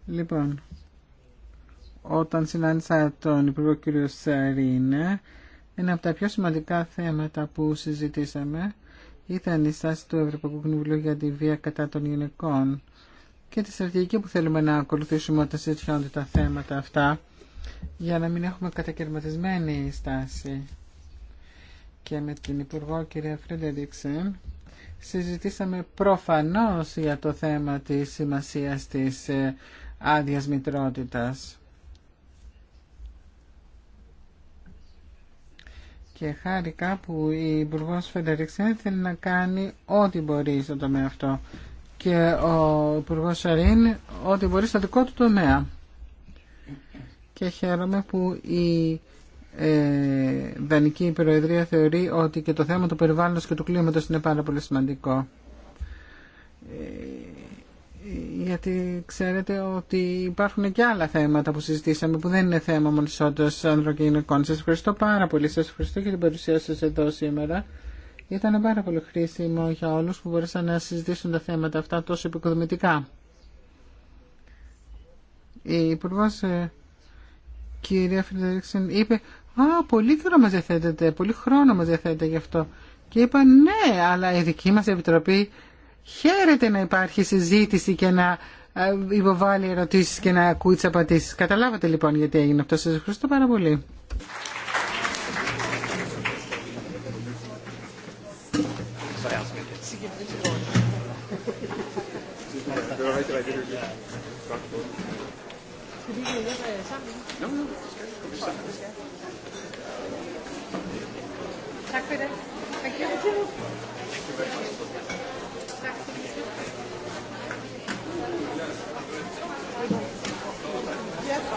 Λοιπόν, όταν συνάντησα τον Υπουργό κ. Σαρίνε, ένα από τα πιο σημαντικά θέματα που συζητήσαμε ήταν η στάση του Ευρωπαϊκού Κοινοβουλίου για τη βία κατά των γυναικών και τη στρατηγική που θέλουμε να ακολουθήσουμε όταν συζητιώνται τα θέματα αυτά για να μην έχουμε κατακαιρματισμένη στάση. Και με την Υπουργό κ. Φρέντεντιξεν συζητήσαμε προφανώς για το θέμα της σημασίας της ε, Άδεια μητρότητα. και χάρηκα που η Υπουργό Φεντερικσέν θέλει να κάνει ό,τι μπορεί στο τομέα αυτό και ο Υπουργό Σαρίν ό,τι μπορεί στο δικό του τομέα. Και χαίρομαι που η ε, Δανική Προεδρία θεωρεί ότι και το θέμα του περιβάλλοντος και του κλίματος είναι πάρα πολύ σημαντικό. Ε, γιατί ξέρετε ότι υπάρχουν και άλλα θέματα που συζητήσαμε που δεν είναι θέμα μόνο όντως άνδρων και γυναικών. Σας ευχαριστώ πάρα πολύ. Σας ευχαριστώ για την παρουσία σας εδώ σήμερα. Ήταν πάρα πολύ χρήσιμο για όλους που μπορούσαν να συζητήσουν τα θέματα αυτά τόσο επικοδομητικά. Η υπουργό ε, κυρία Φιντερίξεν είπε «Α, πολύ καιρό μας διαθέτεται, πολύ χρόνο μας διαθέτεται γι' αυτό». Και είπα «Ναι, αλλά η δική μας επιτροπή χαίρεται να υπάρχει συζήτηση και να ε, υποβάλει ερωτήσεις και να ακούει τις απαντήσεις. Καταλάβατε λοιπόν γιατί έγινε αυτό. Σας ευχαριστώ πάρα πολύ.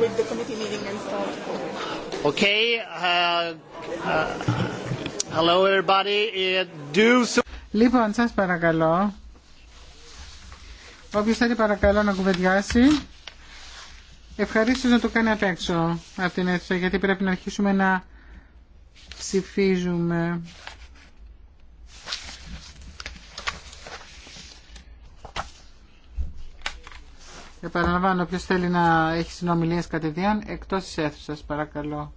with the committee meeting and Okay. Uh, uh, hello everybody. Ε, do so... Λοιπόν, σας παρακαλώ. Όποιος θέλει παρακαλώ να κουβεντιάσει. Ευχαρίστως να το κάνει απ' έξω από την αίθουσα, γιατί πρέπει να αρχίσουμε να ψηφίζουμε. Επαναλαμβάνω, ποιος θέλει να έχει συνομιλίε κατηδίαν, εκτός τη αίθουσα, παρακαλώ.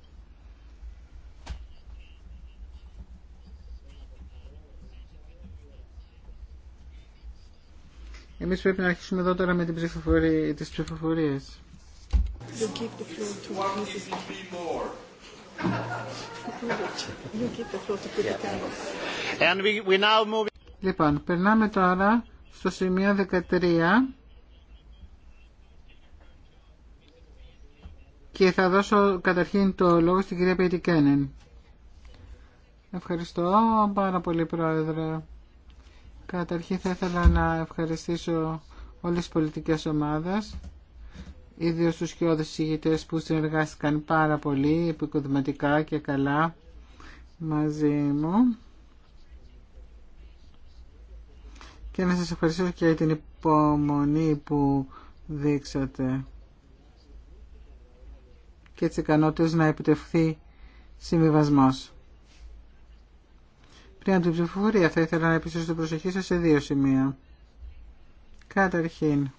Εμείς πρέπει να αρχίσουμε εδώ τώρα με την ψηφοφορία, τις ψηφοφορίες. Λοιπόν, περνάμε τώρα στο σημείο 13. και θα δώσω καταρχήν το λόγο στην κυρία Κένεν. Ευχαριστώ πάρα πολύ Πρόεδρε. Καταρχήν θα ήθελα να ευχαριστήσω όλες τις πολιτικές ομάδες, ιδίως τους κοιόδες ηγητές που συνεργάστηκαν πάρα πολύ, επικοδηματικά και καλά μαζί μου. Και να σας ευχαριστήσω και για την υπομονή που δείξατε και τις ικανότητες να επιτευχθεί συμβιβασμό. Πριν από την ψηφοφορία θα ήθελα να επιστρέψω την προσοχή σας σε δύο σημεία. Καταρχήν,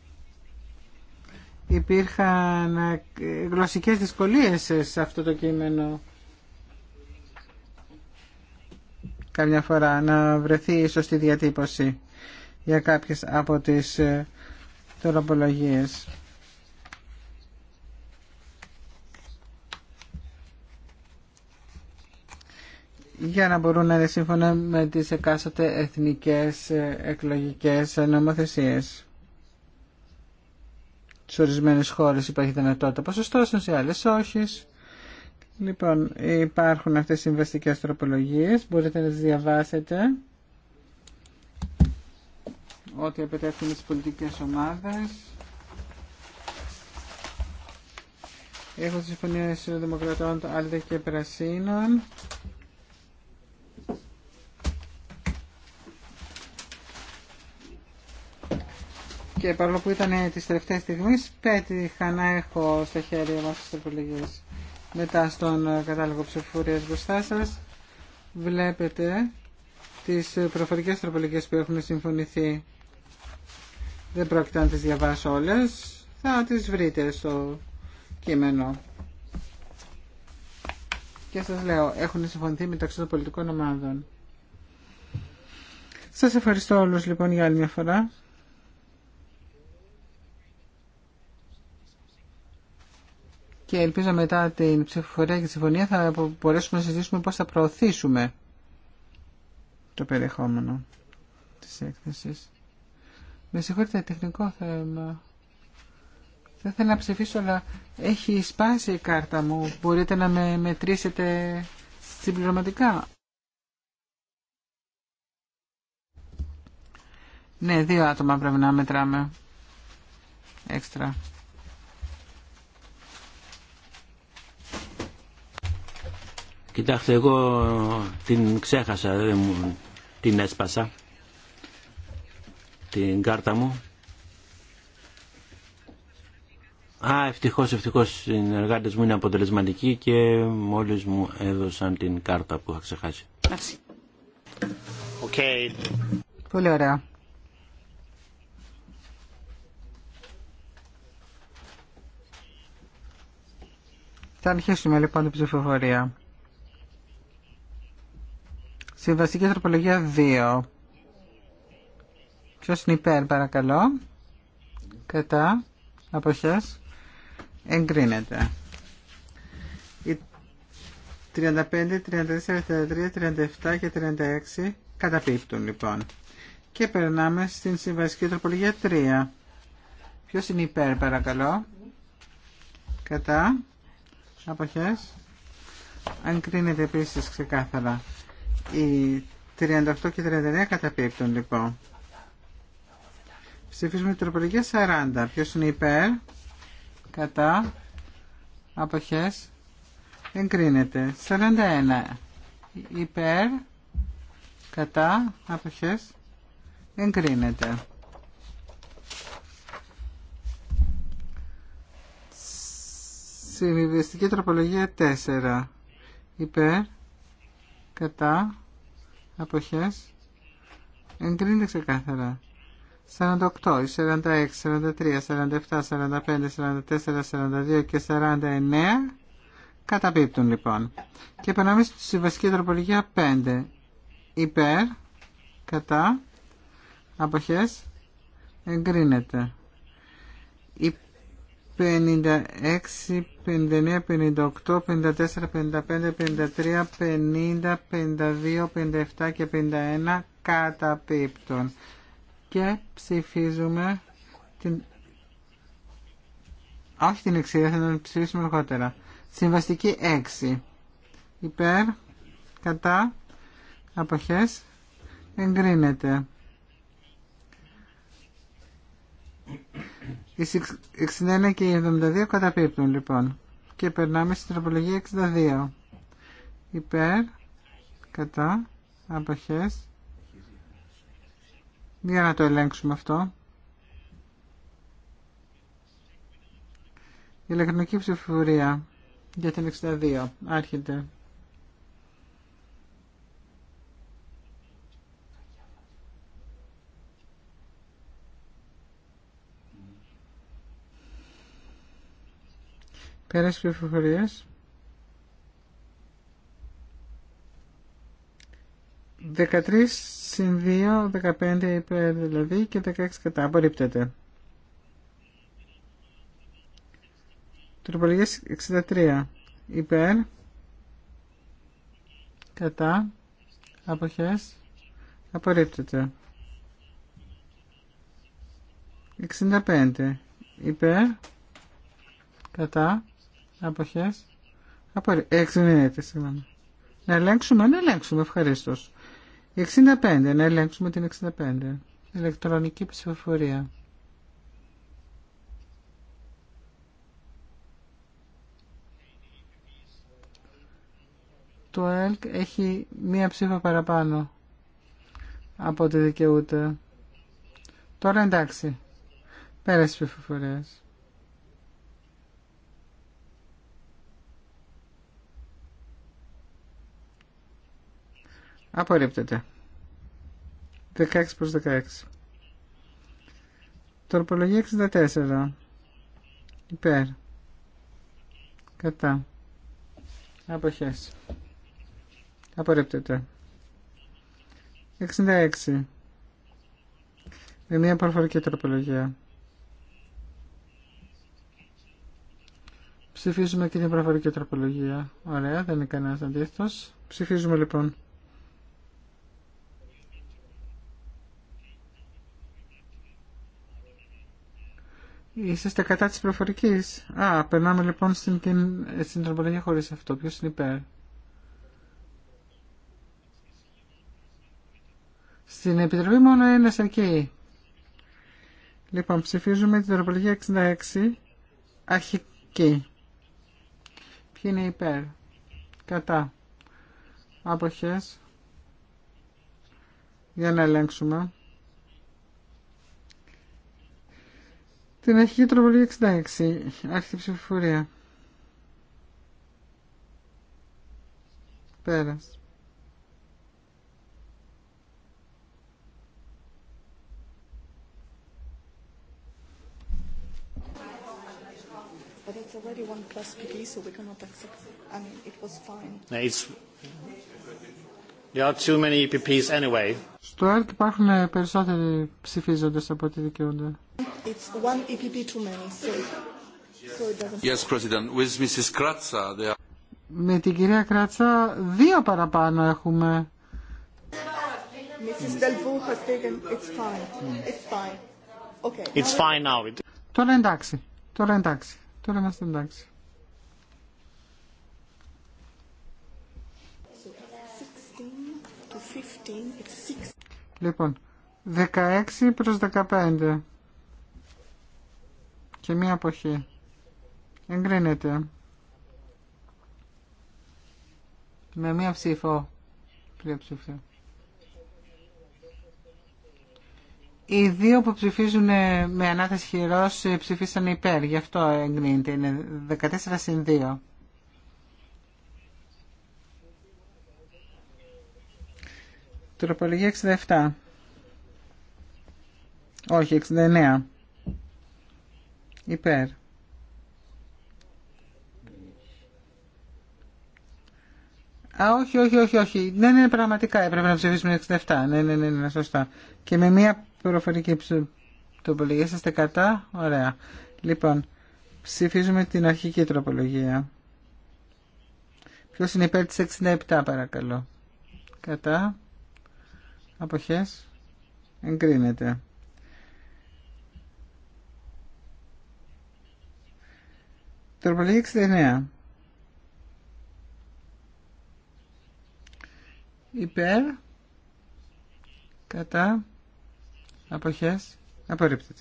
υπήρχαν ε, γλωσσικές δυσκολίες σε αυτό το κείμενο. Καμιά φορά να βρεθεί η σωστή διατύπωση για κάποιες από τις ε, τροπολογίες. για να μπορούν να είναι σύμφωνα με τις εκάστοτε εθνικές ε, εκλογικές νομοθεσίες. Σε ορισμένε χώρες υπάρχει δυνατότητα ποσοστώσεων, σε άλλες όχι. Λοιπόν, υπάρχουν αυτές οι συμβαστικές τροπολογίες, μπορείτε να τις διαβάσετε. Ό,τι επιτρέπουν τις πολιτικές ομάδες. Έχω τη συμφωνία των Δημοκρατών, Άλτε και Πρασίνων. και παρόλο που ήταν τις τελευταίες στιγμές πέτυχα να έχω στα χέρια μας τις επιλογές. Μετά στον ε, κατάλογο ψηφοφορίας μπροστά σας βλέπετε τις ε, προφορικές τροπολογίες που έχουν συμφωνηθεί. Δεν πρόκειται να τις διαβάσω όλες, θα τις βρείτε στο κείμενο. Και σας λέω, έχουν συμφωνηθεί μεταξύ των πολιτικών ομάδων. Σας ευχαριστώ όλους λοιπόν για άλλη μια φορά. και ελπίζω μετά την ψηφοφορία και τη συμφωνία θα μπορέσουμε να συζητήσουμε πώς θα προωθήσουμε το περιεχόμενο της έκθεσης. Με συγχωρείτε, τεχνικό θέμα. Δεν θέλω να ψηφίσω, αλλά έχει σπάσει η κάρτα μου. Μπορείτε να με μετρήσετε συμπληρωματικά. Ναι, δύο άτομα πρέπει να μετράμε. Έξτρα. Κοιτάξτε, εγώ την ξέχασα, δεν μου την έσπασα, την κάρτα μου. Α, ευτυχώς, ευτυχώς οι συνεργάτες μου είναι αποτελεσματικοί και μόλις μου έδωσαν την κάρτα που είχα ξεχάσει. Okay. Πολύ ωραία. Θα αρχίσουμε λοιπόν την ψηφοφορία. Συμβαστική τροπολογία 2. Ποιο είναι υπέρ παρακαλώ. Κατά. Αποχές. Εγκρίνεται. Οι 35, 34, 33, 37 και 36 καταπίπτουν λοιπόν. Και περνάμε στην συμβασική τροπολογία 3. Ποιος είναι υπέρ παρακαλώ. Κατά. Αποχές. Αν κρίνεται επίσης ξεκάθαρα. Οι 38 και 39 καταπίπτουν λοιπόν. Ψηφίζουμε την τροπολογία 40. Ποιος είναι υπέρ, κατά, αποχές, εγκρίνεται. 41. Υπέρ, κατά, αποχές, εγκρίνεται. κρίνεται. τροπολογία 4. Υπέρ, κατά αποχές εγκρίνεται ξεκάθαρα 48, 46, 43, 47, 45, 44, 42 και 49 καταπίπτουν λοιπόν και περνάμε στη συμβασική τροπολογία 5 υπέρ κατά αποχές εγκρίνεται 56, 59, 58, 54, 55, 53, 50, 52, 57 και 51 κατά πίπτων. Και ψηφίζουμε την... Όχι την εξή, θα την ψηφίσουμε αργότερα. Συμβαστική 6. Υπέρ, κατά, αποχές, εγκρίνεται. Οι 61 και οι 72 καταπίπτουν λοιπόν. Και περνάμε στην τροπολογία 62. Υπέρ, κατά, αποχές. Για να το ελέγξουμε αυτό. Η ηλεκτρονική ψηφοφορία για την 62 άρχεται. Πέρας πληροφορίας. 13 συν 2, 15 υπέρ δηλαδή και 16 κατά. Απορρίπτεται. Τροπολογία 63. Υπέρ. Κατά. Αποχές. Απορρίπτεται. 65. Υπέρ. Κατά. Αποχές. Απορρι... συγγνώμη. Να ελέγξουμε, να ελέγξουμε, ευχαρίστω. 65, να ελέγξουμε την 65. Ηλεκτρονική ψηφοφορία. Το ΕΛΚ έχει μία ψήφα παραπάνω από ό,τι δικαιούται. Τώρα εντάξει. Πέρασε ψηφοφορία. Απορρίπτεται. 16 προς 16. Τροπολογία 64. Υπέρ. Κατά. Αποχές. Απορρίπτεται. 66. Με μια προφορική τροπολογία. Ψηφίζουμε και την προφορική τροπολογία. Ωραία, δεν είναι κανένας αντίθετος. Ψηφίζουμε λοιπόν. Είσαστε κατά τη προφορικής. Α, περνάμε λοιπόν στην, στην τροπολογία χωρίς αυτό. Ποιος είναι υπέρ. Στην επιτροπή μόνο ένας αρκεί. Λοιπόν, ψηφίζουμε την τροπολογία 66, αρχική. Ποιοι είναι υπέρ. Κατά. Άποχες. Για να ελέγξουμε. Την αρχική τροπολογία 66. αρχή ψηφοφορία. Πέρας. Στο ΕΡΤ υπάρχουν ε, περισσότεροι ψηφίζοντες από ό,τι δικαιούνται. Με την κυρία Κράτσα δύο παραπάνω έχουμε. Τώρα εντάξει. Τώρα εντάξει. Τώρα είμαστε εντάξει. Λοιπόν, 16 προς 15 και μία εποχή Εγκρίνεται. Με μία ψήφο πλειοψηφία. Οι δύο που ψηφίζουν ε, με ανάθεση χειρός ε, ψηφίσαν υπέρ, γι' αυτό εγκρίνεται. Είναι 14 συν 2. Τροπολογία 67. Όχι, 69 υπέρ. Α, όχι, όχι, όχι, όχι. Ναι, ναι, πραγματικά έπρεπε να ψηφίσουμε 67. Ναι, ναι, ναι, ναι, σωστά. Και με μία προφορική τροπολογία είσαστε κατά. Ωραία. Λοιπόν, ψηφίζουμε την αρχική τροπολογία. Ποιος είναι υπέρ της 67, παρακαλώ. Κατά. Αποχές. Εγκρίνεται. Τροπολογία 69. Υπέρ. Κατά. Αποχές. Απορρίπτεται.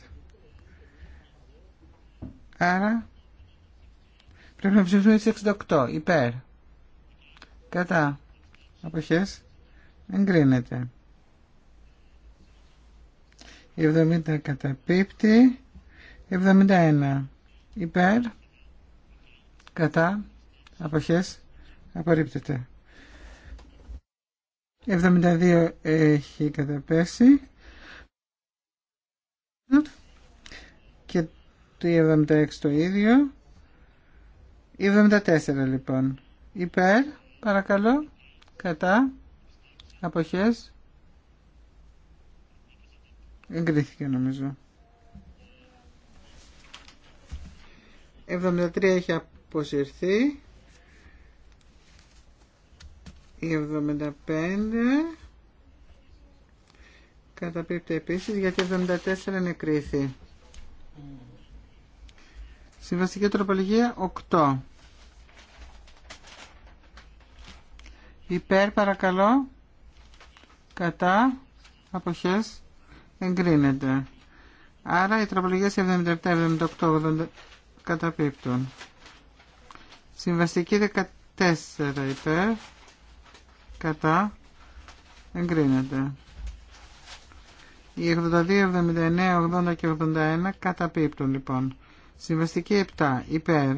Άρα πρέπει να ψηφίσουμε τις 68. Υπέρ. Κατά. Αποχές. Εγκρίνεται. 70 καταπίπτει. 71. Υπέρ κατά αποχές απορρίπτεται 72 έχει καταπέσει και το 76 το ίδιο 74 λοιπόν υπέρ παρακαλώ κατά αποχές εγκρίθηκε νομίζω 73 έχει ήρθε η 75 καταπίπτει επίσης γιατί 74 είναι νεκρήθη συμβαστική τροπολογία 8 υπέρ παρακαλώ κατά αποχές εγκρίνεται άρα οι τροπολογία 77, 78, 80 καταπίπτουν Συμβαστική 14 υπέρ. Κατά. Εγκρίνεται. Οι 82, 79, 80 και 81 καταπίπτουν λοιπόν. Συμβαστική 7 υπέρ.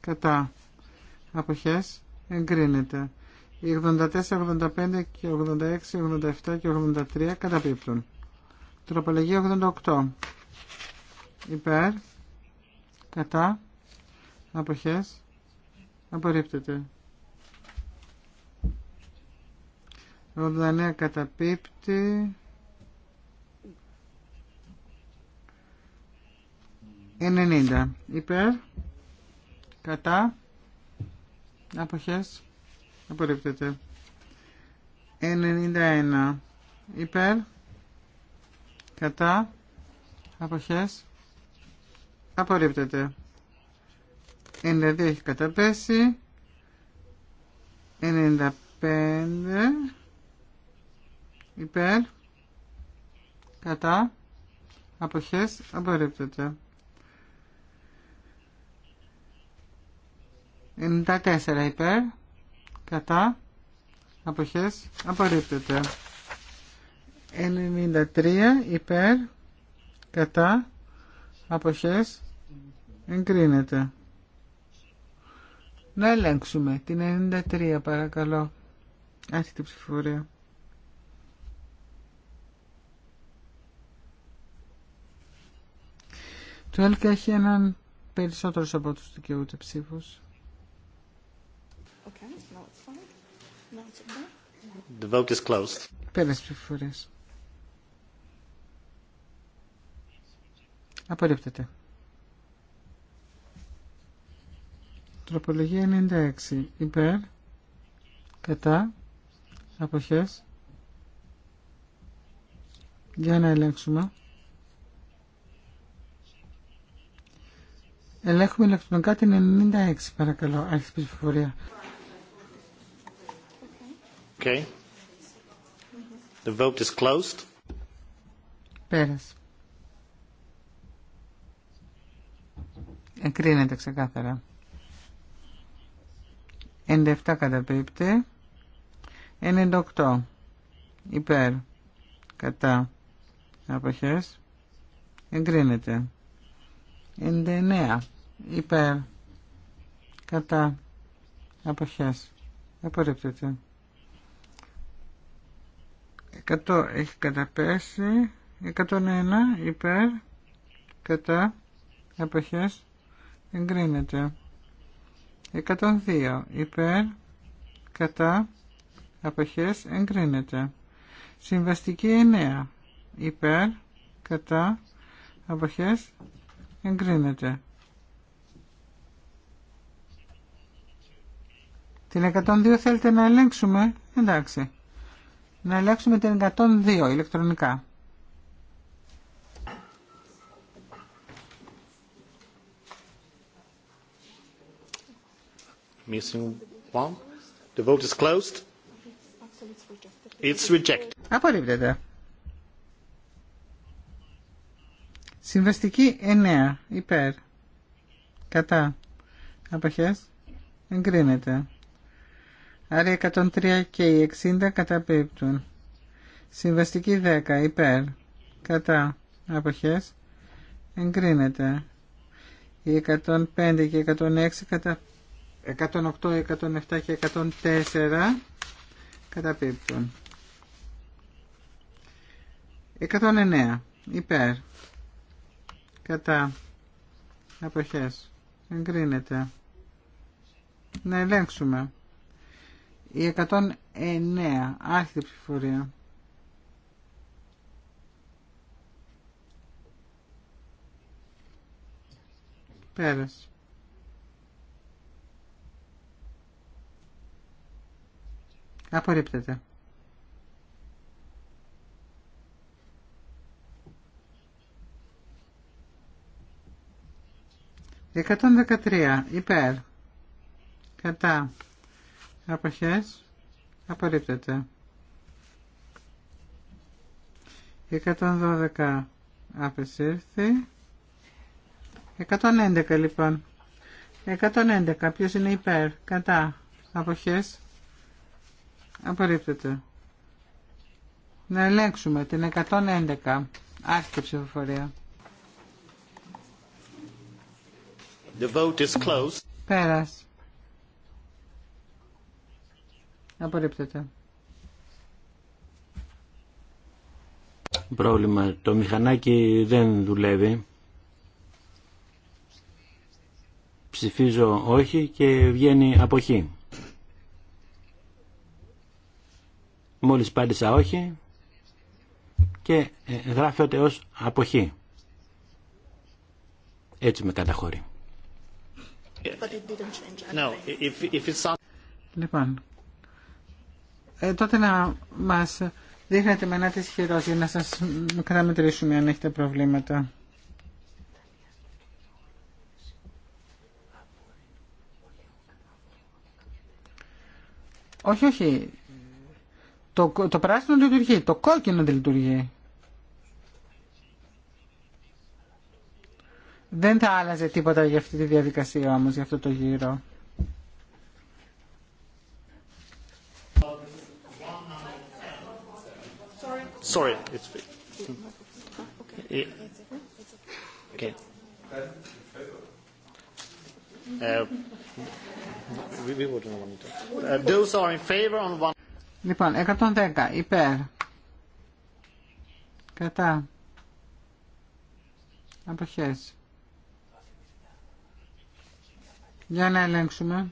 Κατά. Αποχές. Εγκρίνεται. Οι 84, 85 και 86, 87 και 83 καταπίπτουν. Τροπολογία 88. Υπέρ. Κατά. Αποχές. Απορρίπτεται. Ροδανέα καταπίπτει. Ενενήντα υπέρ. Κατά. Αποχές. Απορρίπτεται. ένα υπέρ. Κατά. Αποχές. Απορρίπτεται. 92 έχει καταπέσει. 95 υπέρ κατά αποχές απορρίπτεται. 94 υπέρ κατά αποχές απορρίπτεται. 93 υπέρ κατά αποχές εγκρίνεται. Να ελέγξουμε την 93 παρακαλώ. Άρχεται η ψηφοφορία. Το ΕΛΚΑ έχει έναν περισσότερο από τους δικαιούται ψήφους. Απορρίπτεται. Τροπολογία 96. Υπέρ. Κατά. Αποχές. Για να ελέγξουμε. Ελέγχουμε ηλεκτρονικά την 96 παρακαλώ. Άρχισε ψηφοφορία. Okay. The vote is closed. Πέρασε. Εγκρίνεται ξεκάθαρα. 97 καταπίπτει. 98 υπέρ κατά αποχές εγκρίνεται. 99 υπέρ κατά αποχές απορρίπτεται. 100 έχει καταπέσει. 101 υπέρ κατά αποχές εγκρίνεται. 102 υπέρ κατά αποχές εγκρίνεται. Συμβαστική 9 υπέρ κατά αποχές εγκρίνεται. Την 102 θέλετε να ελέγξουμε. Εντάξει. Να ελέγξουμε την 102 ηλεκτρονικά. Missing one. The vote is closed. It's rejected. Απορρίπτεται. Συμβαστική 9. Υπέρ. Κατά. Αποχές. Εγκρίνεται. Άρα 103 και οι 60 καταπίπτουν. Συμβαστική 10. Υπέρ. Κατά. Αποχές. Εγκρίνεται. Οι 105 και 106 καταπίπτουν. 108, 107 και 104 καταπίπτουν. 109 υπέρ κατά αποχές εγκρίνεται να ελέγξουμε η 109 άρχιτη ψηφορία πέρασε. Απορρίπτεται. 113 υπέρ κατά αποχές απορρίπτεται 112 απεσύρθη 111 λοιπόν 111 ποιος είναι υπέρ κατά αποχές Απορρίπτεται. Να ελέγξουμε την 111. Άρχιτε ψηφοφορία. The vote is closed. Πέρας. Απορρίπτεται. Πρόβλημα. Το μηχανάκι δεν δουλεύει. Ψηφίζω όχι και βγαίνει αποχή. μόλις πάντησα όχι και ε, γράφεται ως αποχή. Έτσι με καταχωρεί. Λοιπόν, ε, τότε να μας δείχνετε με ένα της χειρός για να σας καταμετρήσουμε αν έχετε προβλήματα. Όχι, όχι. Το, το πράσινο δεν λειτουργεί, το κόκκινο δεν λειτουργεί. Δεν θα άλλαζε τίποτα για αυτή τη διαδικασία όμως, για αυτό το γύρο. Sorry, it's... Okay. Uh, we, we want to. Uh, those are in favor on one. Λοιπόν, 110 υπέρ. Κατά. Αποχές. Για να ελέγξουμε.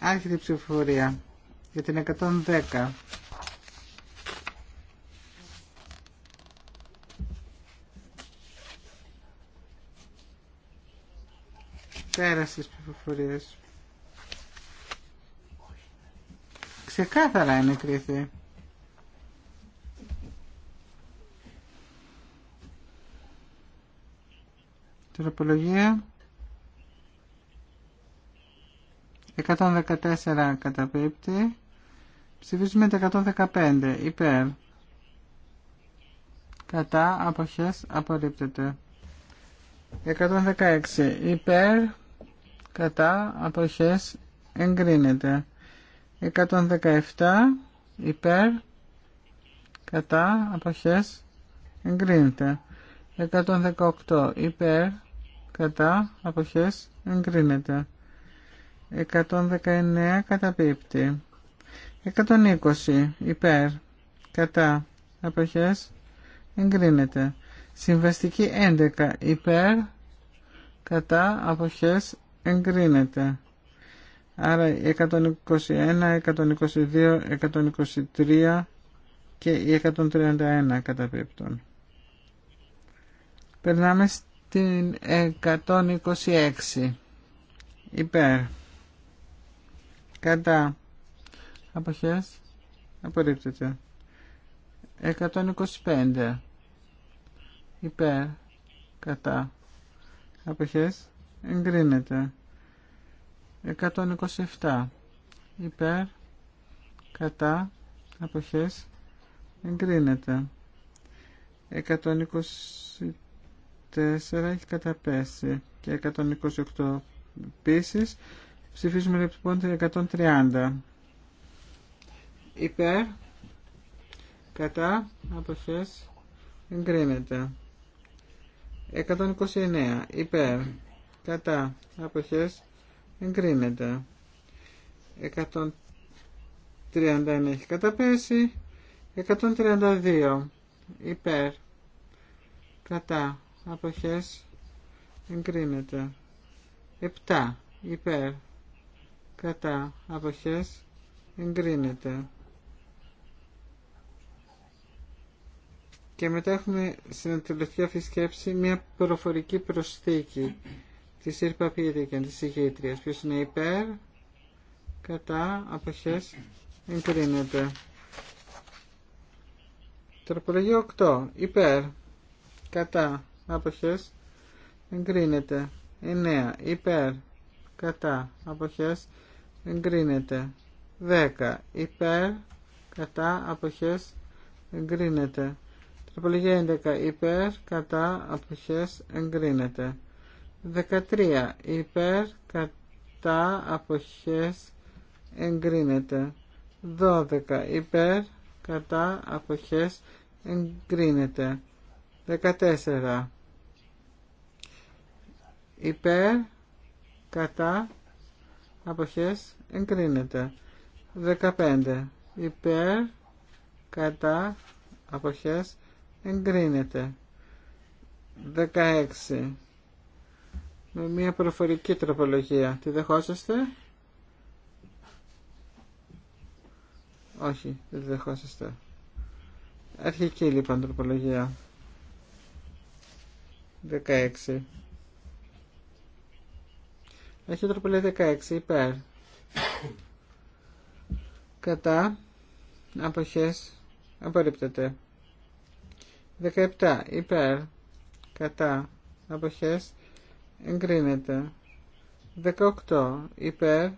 Άρχεται η ψηφοφορία για την 110. Πέρασε πληροφορίες. Ξεκάθαρα είναι κρίθη. Τροπολογία 114 καταπίπτει. Ψηφίζουμε τα 115 υπέρ. Κατά αποχές απορρίπτεται. 116 υπέρ κατά αποχές εγκρίνεται 117 υπέρ κατά αποχές εγκρίνεται 118 υπέρ κατά αποχές εγκρίνεται 119 καταπίπτει 120 υπέρ κατά αποχές εγκρίνεται συμβαστική 11 υπέρ κατά αποχές εγκρίνεται. Άρα 121, 122, 123 και η 131 καταπίπτουν. Περνάμε στην 126. Υπέρ. Κατά. Αποχές. Απορρίπτεται. 125. Υπέρ. Κατά. Αποχές εγκρίνεται 127 υπέρ κατά αποχές εγκρίνεται 124 έχει καταπέσει και 128 επίση. ψηφίζουμε λοιπόν το 130 υπέρ κατά αποχές εγκρίνεται 129 υπέρ κατά αποχές εγκρίνεται 131 έχει καταπέσει 132 υπέρ κατά αποχές εγκρίνεται 7 υπέρ κατά αποχές εγκρίνεται και μετά έχουμε στην τελευταία αυτή σκέψη μια προφορική προσθήκη Τη ΕΡΠΑ Πιετήκεν, της ηγήτριας. Ποιος είναι υπέρ, κατά, αποχές, εγκρίνεται. Τροπολογία 8. Υπέρ, κατά, αποχές, εγκρίνεται. 9. Υπέρ, κατά, αποχές, εγκρίνεται. 10. Υπέρ, κατά, απόχέ, εγκρίνεται. Τροπολογία 11. Υπέρ, κατά, αποχές, εγκρίνεται. 13 υπέρ κατά αποχές εγκρίνεται 12 υπέρ κατά αποχές εγκρίνεται 14 υπέρ κατά αποχές εγκρίνεται 15 υπέρ κατά αποχές εγκρίνεται 16 με μια προφορική τροπολογία. Τη δεχόσαστε? Όχι, δεν τη δεχόσαστε. Αρχική λοιπόν τροπολογία. 16. Έχει τροπολογία 16 υπέρ. Κατά. Αποχές. Απορρίπτεται. 17 υπέρ. Κατά. Αποχές εγκρίνεται 18 υπέρ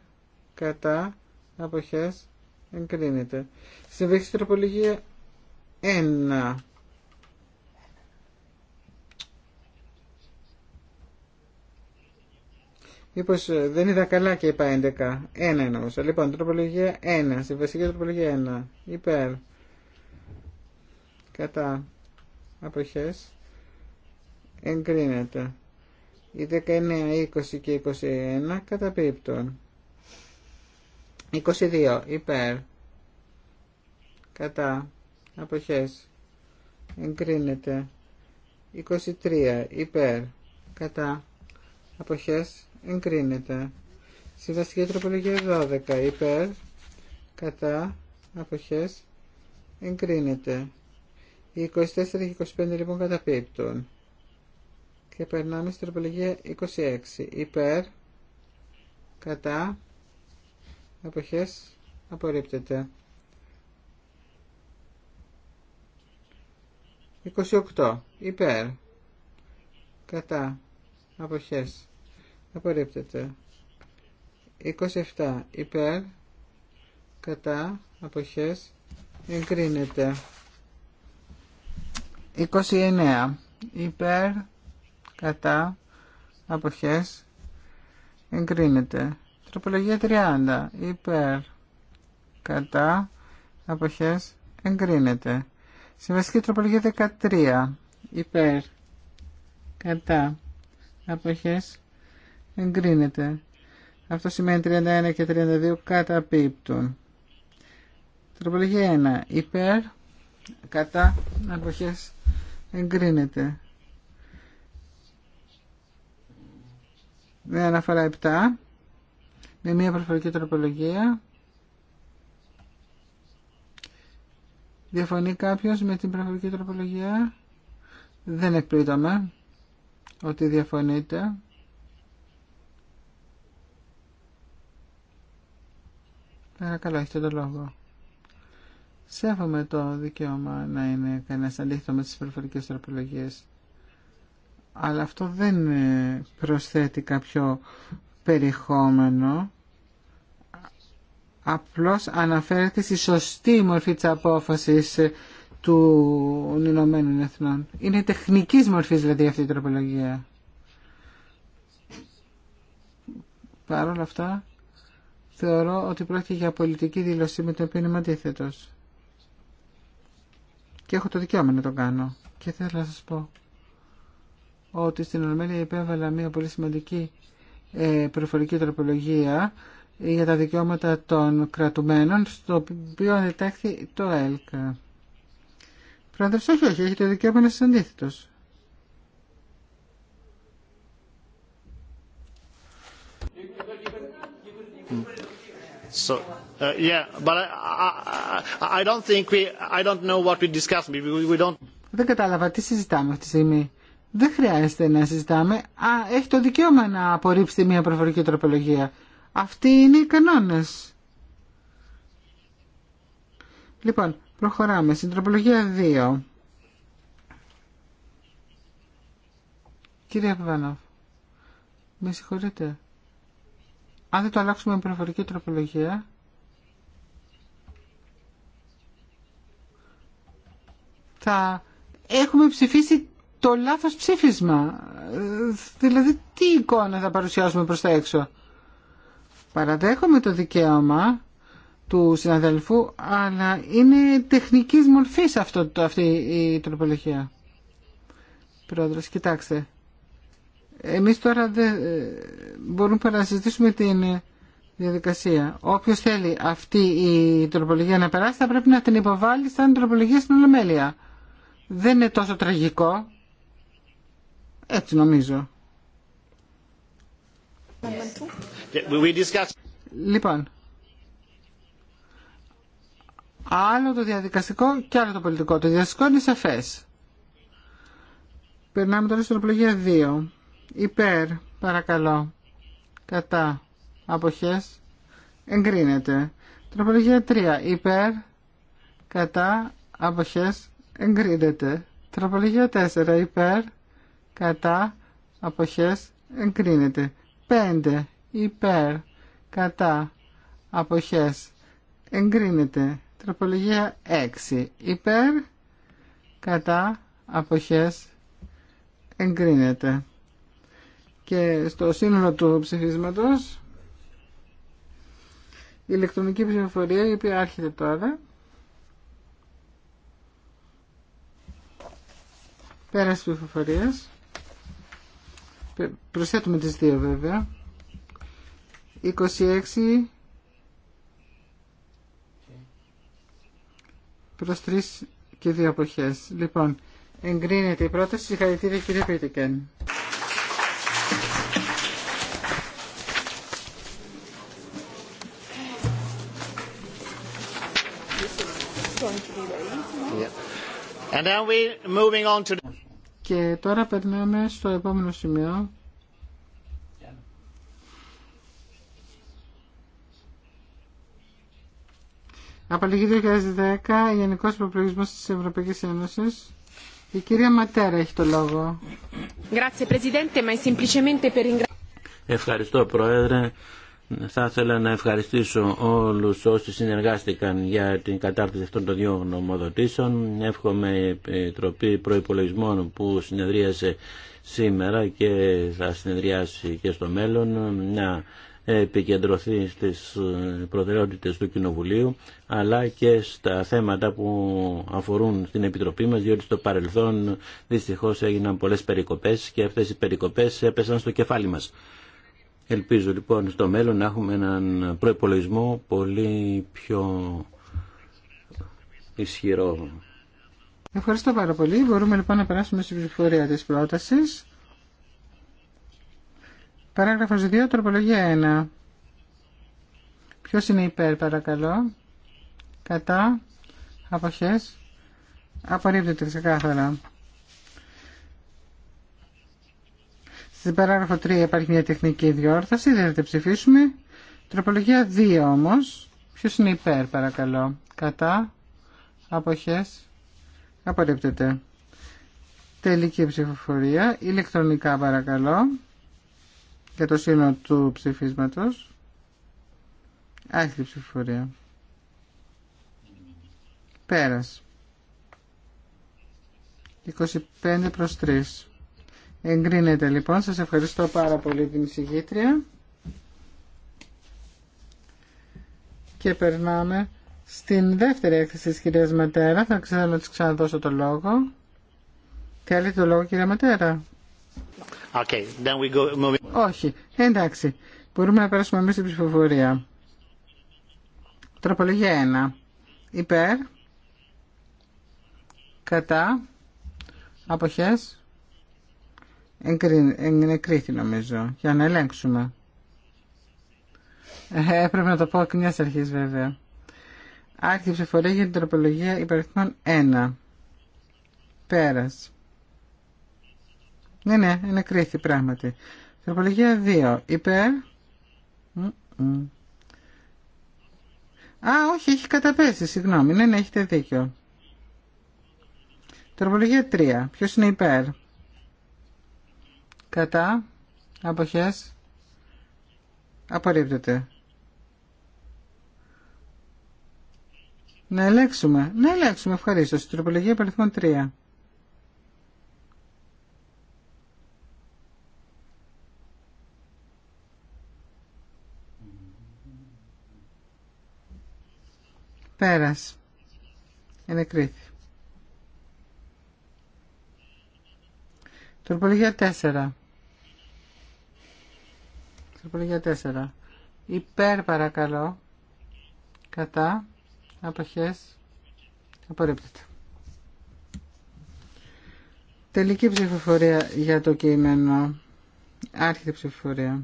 κατά αποχές εγκρίνεται συμβέχει τροπολογία 1 Μήπω ε, δεν είδα καλά και είπα 11. 1 εννοούσα. Λοιπόν, τροπολογία 1. βασική τροπολογία 1. Υπέρ. Κατά. Αποχές. Εγκρίνεται. Οι 19, 20 και 21 καταπίπτουν. 22 υπέρ. Κατά. Αποχές. Εγκρίνεται. 23 υπέρ. Κατά. Αποχές. Εγκρίνεται. Συμβαστική τροπολογία 12 υπέρ. Κατά. Αποχές. Εγκρίνεται. Οι 24 και 25 λοιπόν καταπίπτουν. Και περνάμε στην τροπολογία 26. Υπέρ, κατά, αποχές, απορρίπτεται. 28. Υπέρ, κατά, αποχές, απορρίπτεται. 27. Υπέρ, κατά, αποχές, εγκρίνεται. 29. Υπέρ, κατά αποχές εγκρίνεται. Τροπολογία 30 υπέρ κατά αποχές εγκρίνεται. Συμβαστική τροπολογία 13 υπέρ κατά αποχές εγκρίνεται. Αυτό σημαίνει 31 και 32 καταπίπτουν. Τροπολογία 1 υπέρ κατά αποχές εγκρίνεται. με αναφορά 7 με μια προφορική τροπολογία. Διαφωνεί κάποιος με την προφορική τροπολογία. Δεν εκπλήτωμε ότι διαφωνείτε. Παρακαλώ, έχετε το λόγο. Σέβομαι το δικαίωμα να είναι κανένα αντίθετο με τι προφορικέ τροπολογίε αλλά αυτό δεν ε, προσθέτει κάποιο περιεχόμενο απλώς αναφέρεται στη σωστή μορφή της απόφασης ε, του Ηνωμένων Εθνών. Είναι τεχνικής μορφής δηλαδή αυτή η τροπολογία. Παρ' όλα αυτά θεωρώ ότι πρόκειται για πολιτική δήλωση με το οποία είμαι Και έχω το δικαίωμα να το κάνω. Και θέλω να σας πω ότι στην Ολομέλεια υπέβαλα μια πολύ σημαντική ε, προφορική τροπολογία για τα δικαιώματα των κρατουμένων, στο οποίο ανετάχθη το ΕΛΚΑ. Πρόεδρος, όχι, όχι, έχει το δικαίωμα να είσαι αντίθετος. Δεν κατάλαβα τι συζητάμε αυτή τη στιγμή δεν χρειάζεται να συζητάμε. Α, έχει το δικαίωμα να απορρίψει μια προφορική τροπολογία. Αυτοί είναι οι κανόνες. Λοιπόν, προχωράμε στην τροπολογία 2. Κύριε Παπανόφ, με συγχωρείτε. Αν δεν το αλλάξουμε με προφορική τροπολογία, θα έχουμε ψηφίσει το λάθος ψήφισμα. Δηλαδή τι εικόνα θα παρουσιάσουμε προς τα έξω. Παραδέχομαι το δικαίωμα του συναδελφού, αλλά είναι τεχνικής μορφής αυτό, αυτή η τροπολογία. Πρόεδρος, κοιτάξτε. Εμείς τώρα δεν ε, μπορούμε να συζητήσουμε την διαδικασία. Όποιος θέλει αυτή η τροπολογία να περάσει θα πρέπει να την υποβάλει σαν τροπολογία στην Ολομέλεια. Δεν είναι τόσο τραγικό. Έτσι νομίζω. Λοιπόν, άλλο το διαδικαστικό και άλλο το πολιτικό. Το διαδικαστικό είναι σαφέ. Περνάμε τώρα στην οπλογία 2. Υπέρ, παρακαλώ. Κατά. Αποχές. Εγκρίνεται. Τροπολογία 3. Υπέρ. Κατά. Αποχές. Εγκρίνεται. Τροπολογία 4. Υπέρ κατά αποχές εγκρίνεται 5 υπέρ κατά αποχές εγκρίνεται τροπολογία 6 υπέρ κατά αποχές εγκρίνεται και στο σύνολο του ψηφίσματος η ηλεκτρονική ψηφοφορία η οποία άρχεται τώρα πέρασε ψηφοφορίας Προσθέτουμε τις δύο βέβαια. 26 προς 3 και 2 αποχές. Λοιπόν, εγκρίνεται η πρόταση. Συγχαρητήρια κύριε Πίτικεν. And now we're moving on to... Και τώρα περνάμε στο επόμενο σημείο. Απαλληλή 2010, Γενικό Προπολογισμό τη Ευρωπαϊκή Ένωση. Η κυρία Ματέρα έχει το λόγο. Ευχαριστώ, Πρόεδρε. Θα ήθελα να ευχαριστήσω όλους όσοι συνεργάστηκαν για την κατάρτιση αυτών των δύο νομοδοτήσεων. Εύχομαι η Επιτροπή Προϋπολογισμών που συνεδρίασε σήμερα και θα συνεδριάσει και στο μέλλον να επικεντρωθεί στις προτεραιότητες του Κοινοβουλίου αλλά και στα θέματα που αφορούν την Επιτροπή μας διότι στο παρελθόν δυστυχώς έγιναν πολλές περικοπές και αυτές οι περικοπές έπεσαν στο κεφάλι μας. Ελπίζω λοιπόν στο μέλλον να έχουμε έναν προϋπολογισμό πολύ πιο ισχυρό. Ευχαριστώ πάρα πολύ. Μπορούμε λοιπόν να περάσουμε στην ψηφοφορία της πρότασης. Παράγραφος 2, τροπολογία 1. Ποιος είναι υπέρ παρακαλώ. Κατά. Αποχές. Απορρίπτεται ξεκάθαρα. Στην παράγραφο 3 υπάρχει μια τεχνική διόρθωση, δεν θα την ψηφίσουμε. Τροπολογία 2 όμως. Ποιο είναι υπέρ παρακαλώ. Κατά. Αποχές. Απορρίπτεται. Τελική ψηφοφορία. Ηλεκτρονικά παρακαλώ. Για το σύνολο του ψηφίσματος. Άρχιτη ψηφοφορία. Πέρας. 25 προς 3. Εγκρίνεται λοιπόν. Σας ευχαριστώ πάρα πολύ την εισηγήτρια. Και περνάμε στην δεύτερη έκθεση της κυρίας Ματέρα. Θα ξέρω να της ξαναδώσω το λόγο. Θέλετε το λόγο κυρία Ματέρα. Όχι. Εντάξει. Μπορούμε να περάσουμε εμείς την ψηφοφορία. Τροπολογία 1. Υπέρ. Κατά. Αποχές εγκρίθη νομίζω, για να ελέγξουμε. Ε, έπρεπε να το πω εκ μιας αρχής βέβαια. Άρχιψη ψηφορία για την τροπολογία υπεριθμών 1. Πέρας. Ναι, ναι, είναι κρίθη πράγματι. Τροπολογία 2. Υπέρ. Α, όχι, έχει καταπέσει, συγγνώμη. Ναι, ναι, έχετε δίκιο. Τροπολογία 3. Ποιος είναι υπέρ κατά αποχές απορρίπτεται. Να ελέγξουμε. Να ελέγξουμε, ευχαρίστω. Στην τροπολογία παρελθόν 3. Πέρας. Ενεκρίθη. Τροπολογία 4 για 4. Υπέρ παρακαλώ. Κατά. Αποχές. Απορρίπτεται. Τελική ψηφοφορία για το κείμενο. Άρχιτη ψηφοφορία.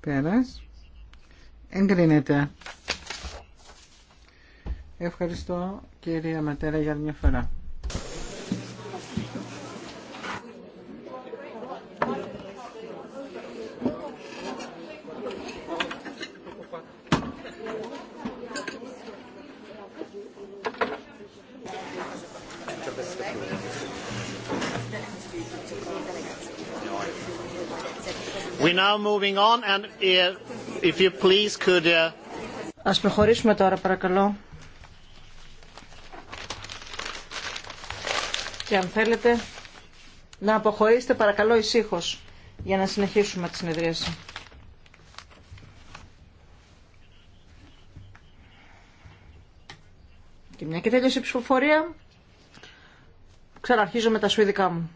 Πέρας. Εγκρίνεται. Ευχαριστώ κυρία Ματέρα για μια φορά. We now moving on and uh, if you please could. Uh, Ας προχωρήσουμε τώρα παρακαλώ. και αν θέλετε να αποχωρήσετε παρακαλώ ησύχως για να συνεχίσουμε τη συνεδρίαση. Και μια και τέλειωσε η ψηφοφορία, ξαναρχίζω με τα σουηδικά μου.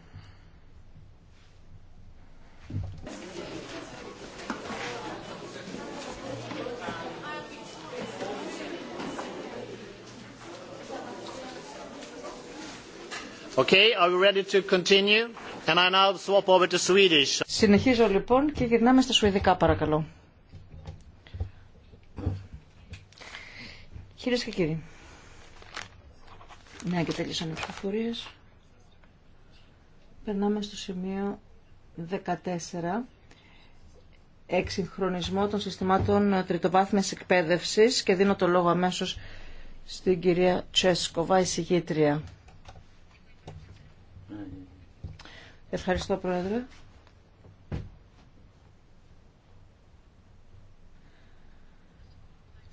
Συνεχίζω λοιπόν και γυρνάμε στα Σουηδικά παρακαλώ. Κυρίε και κύριοι, ναι και τέλειωσαν οι ψηφοφορίε. Περνάμε στο σημείο 14. Εξυγχρονισμό των συστημάτων τριτοβάθμιας εκπαίδευσης και δίνω το λόγο αμέσως στην κυρία Τσέσκοβα, εισηγήτρια. Ευχαριστώ, Πρόεδρε.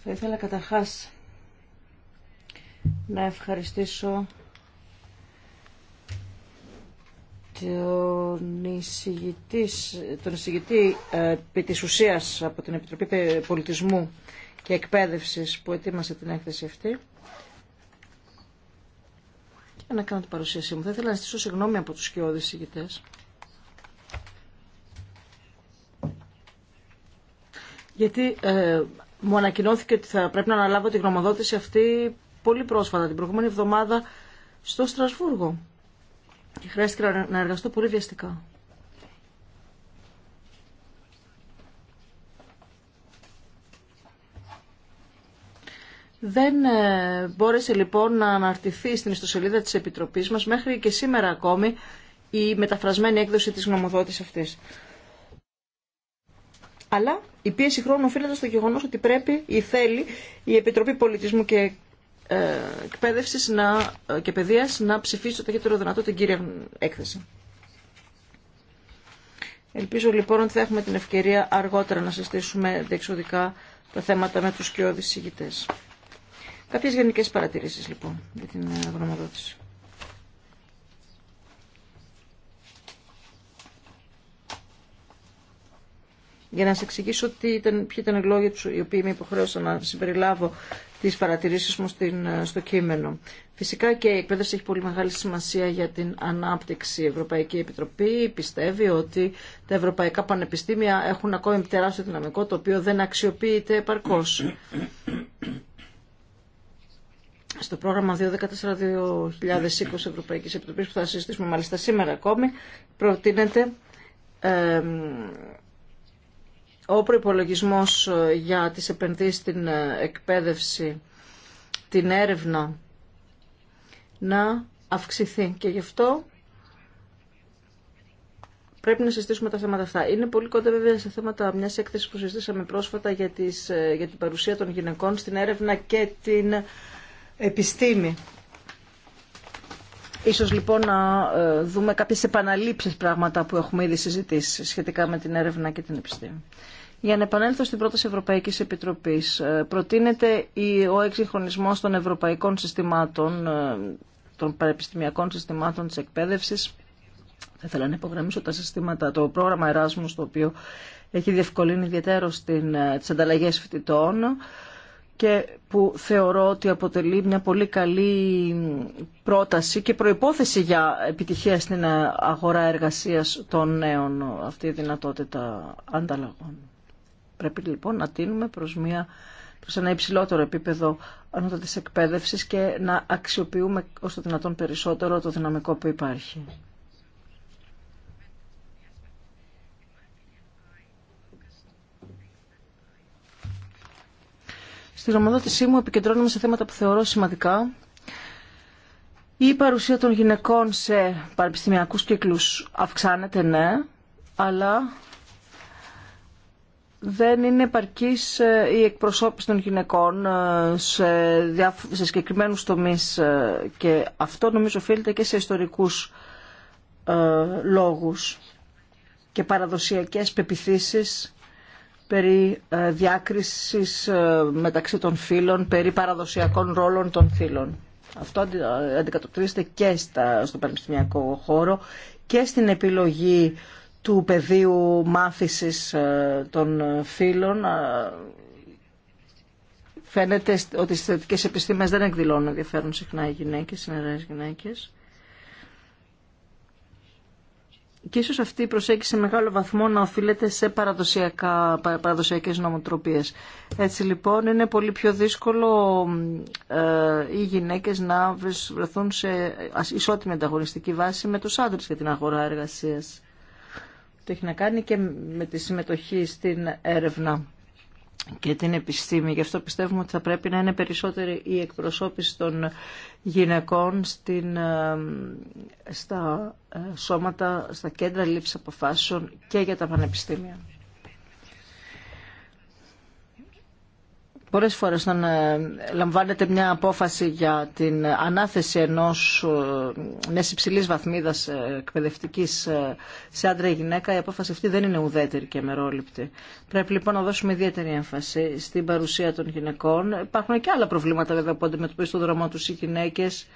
Θα ήθελα καταρχάς να ευχαριστήσω τον εισηγητή, τον εισηγητή ε, επί της ουσίας από την Επιτροπή Πολιτισμού και Εκπαίδευσης που ετοίμασε την έκθεση αυτή να κάνω την παρουσίασή μου. Θα ήθελα να στήσω συγγνώμη από τους σκιώδεις συγγητές Γιατί ε, μου ανακοινώθηκε ότι θα πρέπει να αναλάβω τη γνωμοδότηση αυτή πολύ πρόσφατα, την προηγούμενη εβδομάδα, στο Στρασβούργο. Και χρειάστηκε να εργαστώ πολύ βιαστικά. Δεν ε, μπόρεσε λοιπόν να αναρτηθεί στην ιστοσελίδα της Επιτροπής μας μέχρι και σήμερα ακόμη η μεταφρασμένη έκδοση της γνωμοδότης αυτής. Αλλά η πίεση χρόνου οφείλεται στο γεγονός ότι πρέπει ή θέλει η Επιτροπή Πολιτισμού και ε, Εκπαίδευση να, ε, και Παιδείας να ψηφίσει το ταχύτερο δυνατό την κύρια έκθεση. Ελπίζω λοιπόν ότι θα έχουμε την ευκαιρία αργότερα να συστήσουμε διεξοδικά τα θέματα με τους κοιόδης οδησηγητές. Κάποιες γενικές παρατηρήσεις λοιπόν για την ε, γνωμοδότηση. για να σα εξηγήσω τι ήταν, ποιοι ήταν οι λόγοι τους, οι οποίοι με υποχρέωσαν να συμπεριλάβω τις παρατηρήσεις μου στην, ε, στο κείμενο. Φυσικά και η εκπαίδευση έχει πολύ μεγάλη σημασία για την ανάπτυξη. Η Ευρωπαϊκή Επιτροπή πιστεύει ότι τα ευρωπαϊκά πανεπιστήμια έχουν ακόμη τεράστιο δυναμικό το οποίο δεν αξιοποιείται επαρκώς στο πρόγραμμα 2.14.2020 ευρωπαϊκή Επιτροπή που θα συζητήσουμε μάλιστα σήμερα ακόμη προτείνεται ε, ο προπολογισμό για τι επενδύσει στην ε, εκπαίδευση, την έρευνα να αυξηθεί και γι' αυτό πρέπει να συζητήσουμε τα θέματα αυτά. Είναι πολύ κοντά βέβαια σε θέματα μιας έκθεση που συζητήσαμε πρόσφατα για, τις, ε, για την παρουσία των γυναικών στην έρευνα και την επιστήμη. Ίσως λοιπόν να ε, δούμε κάποιες επαναλήψεις πράγματα που έχουμε ήδη συζητήσει σχετικά με την έρευνα και την επιστήμη. Για να επανέλθω στην πρόταση Ευρωπαϊκής Επιτροπής, ε, προτείνεται ο εξυγχρονισμός των ευρωπαϊκών συστημάτων, ε, των πανεπιστημιακών συστημάτων της εκπαίδευσης. Θα ήθελα να υπογραμμίσω τα συστήματα, το πρόγραμμα Εράσμου, το οποίο έχει διευκολύνει ιδιαίτερο τις ανταλλαγές φοιτητών, και που θεωρώ ότι αποτελεί μια πολύ καλή πρόταση και προϋπόθεση για επιτυχία στην αγορά εργασίας των νέων αυτή η δυνατότητα ανταλλαγών. Πρέπει λοιπόν να τίνουμε προς, μια, προς ένα υψηλότερο επίπεδο ανώτατης εκπαίδευσης και να αξιοποιούμε όσο δυνατόν περισσότερο το δυναμικό που υπάρχει. Στην ομοδότησή μου επικεντρώνομαι σε θέματα που θεωρώ σημαντικά. Η παρουσία των γυναικών σε πανεπιστημιακούς κύκλους αυξάνεται, ναι, αλλά δεν είναι επαρκής ε, η εκπροσώπηση των γυναικών ε, σε, σε συγκεκριμένου τομεί ε, και αυτό νομίζω οφείλεται και σε ιστορικούς λόγους και παραδοσιακές πεπιθήσεις περί ε, διάκρισης ε, μεταξύ των φύλων, περί παραδοσιακών ρόλων των φύλων. Αυτό ε, αντικατοπτρίζεται και στα, στο πανεπιστημιακό χώρο και στην επιλογή του πεδίου μάθησης των φύλων. Φαίνεται ότι στις θετικές επιστήμες δεν εκδηλώνουν ενδιαφέρον συχνά οι γυναίκες, οι νεαρές γυναίκες. Και ίσως αυτή η προσέγγιση σε μεγάλο βαθμό να οφείλεται σε παραδοσιακά, παραδοσιακές νομοτροπίες. Έτσι λοιπόν είναι πολύ πιο δύσκολο ε, οι γυναίκες να βρεθούν σε ισότιμη ανταγωνιστική βάση με τους άντρες για την αγορά εργασίας. Το έχει να κάνει και με τη συμμετοχή στην έρευνα και την επιστήμη. Γι' αυτό πιστεύουμε ότι θα πρέπει να είναι περισσότερη η εκπροσώπηση των γυναικών στην, ε, στα ε, σώματα, στα κέντρα λήψης αποφάσεων και για τα πανεπιστήμια. Πολλές φορές όταν ε, λαμβάνεται μια απόφαση για την ανάθεση ενός ε, μιας υψηλής βαθμίδας ε, εκπαιδευτικής σε άντρα ή γυναίκα, η απόφαση αυτή δεν είναι ουδέτερη και μερόληπτη. Πρέπει λοιπόν να δώσουμε ιδιαίτερη έμφαση στην παρουσία των γυναικών. Υπάρχουν και άλλα προβλήματα βέβαια που αντιμετωπίζουν στον δρόμο τους οι γυναίκες.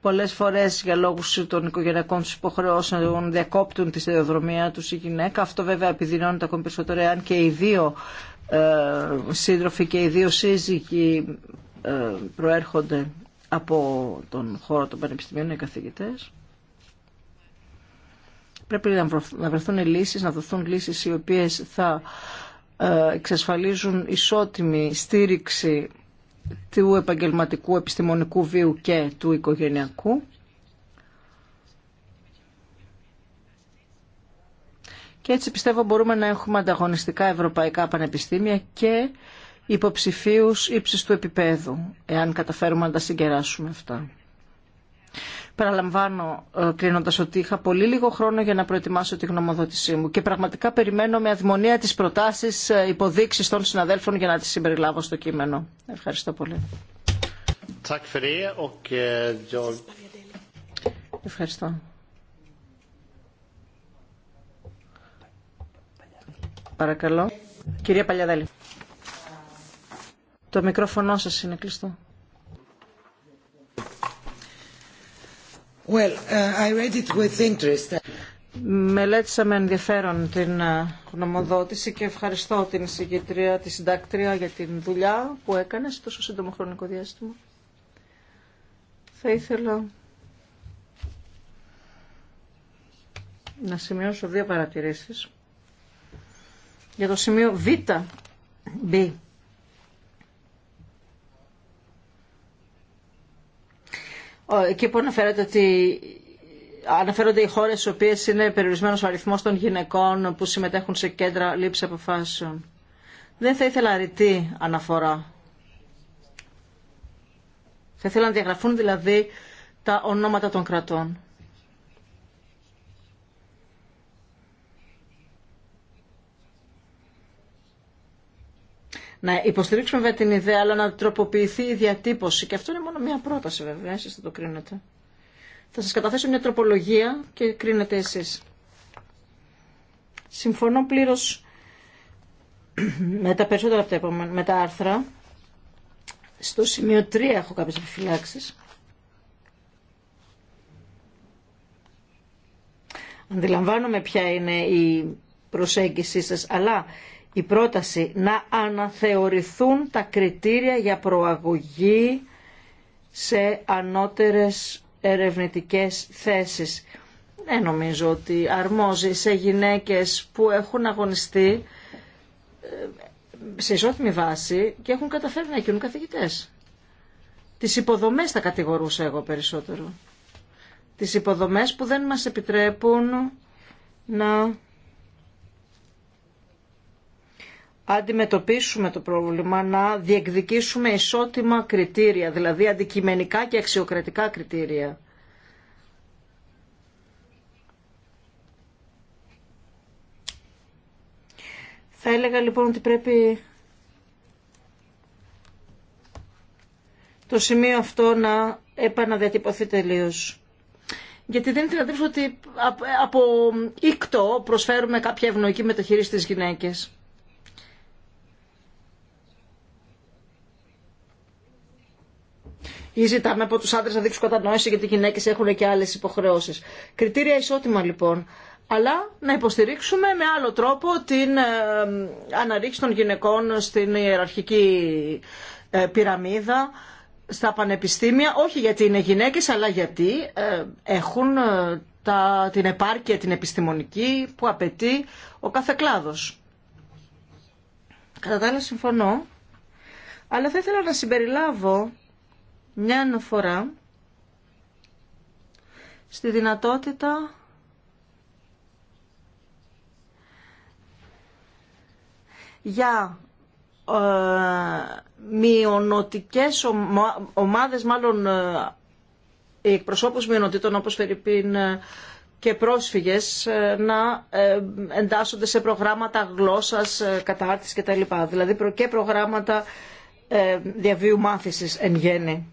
Πολλές φορές για λόγους των οικογενειακών τους υποχρεώσεων διακόπτουν τη σταδιοδρομία τους η γυναίκα. Αυτό βέβαια επιδεινώνεται ακόμη περισσότερο εάν και οι δύο ε, σύντροφοι και οι δύο σύζυγοι ε, προέρχονται από τον χώρο των πανεπιστημίων, οι καθηγητές. Πρέπει να βρεθούν λύσεις, να δοθούν λύσεις οι οποίες θα ε, εξασφαλίζουν ισότιμη στήριξη του επαγγελματικού επιστημονικού βίου και του οικογενειακού και έτσι πιστεύω μπορούμε να έχουμε ανταγωνιστικά ευρωπαϊκά πανεπιστήμια και υποψηφίους ύψης του επίπεδου, εάν καταφέρουμε να τα συγκεράσουμε αυτά. Παραλαμβάνω ε, κλείνοντα ότι είχα πολύ λίγο χρόνο για να προετοιμάσω τη γνωμοδότησή μου και πραγματικά περιμένω με αδημονία τις προτάσεις ε, υποδείξεις των συναδέλφων για να τις συμπεριλάβω στο κείμενο. Ευχαριστώ πολύ. Eh, Ευχαριστώ. Παρακαλώ. Κυρία Παλιαδέλη. Το μικρόφωνο σας είναι κλειστό. Well, uh, I read it with interest. Μελέτησα με ενδιαφέρον την ε, γνωμοδότηση και ευχαριστώ την συγκεκριά, τη συντάκτρια για την δουλειά που έκανε σε τόσο σύντομο χρονικό διάστημα. Θα ήθελα να σημειώσω δύο παρατηρήσεις για το σημείο Β. B. Εκεί που αναφέρεται ότι αναφέρονται οι χώρες στις οποίες είναι περιορισμένος ο αριθμός των γυναικών που συμμετέχουν σε κέντρα λήψη αποφάσεων. Δεν θα ήθελα ρητή αναφορά. Θα ήθελα να διαγραφούν δηλαδή τα ονόματα των κρατών. να υποστηρίξουμε βέβαια την ιδέα, αλλά να τροποποιηθεί η διατύπωση. Και αυτό είναι μόνο μία πρόταση βέβαια, εσείς θα το κρίνετε. Θα σας καταθέσω μια τροπολογία και κρίνετε εσείς. Συμφωνώ πλήρως με τα περισσότερα επόμενα, με τα άρθρα. Στο σημείο 3 έχω κάποιες επιφυλάξεις. Αντιλαμβάνομαι ποια είναι η προσέγγιση σας, αλλά η πρόταση να αναθεωρηθούν τα κριτήρια για προαγωγή σε ανώτερες ερευνητικές θέσεις. Δεν νομίζω ότι αρμόζει σε γυναίκες που έχουν αγωνιστεί ε, σε ισότιμη βάση και έχουν καταφέρει να γίνουν καθηγητές. Τις υποδομές τα κατηγορούσα εγώ περισσότερο. Τις υποδομές που δεν μας επιτρέπουν να αντιμετωπίσουμε το πρόβλημα, να διεκδικήσουμε ισότιμα κριτήρια, δηλαδή αντικειμενικά και αξιοκρατικά κριτήρια. Θα έλεγα λοιπόν ότι πρέπει το σημείο αυτό να επαναδιατυπωθεί τελείω. Γιατί δεν την ότι από ίκτο προσφέρουμε κάποια ευνοϊκή μεταχείριση στις γυναίκες. ή ζητάμε από τους άντρε να δείξουν κατανόηση γιατί οι γυναίκε έχουν και άλλες υποχρεώσεις. Κριτήρια ισότιμα λοιπόν. Αλλά να υποστηρίξουμε με άλλο τρόπο την ε, αναρρίξη των γυναικών στην ιεραρχική ε, πυραμίδα, στα πανεπιστήμια, όχι γιατί είναι γυναίκες, αλλά γιατί ε, έχουν τα, την επάρκεια την επιστημονική που απαιτεί ο κάθε κλάδος. Κατά τα άλλα συμφωνώ, αλλά θα ήθελα να συμπεριλάβω μια αναφορά στη δυνατότητα για ε, ομάδες, μάλλον ε, εκπροσώπους μειονοτήτων όπως Φερρυπίν ε, και πρόσφυγες ε, να ε, εντάσσονται σε προγράμματα γλώσσας, κατάρτισης κτλ. Δηλαδή και προγράμματα ε, διαβίου μάθησης εν γέννη.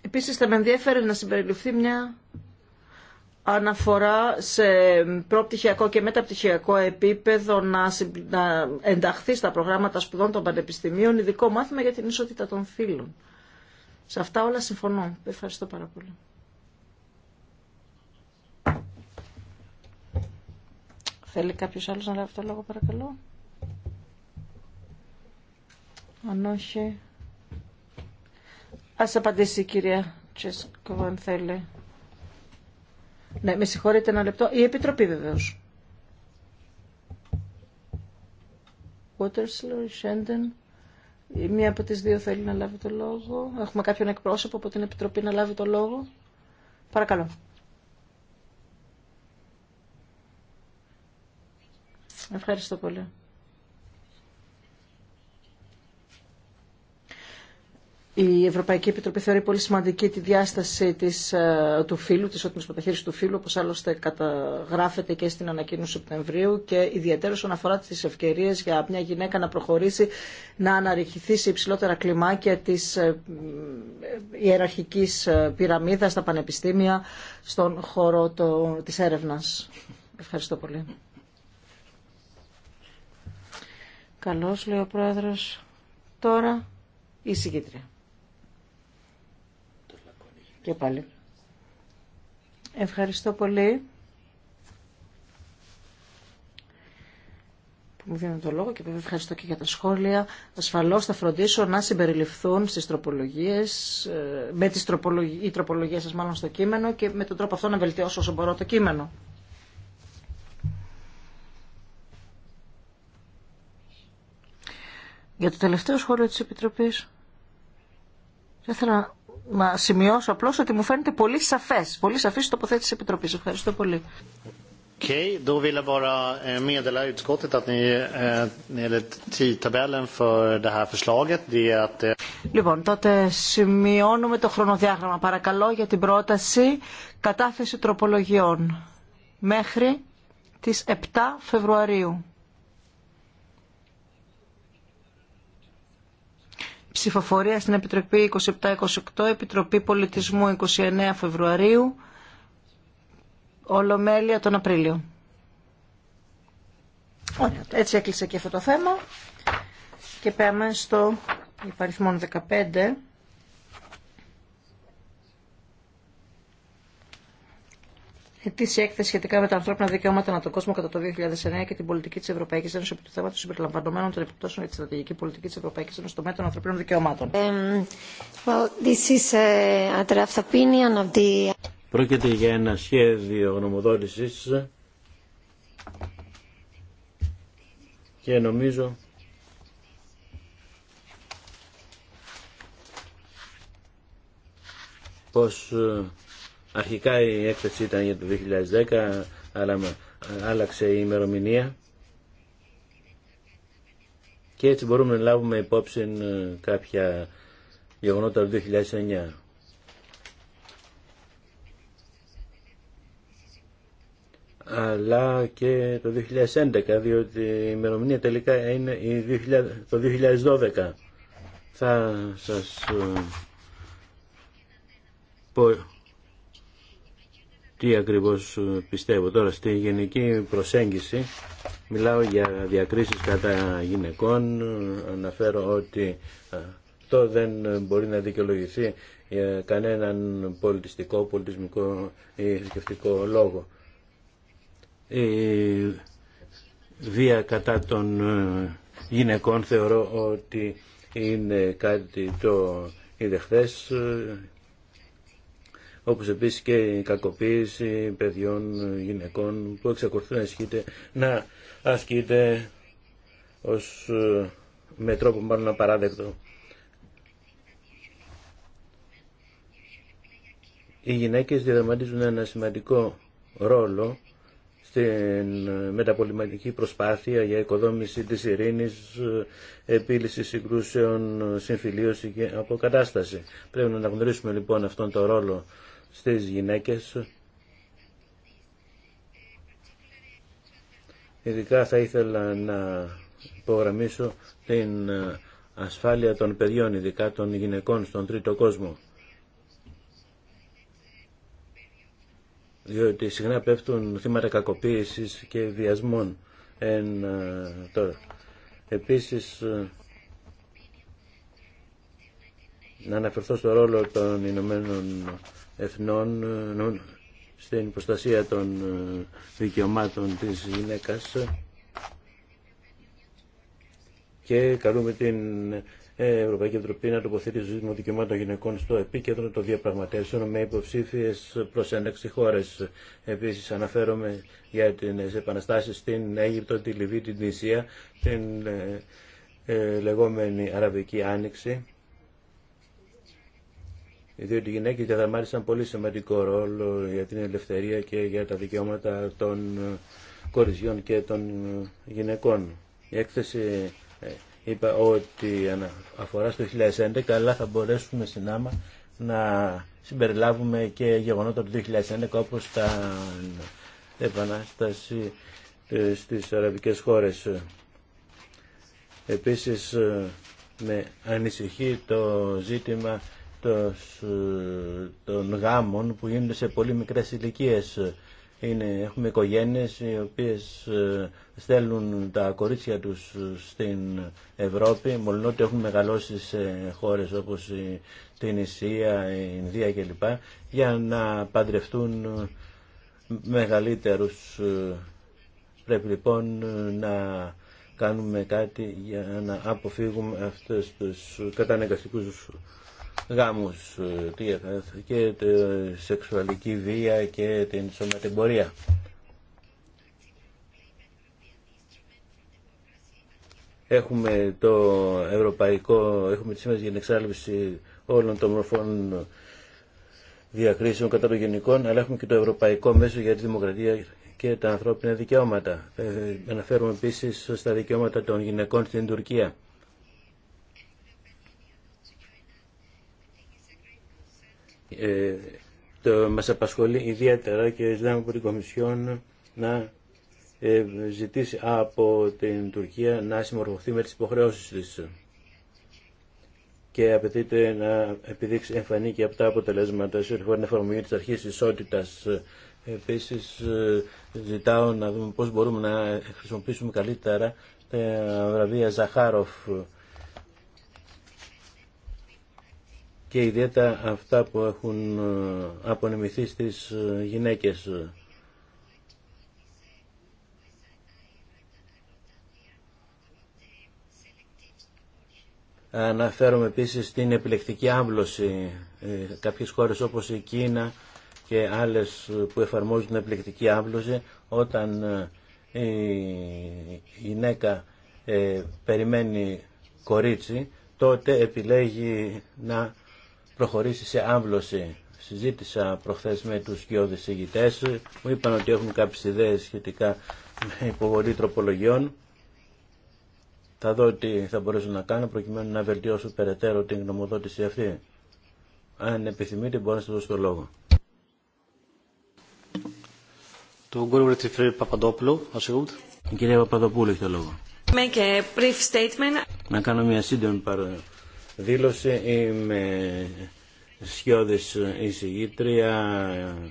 Επίσης θα με ενδιαφέρει να συμπεριληφθεί μια αναφορά σε προπτυχιακό και μεταπτυχιακό επίπεδο να, ενταχθεί στα προγράμματα σπουδών των πανεπιστημίων ειδικό μάθημα για την ισότητα των φίλων. Σε αυτά όλα συμφωνώ. Ευχαριστώ πάρα πολύ. Θέλει κάποιος άλλος να λάβει το λόγο παρακαλώ. Αν όχι... Ας απαντήσει η κυρία Τσέσκοβα αν θέλει. Ναι, με συγχωρείτε ένα λεπτό. Η Επιτροπή βεβαίως. Σέντεν. Η μία από τις δύο θέλει να λάβει το λόγο. Έχουμε κάποιον εκπρόσωπο από την Επιτροπή να λάβει το λόγο. Παρακαλώ. Ευχαριστώ πολύ. Η Ευρωπαϊκή Επιτροπή θεωρεί πολύ σημαντική τη διάσταση της, ε, του φύλου, της ότιμης του φύλου, όπως άλλωστε καταγράφεται και στην ανακοίνωση Σεπτεμβρίου και ιδιαίτερα όσον αφορά τις ευκαιρίες για μια γυναίκα να προχωρήσει, να αναρριχηθεί σε υψηλότερα κλιμάκια της ε, ιεραρχικής ε, πυραμίδας στα πανεπιστήμια, στον χώρο τη της Ευχαριστώ πολύ. Καλώς, λέει ο πρόεδρος. Τώρα η συγκήτρια. Και πάλι. Ευχαριστώ πολύ που μου δίνετε το λόγο και βέβαια ευχαριστώ και για τα σχόλια. Ασφαλώς θα φροντίσω να συμπεριληφθούν στις τροπολογίες, ε, με τις τροπολογίες, σα μάλλον στο κείμενο και με τον τρόπο αυτό να βελτιώσω όσο μπορώ το κείμενο. Για το τελευταίο σχόλιο της Επιτροπής, θα ήθελα να σημειώσω απλώς ότι μου φαίνεται πολύ σαφές, πολύ σαφής η τοποθέτηση της Επιτροπής. Ευχαριστώ πολύ. Eh, λοιπόν, τότε σημειώνουμε το χρονοδιάγραμμα. Παρακαλώ για την πρόταση κατάθεση τροπολογιών μέχρι τις 7 Φεβρουαρίου. ψηφοφορία στην Επιτροπή 27-28, Επιτροπή Πολιτισμού 29 Φεβρουαρίου, Ολομέλεια τον Απρίλιο. Ωραία, έτσι έκλεισε και αυτό το θέμα και πάμε στο υπαριθμό 15. ετήσια έκθεση σχετικά με τα ανθρώπινα δικαιώματα να τον κόσμο κατά το 2009 και την πολιτική τη Ευρωπαϊκή Ένωση επί του θέματο συμπεριλαμβανομένων των επιπτώσεων για τη στρατηγική πολιτική τη Ευρωπαϊκή Ένωση στο μέτρο των ανθρωπίνων δικαιωμάτων. Well, this is a ε, opinion of the... Πρόκειται για ένα σχέδιο γνωμοδότηση και νομίζω πως ε, Αρχικά η έκθεση ήταν για το 2010, αλλά άλλαξε η ημερομηνία και έτσι μπορούμε να λάβουμε υπόψη ε, κάποια γεγονότα του 2009. αλλά και το 2011, διότι η ημερομηνία τελικά είναι το 2012. Θα σας ε, πω τι ακριβώς ε, πιστεύω. Τώρα στη γενική προσέγγιση μιλάω για διακρίσεις κατά γυναικών. Αναφέρω ότι ε, αυτό δεν μπορεί να δικαιολογηθεί για κανέναν πολιτιστικό, πολιτισμικό ή θρησκευτικό λόγο. Η βία κατά των ε, γυναικών θεωρώ ότι είναι κάτι το είδε χθες όπως επίσης και η κακοποίηση παιδιών, γυναικών που εξακολουθεί να ασκείται, να ασκείται ως, ε, με τρόπο μάλλον απαράδεκτο. Οι γυναίκες διαδραματίζουν ένα σημαντικό ρόλο στην ε, μεταπολιματική προσπάθεια για οικοδόμηση της ειρήνης, ε, επίλυση συγκρούσεων, συμφιλίωση και αποκατάσταση. Πρέπει να αναγνωρίσουμε λοιπόν αυτόν τον ρόλο στις γυναίκες. Ειδικά θα ήθελα να υπογραμμίσω την ασφάλεια των παιδιών, ειδικά των γυναικών στον τρίτο κόσμο. Διότι συχνά πέφτουν θύματα κακοποίησης και βιασμών. Εν, τώρα. Επίσης, να αναφερθώ στο ρόλο των Ηνωμένων Εθνών ε, στην υποστασία των ε, δικαιωμάτων της γυναίκας και καλούμε την ε, Ευρωπαϊκή Επιτροπή να τοποθετήσει το ζήτημα δικαιωμάτων γυναικών στο επίκεντρο των διαπραγματεύσεων με υποψήφιε προ ένταξη χώρε. Επίση, αναφέρομαι για τι επαναστάσει στην Αίγυπτο, τη Λιβύη, την Τινησία, την λεγόμενη Αραβική Άνοιξη διότι οι γυναίκες διαδραμάτισαν πολύ σημαντικό ρόλο για την ελευθερία και για τα δικαιώματα των ε, κοριζιών και των ε, γυναικών. Η έκθεση ε, είπα ότι αφορά στο 2011, αλλά θα μπορέσουμε συνάμα να συμπεριλάβουμε και γεγονότα του 2011 όπως τα επανάσταση στις αραβικές χώρες. Επίσης με ανησυχεί το ζήτημα ε, των γάμων που γίνονται σε πολύ μικρές ηλικίε. Είναι, έχουμε οικογένειες οι οποίες ε, στέλνουν τα κορίτσια τους ε, στην Ευρώπη, μόλις ότι έχουν μεγαλώσει σε χώρες όπως η Ισία, η Ινδία κλπ. για να παντρευτούν μεγαλύτερους. Πρέπει λοιπόν να κάνουμε κάτι για να αποφύγουμε αυτούς τους καταναγκαστικούς γάμους ε, και τη σεξουαλική βία και την σωματεμπορία. Έχουμε το ευρωπαϊκό, έχουμε τη σύμβαση για την εξάλληψη όλων των μορφών διακρίσεων κατά των γενικών, αλλά έχουμε και το ευρωπαϊκό μέσο για τη δημοκρατία και τα ανθρώπινα δικαιώματα. Ε, αναφέρουμε επίσης στα δικαιώματα των γυναικών στην Τουρκία. Ε, το, μας απασχολεί ιδιαίτερα και ζητάμε από την Κομισιόν να ε, ζητήσει από την Τουρκία να συμμορφωθεί με τις υποχρεώσεις της και απαιτείται να επιδείξει εμφανή και από τα αποτελέσματα σε την εφαρμογή της αρχής ισότητας. Επίσης ε, ζητάω να δούμε πώς μπορούμε να χρησιμοποιήσουμε καλύτερα τα βραβεία Ζαχάροφ και ιδιαίτερα αυτά που έχουν ε, απονεμηθεί στις ε, γυναίκες. Αναφέρομαι επίσης στην επιλεκτική άμβλωση. Ε, κάποιες χώρες όπως η Κίνα και άλλες που εφαρμόζουν την επιλεκτική άμβλωση όταν η γυναίκα περιμένει κορίτσι τότε επιλέγει να προχωρήσει σε άμβλωση. Συζήτησα προχθές με τους κοιόδης ηγητές, μου είπαν ότι έχουν κάποιες ιδέες σχετικά με υποβολή τροπολογιών. Θα δω τι θα μπορέσω να κάνω προκειμένου να βελτιώσω περαιτέρω την γνωμοδότηση αυτή. Αν επιθυμείτε μπορώ να σας δώσω το λόγο. Κύριε Παπαδοπούλου, έχει το λόγο. Να κάνω μια σύντομη παρέμβαση δήλωσε. Είμαι σιώδης εισηγήτρια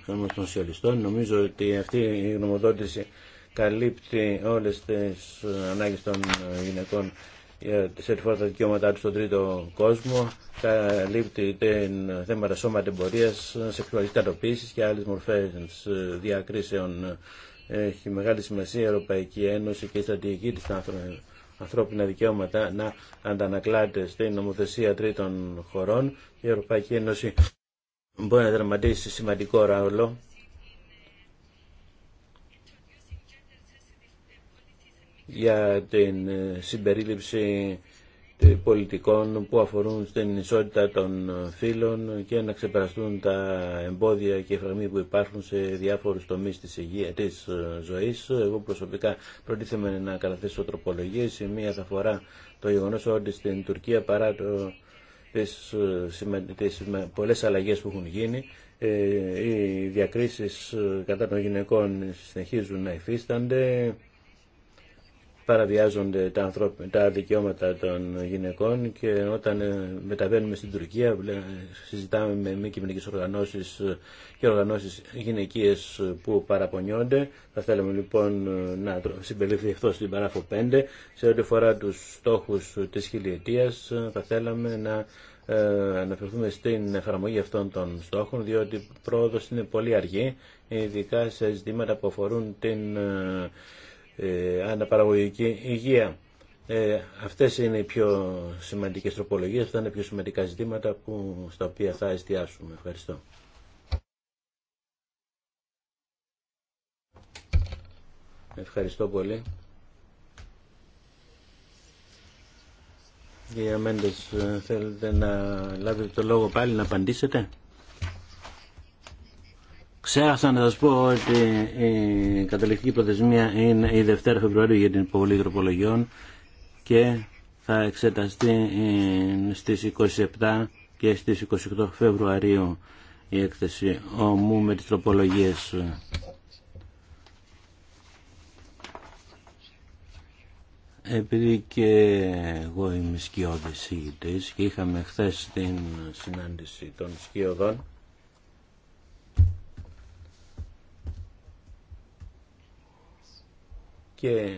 των σοσιαλιστών. Νομίζω ότι αυτή η γνωμοδότηση καλύπτει όλες τις ανάγκες των γυναικών σε αφορά τα δικαιώματά του στον τρίτο κόσμο, καλύπτει θέματα σώματα εμπορία, σεξουαλική κατοποίηση και άλλε μορφέ διακρίσεων. Έχει μεγάλη σημασία η Ευρωπαϊκή Ένωση και η στρατηγική τη ανθρώπινα δικαιώματα να αντανακλάται στην νομοθεσία τρίτων χωρών. Η Ευρωπαϊκή Ένωση μπορεί να δραματίσει σημαντικό ρόλο για την συμπερίληψη πολιτικών που αφορούν στην ισότητα των φύλων και να ξεπεραστούν τα εμπόδια και φραγμοί που υπάρχουν σε διάφορους τομείς της, υγεία, της ε, ζωής. Εγώ προσωπικά προτίθεμαι να καταθέσω τροπολογίες. Η μία θα αφορά το γεγονό ότι στην Τουρκία παρά το, τις, ε, τις πολλές αλλαγές που έχουν γίνει ε, οι διακρίσεις κατά των γυναικών συνεχίζουν να υφίστανται παραβιάζονται τα, τα δικαιώματα των γυναικών και όταν ε, μεταβαίνουμε στην Τουρκία συζητάμε με μη κυβερνικές οργανώσεις και οργανώσεις γυναικείες που παραπονιόνται. Θα θέλαμε λοιπόν να συμπεριληφθεί αυτό στην παράφο 5. Σε ό,τι αφορά τους στόχους της χιλιετίας θα θέλαμε να ε, αναφερθούμε στην εφαρμογή αυτών των στόχων διότι η πρόοδος είναι πολύ αργή ειδικά σε ζητήματα που αφορούν την ε, ε, αναπαραγωγική υγεία. Ε, αυτές είναι οι πιο σημαντικές τροπολογίες, αυτά είναι οι πιο σημαντικά ζητήματα που, στα οποία θα εστιάσουμε. Ευχαριστώ. Ευχαριστώ πολύ. Κύριε Μέντες, ε, θέλετε να λάβετε το λόγο πάλι να απαντήσετε. Ξέχασα να σα πω ότι η καταληκτική προθεσμία είναι η Δευτέρα Φεβρουαρίου για την υποβολή τροπολογιών και θα εξεταστεί ε, στις 27 και στις 28 Φεβρουαρίου η έκθεση ομού με τις τροπολογίες. Επειδή και εγώ είμαι σκιώδης και είχαμε χθες την συνάντηση των σκιωδών, και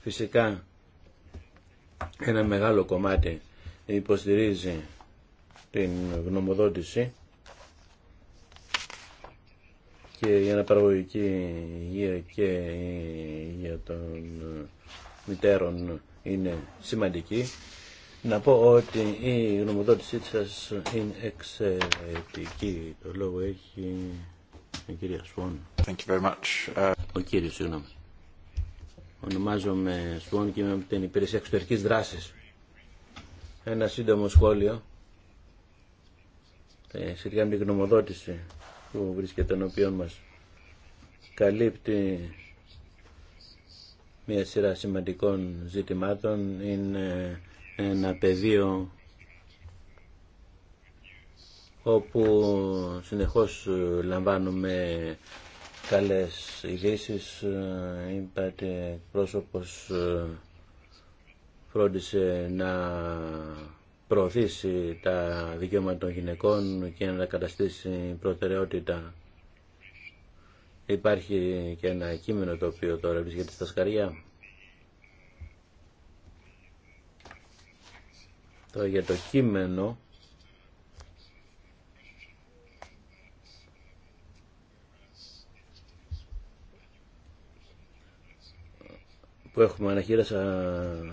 φυσικά ένα μεγάλο κομμάτι υποστηρίζει την γνωμοδότηση και η αναπαραγωγική υγεία και για των μητέρων είναι σημαντική. Να πω ότι η γνωμοδότησή σας είναι εξαιρετική. Το λόγο έχει η κυρία Uh, Ο κύριος, συγγνώμη. Ονομάζομαι Σπον και είμαι από την Υπηρεσία Δράσης. Ένα σύντομο σχόλιο ε, σχετικά με την γνωμοδότηση που βρίσκεται οποίο μας. Καλύπτει μια σειρά σημαντικών ζητημάτων. Είναι ένα πεδίο όπου συνεχώς λαμβάνουμε καλές ειδήσει. Ε, είπατε πρόσωπος ε, φρόντισε να προωθήσει τα δικαιώματα των γυναικών και να καταστήσει προτεραιότητα. Υπάρχει και ένα κείμενο το οποίο τώρα βρίσκεται στα σκαριά. Τώρα για το κείμενο που έχουμε αναχείρασα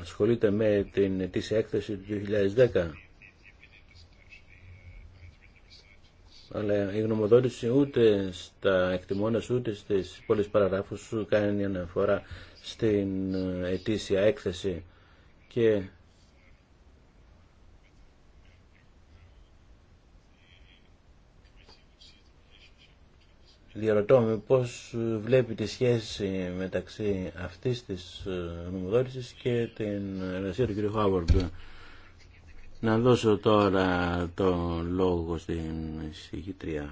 ασχολείται με την ετήσια έκθεση του 2010. Αλλά η γνωμοδότηση ούτε στα εκτιμώνες ούτε στις πολλέ παραγράφου σου κάνει αναφορά στην ετήσια έκθεση και Διαρωτώ με πώς βλέπει τη σχέση μεταξύ αυτής της ε, νομοδότησης και την εργασία του κ. Χάβορντ. Να δώσω τώρα το λόγο στην εισηγήτρια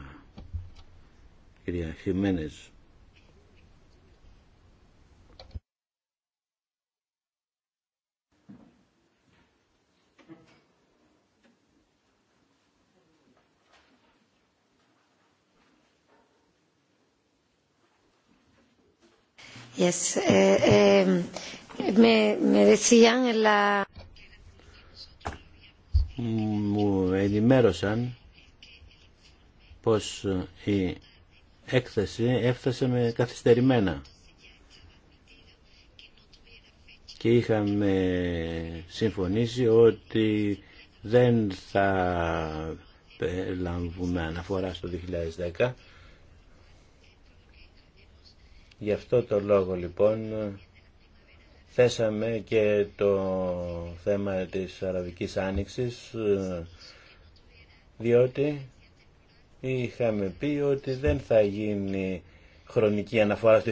κυρία Χιμένες. Ε, ε, Μου ενημέρωσαν πως η έκθεση έφτασε με καθυστερημένα και είχαμε συμφωνήσει ότι δεν θα λάβουμε αναφορά στο 2010 Γι' αυτό το λόγο λοιπόν θέσαμε και το θέμα της Αραβικής Άνοιξης διότι είχαμε πει ότι δεν θα γίνει χρονική αναφορά στο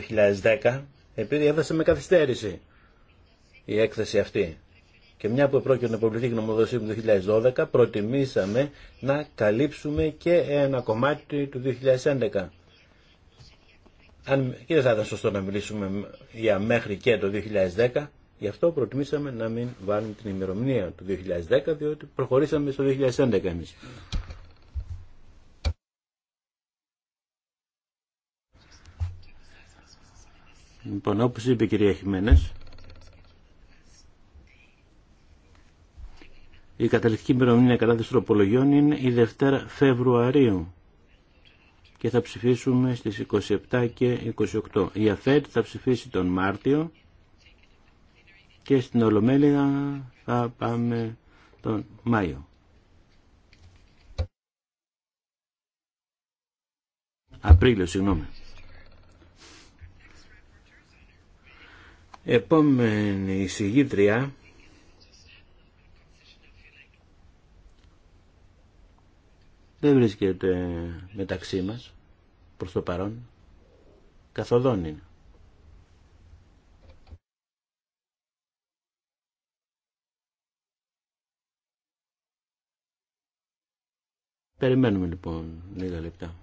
2010 επειδή έφτασε με καθυστέρηση η έκθεση αυτή. Και μια που πρόκειται να υποβληθεί η γνωμοδοσία του 2012, προτιμήσαμε να καλύψουμε και ένα κομμάτι του 2011 αν και δεν θα ήταν σωστό να μιλήσουμε για μέχρι και το 2010, γι' αυτό προτιμήσαμε να μην βάλουμε την ημερομηνία του 2010, διότι προχωρήσαμε στο 2011 εμείς. Λοιπόν, όπως είπε η κυρία Χιμένες, η καταληκτική ημερομηνία κατά της τροπολογιών είναι η Δευτέρα Φεβρουαρίου και θα ψηφίσουμε στις 27 και 28. Η ΑΦΕΤ θα ψηφίσει τον Μάρτιο και στην Ολομέλεια θα πάμε τον Μάιο. Απρίλιο, συγγνώμη. Επόμενη συγγήτρια δεν βρίσκεται μεταξύ μας προς το παρόν καθοδόν είναι. Περιμένουμε λοιπόν λίγα λεπτά.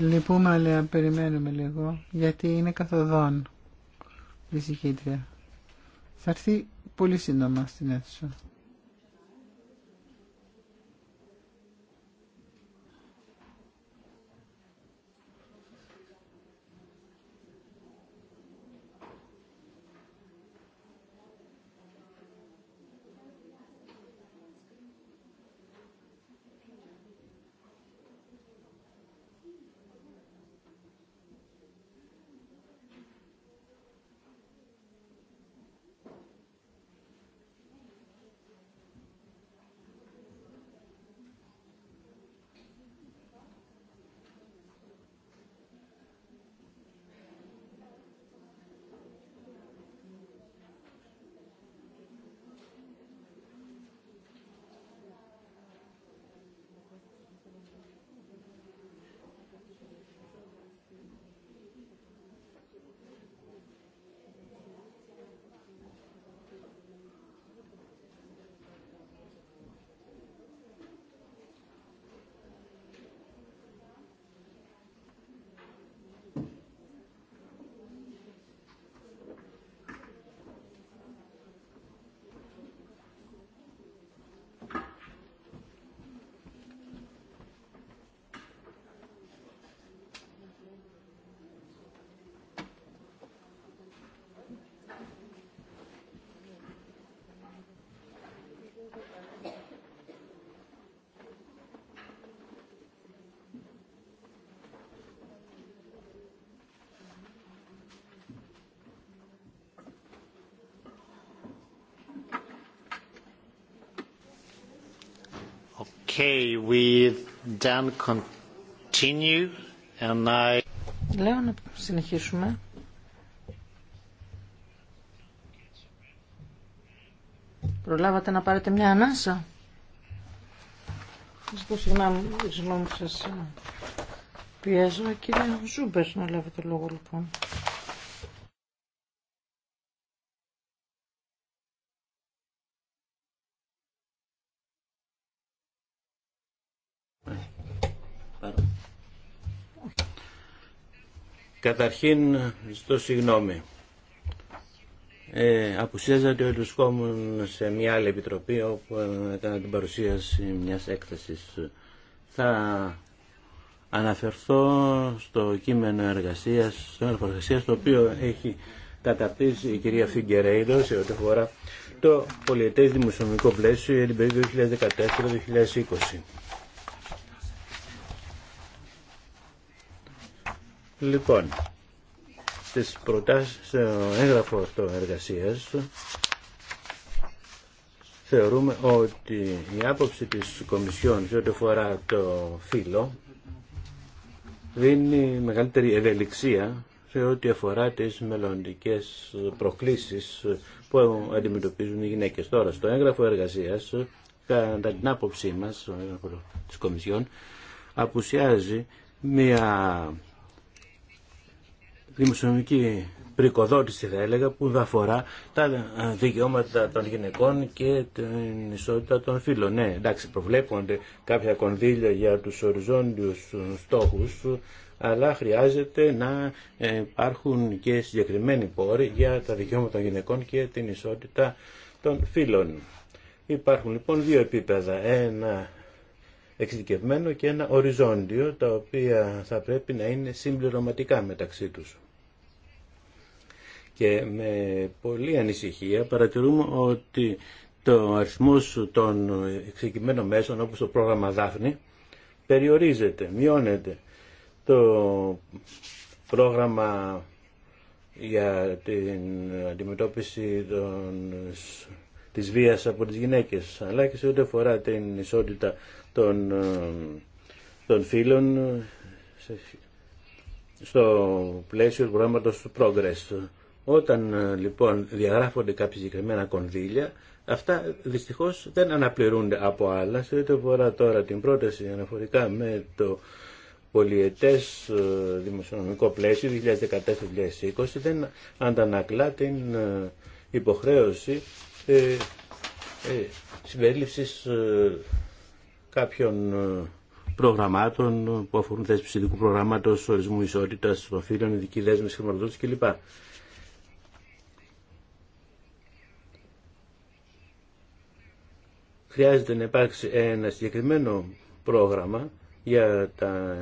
Λυπούμε, αλλά περιμένουμε λίγο, γιατί είναι καθοδόν η συγχύτρια. Θα έρθει πολύ σύντομα στην αίθουσα. Okay, we continue and I... Λέω να συνεχίσουμε. Προλάβατε να πάρετε μια ανάσα. Ζητώ συγγνώμη, συγγνώμη που σας ε, πιέζω. Κύριε Ζούμπερ, να λάβετε λόγο λοιπόν. Καταρχήν, ζητώ συγγνώμη. Ε, ότι το σε μια άλλη επιτροπή όπου έκανα ε, την παρουσίαση μιας έκθεσης. Θα αναφερθώ στο κείμενο εργασίας, στο το οποίο έχει καταρτήσει η κυρία Φιγκερέιδο σε ό,τι αφορά το πολιετές δημοσιονομικό πλαίσιο για την περίοδο 2014-2020. Λοιπόν, στις προτάσεις, στο έγγραφο αυτό θεωρούμε ότι η άποψη της Κομισιόν σε ό,τι αφορά το φύλλο δίνει μεγαλύτερη ευελιξία σε ό,τι αφορά τις μελλοντικές προκλήσεις που αντιμετωπίζουν οι γυναίκες. Τώρα, στο έγγραφο εργασίας, κατά την άποψή μας, της Κομισιόν, απουσιάζει μια δημοσιονομική πρικοδότηση θα έλεγα που θα αφορά τα δικαιώματα των γυναικών και την ισότητα των φύλων. Ναι, εντάξει, προβλέπονται κάποια κονδύλια για τους οριζόντιους στόχους, αλλά χρειάζεται να υπάρχουν και συγκεκριμένοι πόροι για τα δικαιώματα των γυναικών και την ισότητα των φύλων. Υπάρχουν λοιπόν δύο επίπεδα, ένα εξειδικευμένο και ένα οριζόντιο, τα οποία θα πρέπει να είναι συμπληρωματικά μεταξύ τους. Και με πολλή ανησυχία παρατηρούμε ότι το αριθμό των εξοικειμένων μέσων όπως το πρόγραμμα Δάφνη περιορίζεται, μειώνεται. Το πρόγραμμα για την αντιμετώπιση των, της βίας από τις γυναίκες αλλά και σε ό,τι αφορά την ισότητα των, φίλων στο πλαίσιο του προγράμματος του Progress. Όταν ε, λοιπόν διαγράφονται κάποια συγκεκριμένα κονδύλια, αυτά δυστυχώς δεν αναπληρούνται από άλλα. Σε ό,τι αφορά τώρα την πρόταση αναφορικά με το πολιετές ε, δημοσιονομικό πλαίσιο 2014-2020 δεν αντανακλά την ε, υποχρέωση ε, συμπερίληψης κάποιων προγραμμάτων που αφορούν θέσπιση ειδικού προγράμματο, ορισμού ισότητα των φύλων, ειδική δέσμευση χρηματοδότηση κλπ. χρειάζεται να υπάρξει ένα συγκεκριμένο πρόγραμμα για τα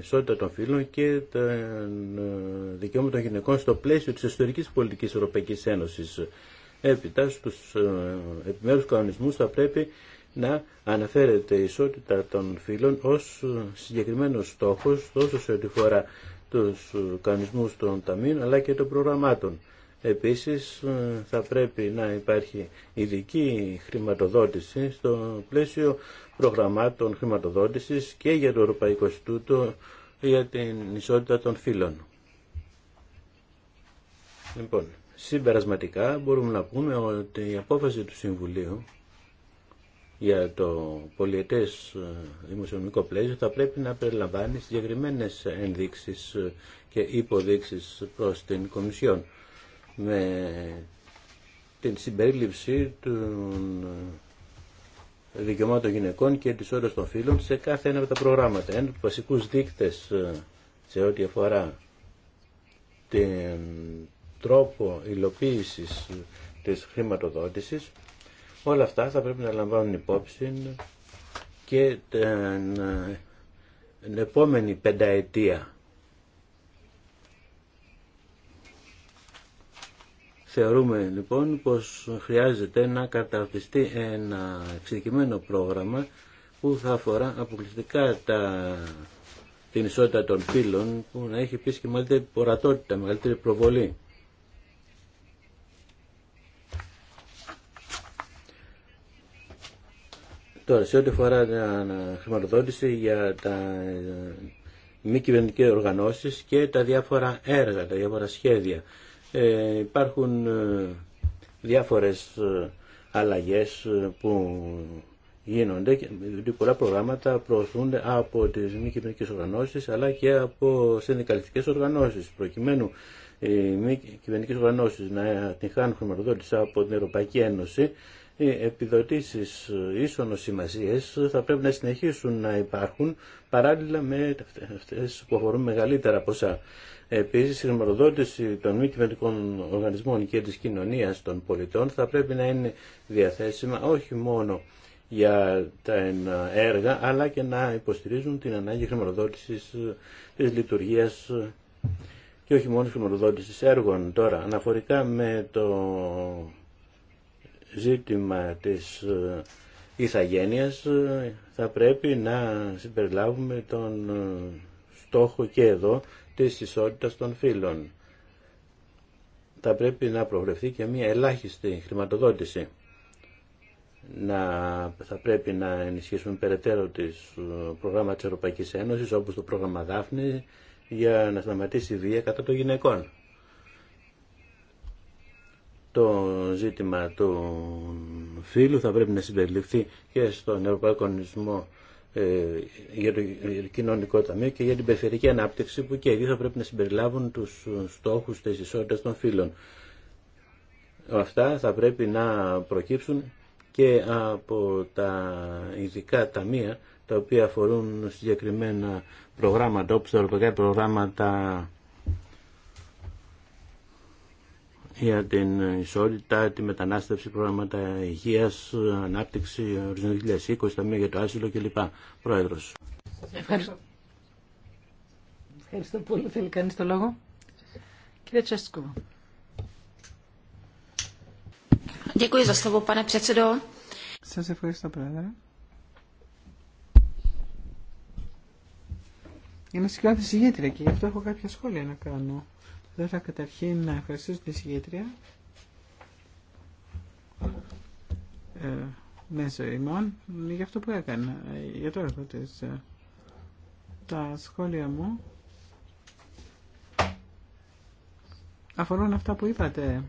ισότητα των φύλων και τα δικαιώματα των γυναικών στο πλαίσιο της ιστορικής πολιτικής Ευρωπαϊκής Ένωσης. Έπειτα στους ε, επιμέρους κανονισμούς θα πρέπει να αναφέρεται η ισότητα των φύλων ως συγκεκριμένος στόχος τόσο σε ό,τι φορά τους κανονισμούς των ταμείων αλλά και των προγραμμάτων. Επίσης ε, θα πρέπει να υπάρχει ειδική χρηματοδότηση στο πλαίσιο προγραμμάτων χρηματοδότησης και για το Ευρωπαϊκό Ινστιτούτο για την ισότητα των φύλων. Λοιπόν, συμπερασματικά μπορούμε να πούμε ότι η απόφαση του Συμβουλίου για το πολιετές ε, δημοσιονομικό πλαίσιο θα πρέπει να περιλαμβάνει συγκεκριμένε ενδείξεις ε, και υποδείξεις προς την Κομισιόν με την συμπερίληψη των δικαιωμάτων γυναικών και της όρας των φίλων σε κάθε ένα από τα προγράμματα. Ένα από βασικούς δείκτες ε, σε ό,τι αφορά την τρόπο υλοποίησης ε, της χρηματοδότησης, όλα αυτά θα πρέπει να λαμβάνουν υπόψη και την ε, επόμενη πενταετία Θεωρούμε λοιπόν πως χρειάζεται να καταρτιστεί ένα εξειδικημένο πρόγραμμα που θα αφορά αποκλειστικά τα... την ισότητα των φύλων που να έχει επίσης και μεγαλύτερη πορατότητα, μεγαλύτερη προβολή. Τώρα, σε ό,τι αφορά την χρηματοδότηση για τα ε, μη κυβερνητικές οργανώσεις και τα διάφορα έργα, τα διάφορα σχέδια. Ε, υπάρχουν ε, διάφορες ε, αλλαγές ε, που γίνονται και πολλά προγράμματα προωθούνται από τις μη κυβερνικέ οργανώσεις αλλά και από συνδικαλιστικές οργανώσεις προκειμένου οι μη κυβερνικές οργανώσεις να την χάνουν χρηματοδότηση από την Ευρωπαϊκή Ένωση οι επιδοτήσεις ίσονο σημασία θα πρέπει να συνεχίσουν να υπάρχουν παράλληλα με αυτές που αφορούν μεγαλύτερα ποσά. Επίσης, η χρηματοδότηση των μη κυβερνικών οργανισμών και της κοινωνίας των πολιτών θα πρέπει να είναι διαθέσιμα όχι μόνο για τα έργα, αλλά και να υποστηρίζουν την ανάγκη χρηματοδότησης της λειτουργίας και όχι μόνο χρηματοδότησης έργων. Τώρα, αναφορικά με το ζήτημα της ε, ηθαγένειας ε, θα πρέπει να συμπεριλάβουμε τον ε, στόχο και εδώ της ισότητας των φύλων. Θα πρέπει να προβλεφθεί και μια ελάχιστη χρηματοδότηση. Να, θα πρέπει να ενισχύσουμε περαιτέρω τις προγράμματα της Ευρωπαϊκής Ένωσης όπως το πρόγραμμα Δάφνη για να σταματήσει η βία κατά των γυναικών το ζήτημα του φύλου θα πρέπει να συμπεριληφθεί και στον Ευρωπαϊκό ε, για το Κοινωνικό Ταμείο και για την περιφερειακή ανάπτυξη που και οι θα πρέπει να συμπεριλάβουν τους στόχους της ισότητας των φύλων. Αυτά θα πρέπει να προκύψουν και από τα ειδικά ταμεία τα οποία αφορούν συγκεκριμένα προγράμματα όπως τα ευρωπαϊκά προγράμματα για την ισότητα, τη μετανάστευση, προγράμματα υγεία, ανάπτυξη, ορισμό 2020, ταμείο για το άσυλο κλπ. Πρόεδρο. Ευχαριστώ. Ευχαριστώ πολύ. Θέλει κανεί το λόγο. Κύριε Τσέσκου. Σας ευχαριστώ, Πρόεδρε. Είμαι συγκράτηση ηγέτρια και γι' αυτό έχω κάποια σχόλια να κάνω. Θα καταρχήν να ευχαριστήσω την συγκέντρια ε, μέσω ναι, ημών για αυτό που έκανα, για το έργο της. Ε, τα σχόλια μου αφορούν αυτά που είπατε.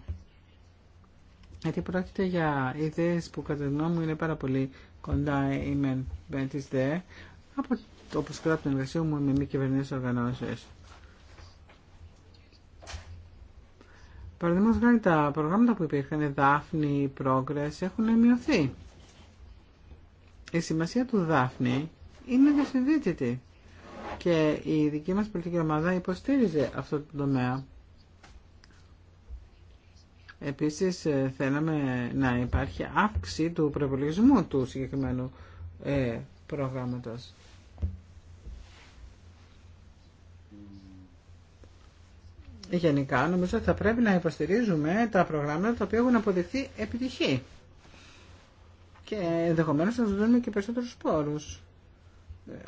Γιατί πρόκειται για ιδέες που κατά τη γνώμη μου είναι πάρα πολύ κοντά είμαι με τις ΔΕ, από, όπως κρατώ την μου με μη κυβερνήσεις οργανώσεις. Παραδείγματος χάρη τα προγράμματα που υπήρχαν, Δάφνη, Progress, έχουν μειωθεί. Η σημασία του Δάφνη είναι διασυνδίτητη και η δική μας πολιτική ομάδα υποστήριζε αυτό το τομέα. Επίσης ε, θέλαμε να υπάρχει αύξηση του προπολογισμού του συγκεκριμένου ε, προγράμματος. γενικά νομίζω ότι θα πρέπει να υποστηρίζουμε τα προγράμματα τα οποία έχουν αποδειχθεί επιτυχή. Και ενδεχομένω να δούμε και περισσότερους πόρους.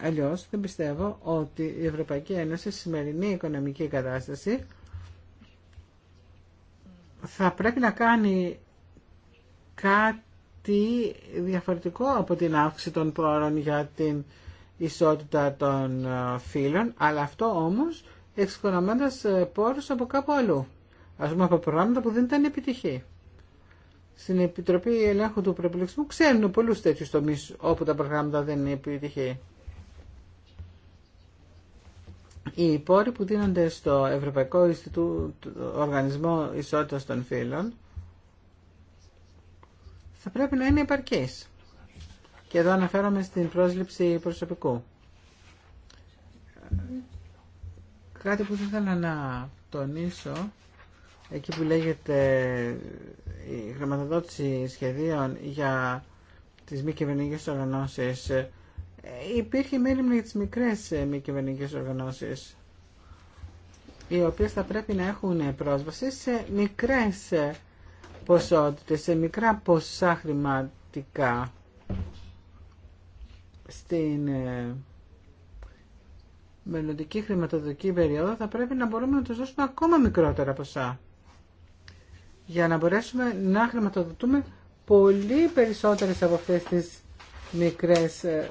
Αλλιώ, δεν πιστεύω ότι η Ευρωπαϊκή Ένωση στη σημερινή οικονομική κατάσταση θα πρέπει να κάνει κάτι διαφορετικό από την αύξηση των πόρων για την ισότητα των ε, φύλων, αλλά αυτό όμως εξοικονομώντα ε, πόρου από κάπου αλλού. Ας πούμε από προγράμματα που δεν ήταν επιτυχή. Στην Επιτροπή Ελέγχου του Προπολογισμού ξέρουν πολλού τέτοιου τομείς όπου τα προγράμματα δεν είναι επιτυχή. Οι πόροι που δίνονται στο Ευρωπαϊκό Ινστιτούτο Οργανισμό Ισότητα των Φύλων θα πρέπει να είναι επαρκή. Και εδώ αναφέρομαι στην πρόσληψη προσωπικού κάτι που θα ήθελα να τονίσω εκεί που λέγεται η χρηματοδότηση σχεδίων για τις μη κυβερνητικέ οργανώσεις ε, υπήρχε μέλη για τις μικρές ε, μη κυβερνητικέ οργανώσεις οι οποίες θα πρέπει να έχουν πρόσβαση σε μικρές ε, ποσότητες, σε μικρά ποσά χρηματικά στην μελλοντική χρηματοδοτική περίοδο θα πρέπει να μπορούμε να τους δώσουμε ακόμα μικρότερα ποσά για να μπορέσουμε να χρηματοδοτούμε πολύ περισσότερες από αυτές τις μικρές ε,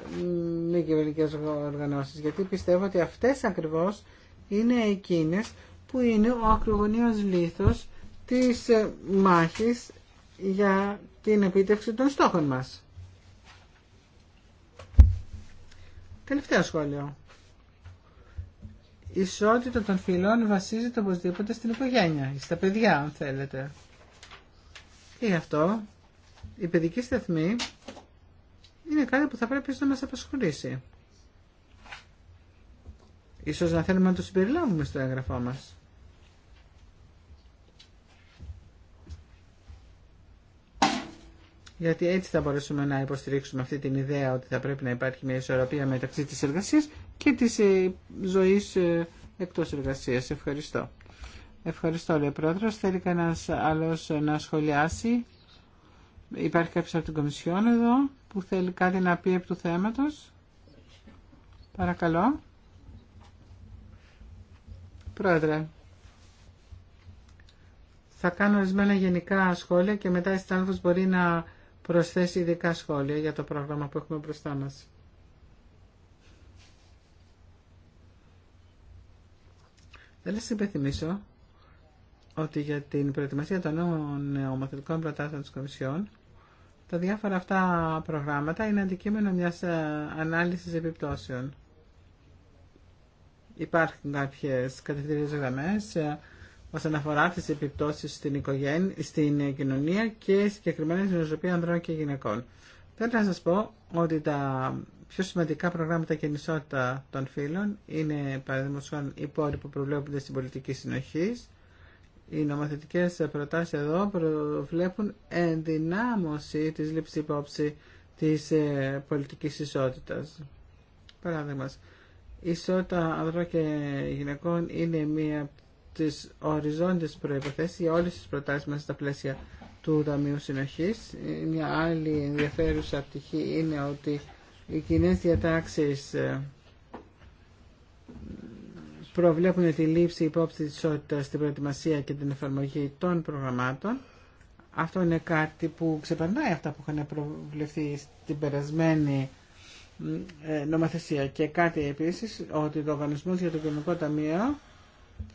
μη κυβερνικές οργανώσεις γιατί πιστεύω ότι αυτές ακριβώς είναι εκείνες που είναι ο ακρογωνίος λίθος της ε, μάχης για την επίτευξη των στόχων μας. Τελευταίο σχόλιο η ισότητα των φυλών βασίζεται οπωσδήποτε στην οικογένεια, στα παιδιά αν θέλετε. Και γι' αυτό η παιδική στεθμή είναι κάτι που θα πρέπει να μας απασχολήσει. Ίσως να θέλουμε να το συμπεριλάβουμε στο έγγραφό μας. γιατί έτσι θα μπορέσουμε να υποστηρίξουμε αυτή την ιδέα ότι θα πρέπει να υπάρχει μια ισορροπία μεταξύ της εργασίας και της ε, ζωής ε, εκτός εργασίας. Ευχαριστώ. Ευχαριστώ, λέει πρόεδρος. Θέλει κανένας άλλος να σχολιάσει. Υπάρχει κάποιος από την Κομισιόν εδώ που θέλει κάτι να πει επί του θέματος. Παρακαλώ. Πρόεδρε, θα κάνω ορισμένα γενικά σχόλια και μετά η Στάνφος μπορεί να προσθέσει ειδικά σχόλια για το πρόγραμμα που έχουμε μπροστά μας. Δεν να υπενθυμίσω ότι για την προετοιμασία των νέων ομοθετικών προτάσεων της Κομισιόν τα διάφορα αυτά προγράμματα είναι αντικείμενο μιας ε, ανάλυσης επιπτώσεων. Υπάρχουν κάποιες κατευθυντήριες γραμμέ. Ε, όσον αφορά τις επιπτώσεις στην, οικογένεια, στην κοινωνία και συγκεκριμένα στην ισορροπία ανδρών και γυναικών. Θέλω να σας πω ότι τα πιο σημαντικά προγράμματα και ενισότητα των φύλων είναι παραδείγματος οι πόροι που προβλέπονται στην πολιτική συνοχή. Οι νομοθετικές προτάσεις εδώ προβλέπουν ενδυνάμωση της λήψης υπόψη της ε, πολιτικής ισότητας. Παράδειγμα, η ισότητα ανδρών και γυναικών είναι μία τις οριζόντιες προϋποθέσεις για όλες τις προτάσεις μας στα πλαίσια του Δαμείου Συνοχής. Μια άλλη ενδιαφέρουσα πτυχή είναι ότι οι κοινέ διατάξεις ε, προβλέπουν τη λήψη υπόψη της ισότητας στην προετοιμασία και την εφαρμογή των προγραμμάτων. Αυτό είναι κάτι που ξεπερνάει αυτά που είχαν προβλεφθεί στην περασμένη ε, νομοθεσία. Και κάτι επίσης ότι το Οργανισμός για το Κοινωνικό Ταμείο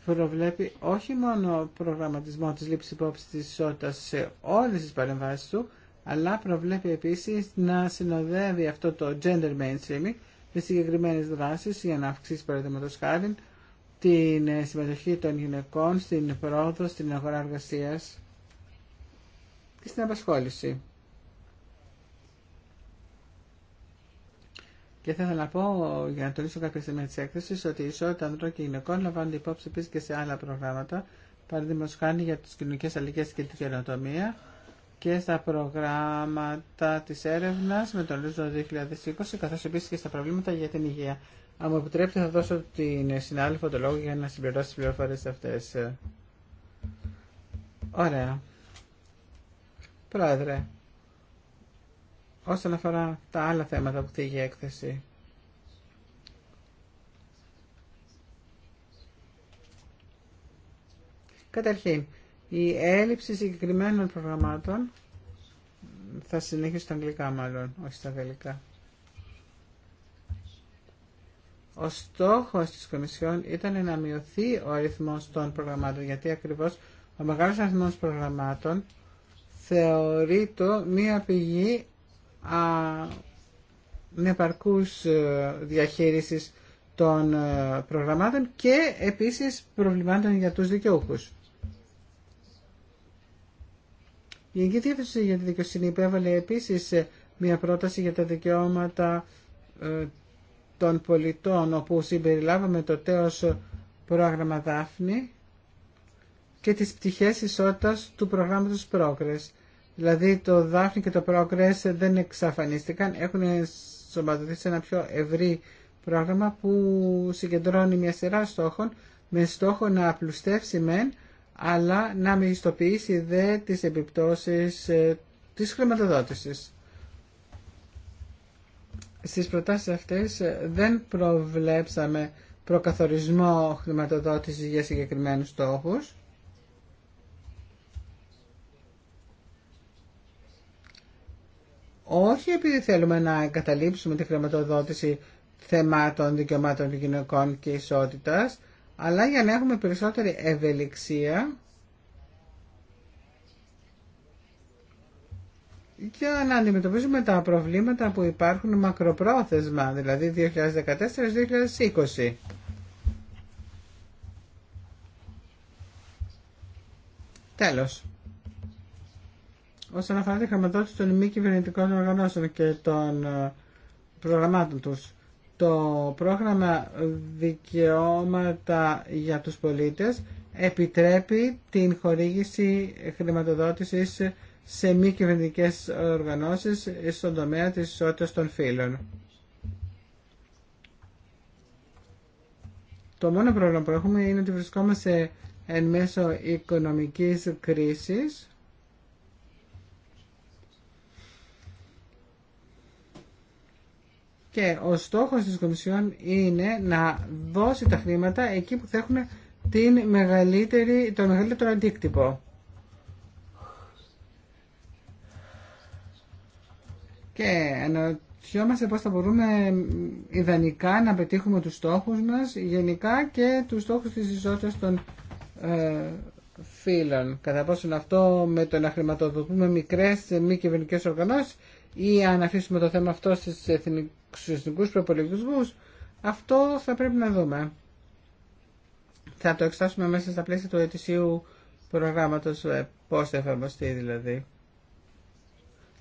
προβλέπει όχι μόνο προγραμματισμό της λήψης υπόψη της ισότητας σε όλες τις παρεμβάσεις του, αλλά προβλέπει επίσης να συνοδεύει αυτό το gender mainstreaming με συγκεκριμένες δράσεις για να αυξήσει παραδείγματος χάρη την συμμετοχή των γυναικών στην πρόοδο, στην αγορά εργασία και στην απασχόληση. Και θα ήθελα να πω, για να τονίσω κάποια στιγμή τη έκθεση, ότι η ισότητα ανδρών και γυναικών λαμβάνεται υπόψη επίση και σε άλλα προγράμματα, παραδείγματο χάνει για τι κοινωνικέ αλληλεγγύε και την καινοτομία και στα προγράμματα τη έρευνα με τον Ρίζο 2020, καθώ επίση και στα προβλήματα για την υγεία. Αν μου επιτρέπετε, θα δώσω την συνάδελφο το λόγο για να συμπληρώσει τι πληροφορίε αυτέ. Ωραία. Πρόεδρε, όσον αφορά τα άλλα θέματα που θίγει η έκθεση. Καταρχήν, η έλλειψη συγκεκριμένων προγραμμάτων θα συνεχίσει στα αγγλικά μάλλον, όχι στα γαλλικά. Ο στόχος της Κομισιόν ήταν να μειωθεί ο αριθμός των προγραμμάτων, γιατί ακριβώς ο μεγάλος αριθμός προγραμμάτων το μία πηγή με παρκούς ε, διαχείρισης των ε, προγραμμάτων και επίσης προβλημάτων για τους δικαιούχους. Η Εγγύη Διεύθυνση για τη Δικαιοσύνη υπέβαλε επίσης ε, μια πρόταση για τα δικαιώματα των πολιτών όπου συμπεριλάβαμε το τέος πρόγραμμα Δάφνη και τις πτυχές ισότητας του προγράμματος Progress Δηλαδή το Δάφνη και το Progress δεν εξαφανίστηκαν, έχουν σωματωθεί σε ένα πιο ευρύ πρόγραμμα που συγκεντρώνει μια σειρά στόχων με στόχο να απλουστεύσει μεν, αλλά να μεγιστοποιήσει δε τις επιπτώσεις ε, της χρηματοδότησης. Στις προτάσεις αυτές ε, δεν προβλέψαμε προκαθορισμό χρηματοδότησης για συγκεκριμένους στόχους, όχι επειδή θέλουμε να εγκαταλείψουμε τη χρηματοδότηση θεμάτων δικαιωμάτων των γυναικών και ισότητας, αλλά για να έχουμε περισσότερη ευελιξία και να αντιμετωπίζουμε τα προβλήματα που υπάρχουν μακροπρόθεσμα, δηλαδή 2014-2020. Τέλος όσον αφορά τη χρηματοδότηση των μη κυβερνητικών οργανώσεων και των ε, προγραμμάτων τους. Το πρόγραμμα Δικαιώματα για τους πολίτες επιτρέπει την χορήγηση χρηματοδότησης σε μη κυβερνητικέ οργανώσεις στον τομέα της ισότητας των φύλων. Το μόνο πρόβλημα που έχουμε είναι ότι βρισκόμαστε εν μέσω οικονομικής κρίσης Και ο στόχος της Κομισιόν είναι να δώσει τα χρήματα εκεί που θα έχουν την μεγαλύτερη, το μεγαλύτερο αντίκτυπο. Και αναρωτιόμαστε πώς θα μπορούμε ιδανικά να πετύχουμε τους στόχους μας γενικά και τους στόχους της ισότητας των ε, φύλων. Κατά πόσο αυτό με το να χρηματοδοτούμε μικρές μη κυβερνικέ οργανώσεις ή αν αφήσουμε το θέμα αυτό στις εθνικές εξωτερικούς προπολογισμού, αυτό θα πρέπει να δούμε. Θα το εξετάσουμε μέσα στα πλαίσια του ετησίου προγράμματο ε, Πώ θα εφαρμοστεί δηλαδή.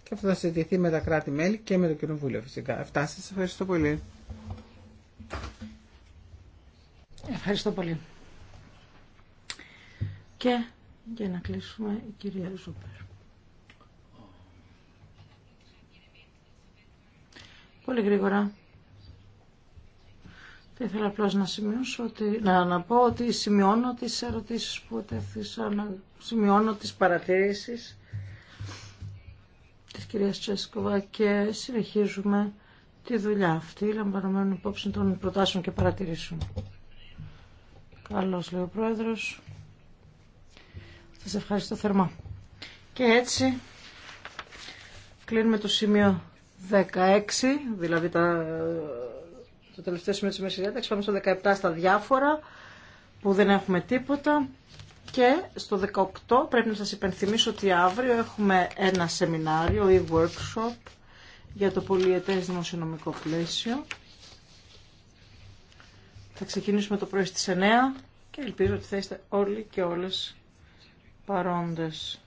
Και αυτό θα συζητηθεί με τα κράτη-μέλη και με το Κοινοβούλιο φυσικά. Αυτά σα ευχαριστώ πολύ. Ευχαριστώ πολύ. Και για να κλείσουμε η κυρία Ζούπερ. Πολύ γρήγορα. Θα ήθελα απλώ να σημειώσω ότι, να, να πω ότι σημειώνω Τι ερωτήσει που τέθησαν, σημειώνω τις παρατηρήσεις της κυρίας Τσέσκοβα και συνεχίζουμε τη δουλειά αυτή, λαμβανωμένων υπόψη των προτάσεων και παρατηρήσεων. Καλώς λέει ο Πρόεδρος. Σας ευχαριστώ θερμά. Και έτσι κλείνουμε το σημείο 16, δηλαδή το τελευταίο σημείο της μέσης διάταξης, πάμε στο 17 στα διάφορα που δεν έχουμε τίποτα και στο 18 πρέπει να σας υπενθυμίσω ότι αύριο έχουμε ένα σεμινάριο ή workshop για το πολυετές δημοσιονομικό πλαίσιο. Θα ξεκινήσουμε το πρωί στις 9 και ελπίζω ότι θα είστε όλοι και όλες παρόντες.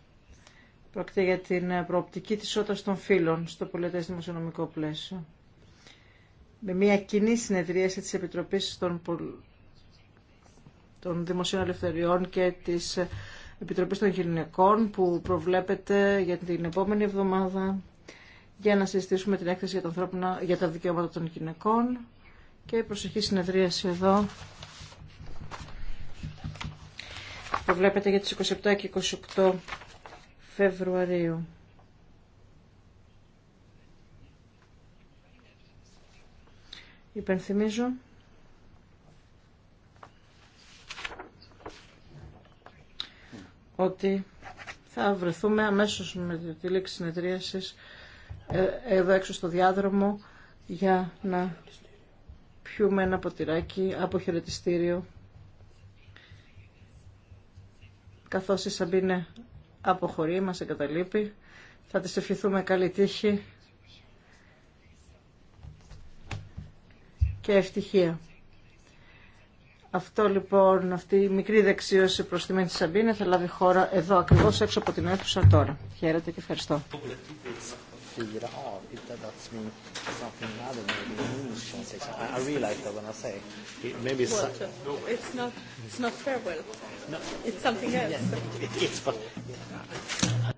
Πρόκειται για την ε, προοπτική της όταση των φύλων στο πολιτές δημοσιονομικό πλαίσιο. Με μια κοινή συνεδρίαση της Επιτροπής των, των Δημοσίων Ελευθεριών και της ε, Επιτροπής των Γυναικών που προβλέπεται για την επόμενη εβδομάδα για να συζητήσουμε την έκθεση για, ανθρώπινα, για τα δικαιώματα των γυναικών και η προσεχή συνεδρίαση εδώ προβλέπεται για τις 27 και 28 Φεβρουαρίου. Υπενθυμίζω ότι θα βρεθούμε αμέσως με τη λήξη συνεδρίασης ε, εδώ έξω στο διάδρομο για να πιούμε ένα ποτηράκι από χαιρετιστήριο καθώς η Σαμπίνε αποχωρεί, μας εγκαταλείπει. Θα της ευχηθούμε καλή τύχη και ευτυχία. Αυτό λοιπόν, αυτή η μικρή δεξίωση προς τη Μέντη Σαμπίνε θα λάβει χώρα εδώ ακριβώς έξω από την αίθουσα τώρα. Χαίρετε και ευχαριστώ fyra av utan that's me something rather maybe a means transaction. I, I realize that when I say it, maybe it's, well, no. it's not it's not farewell. No. It's something else. Yeah, it, it's but yeah.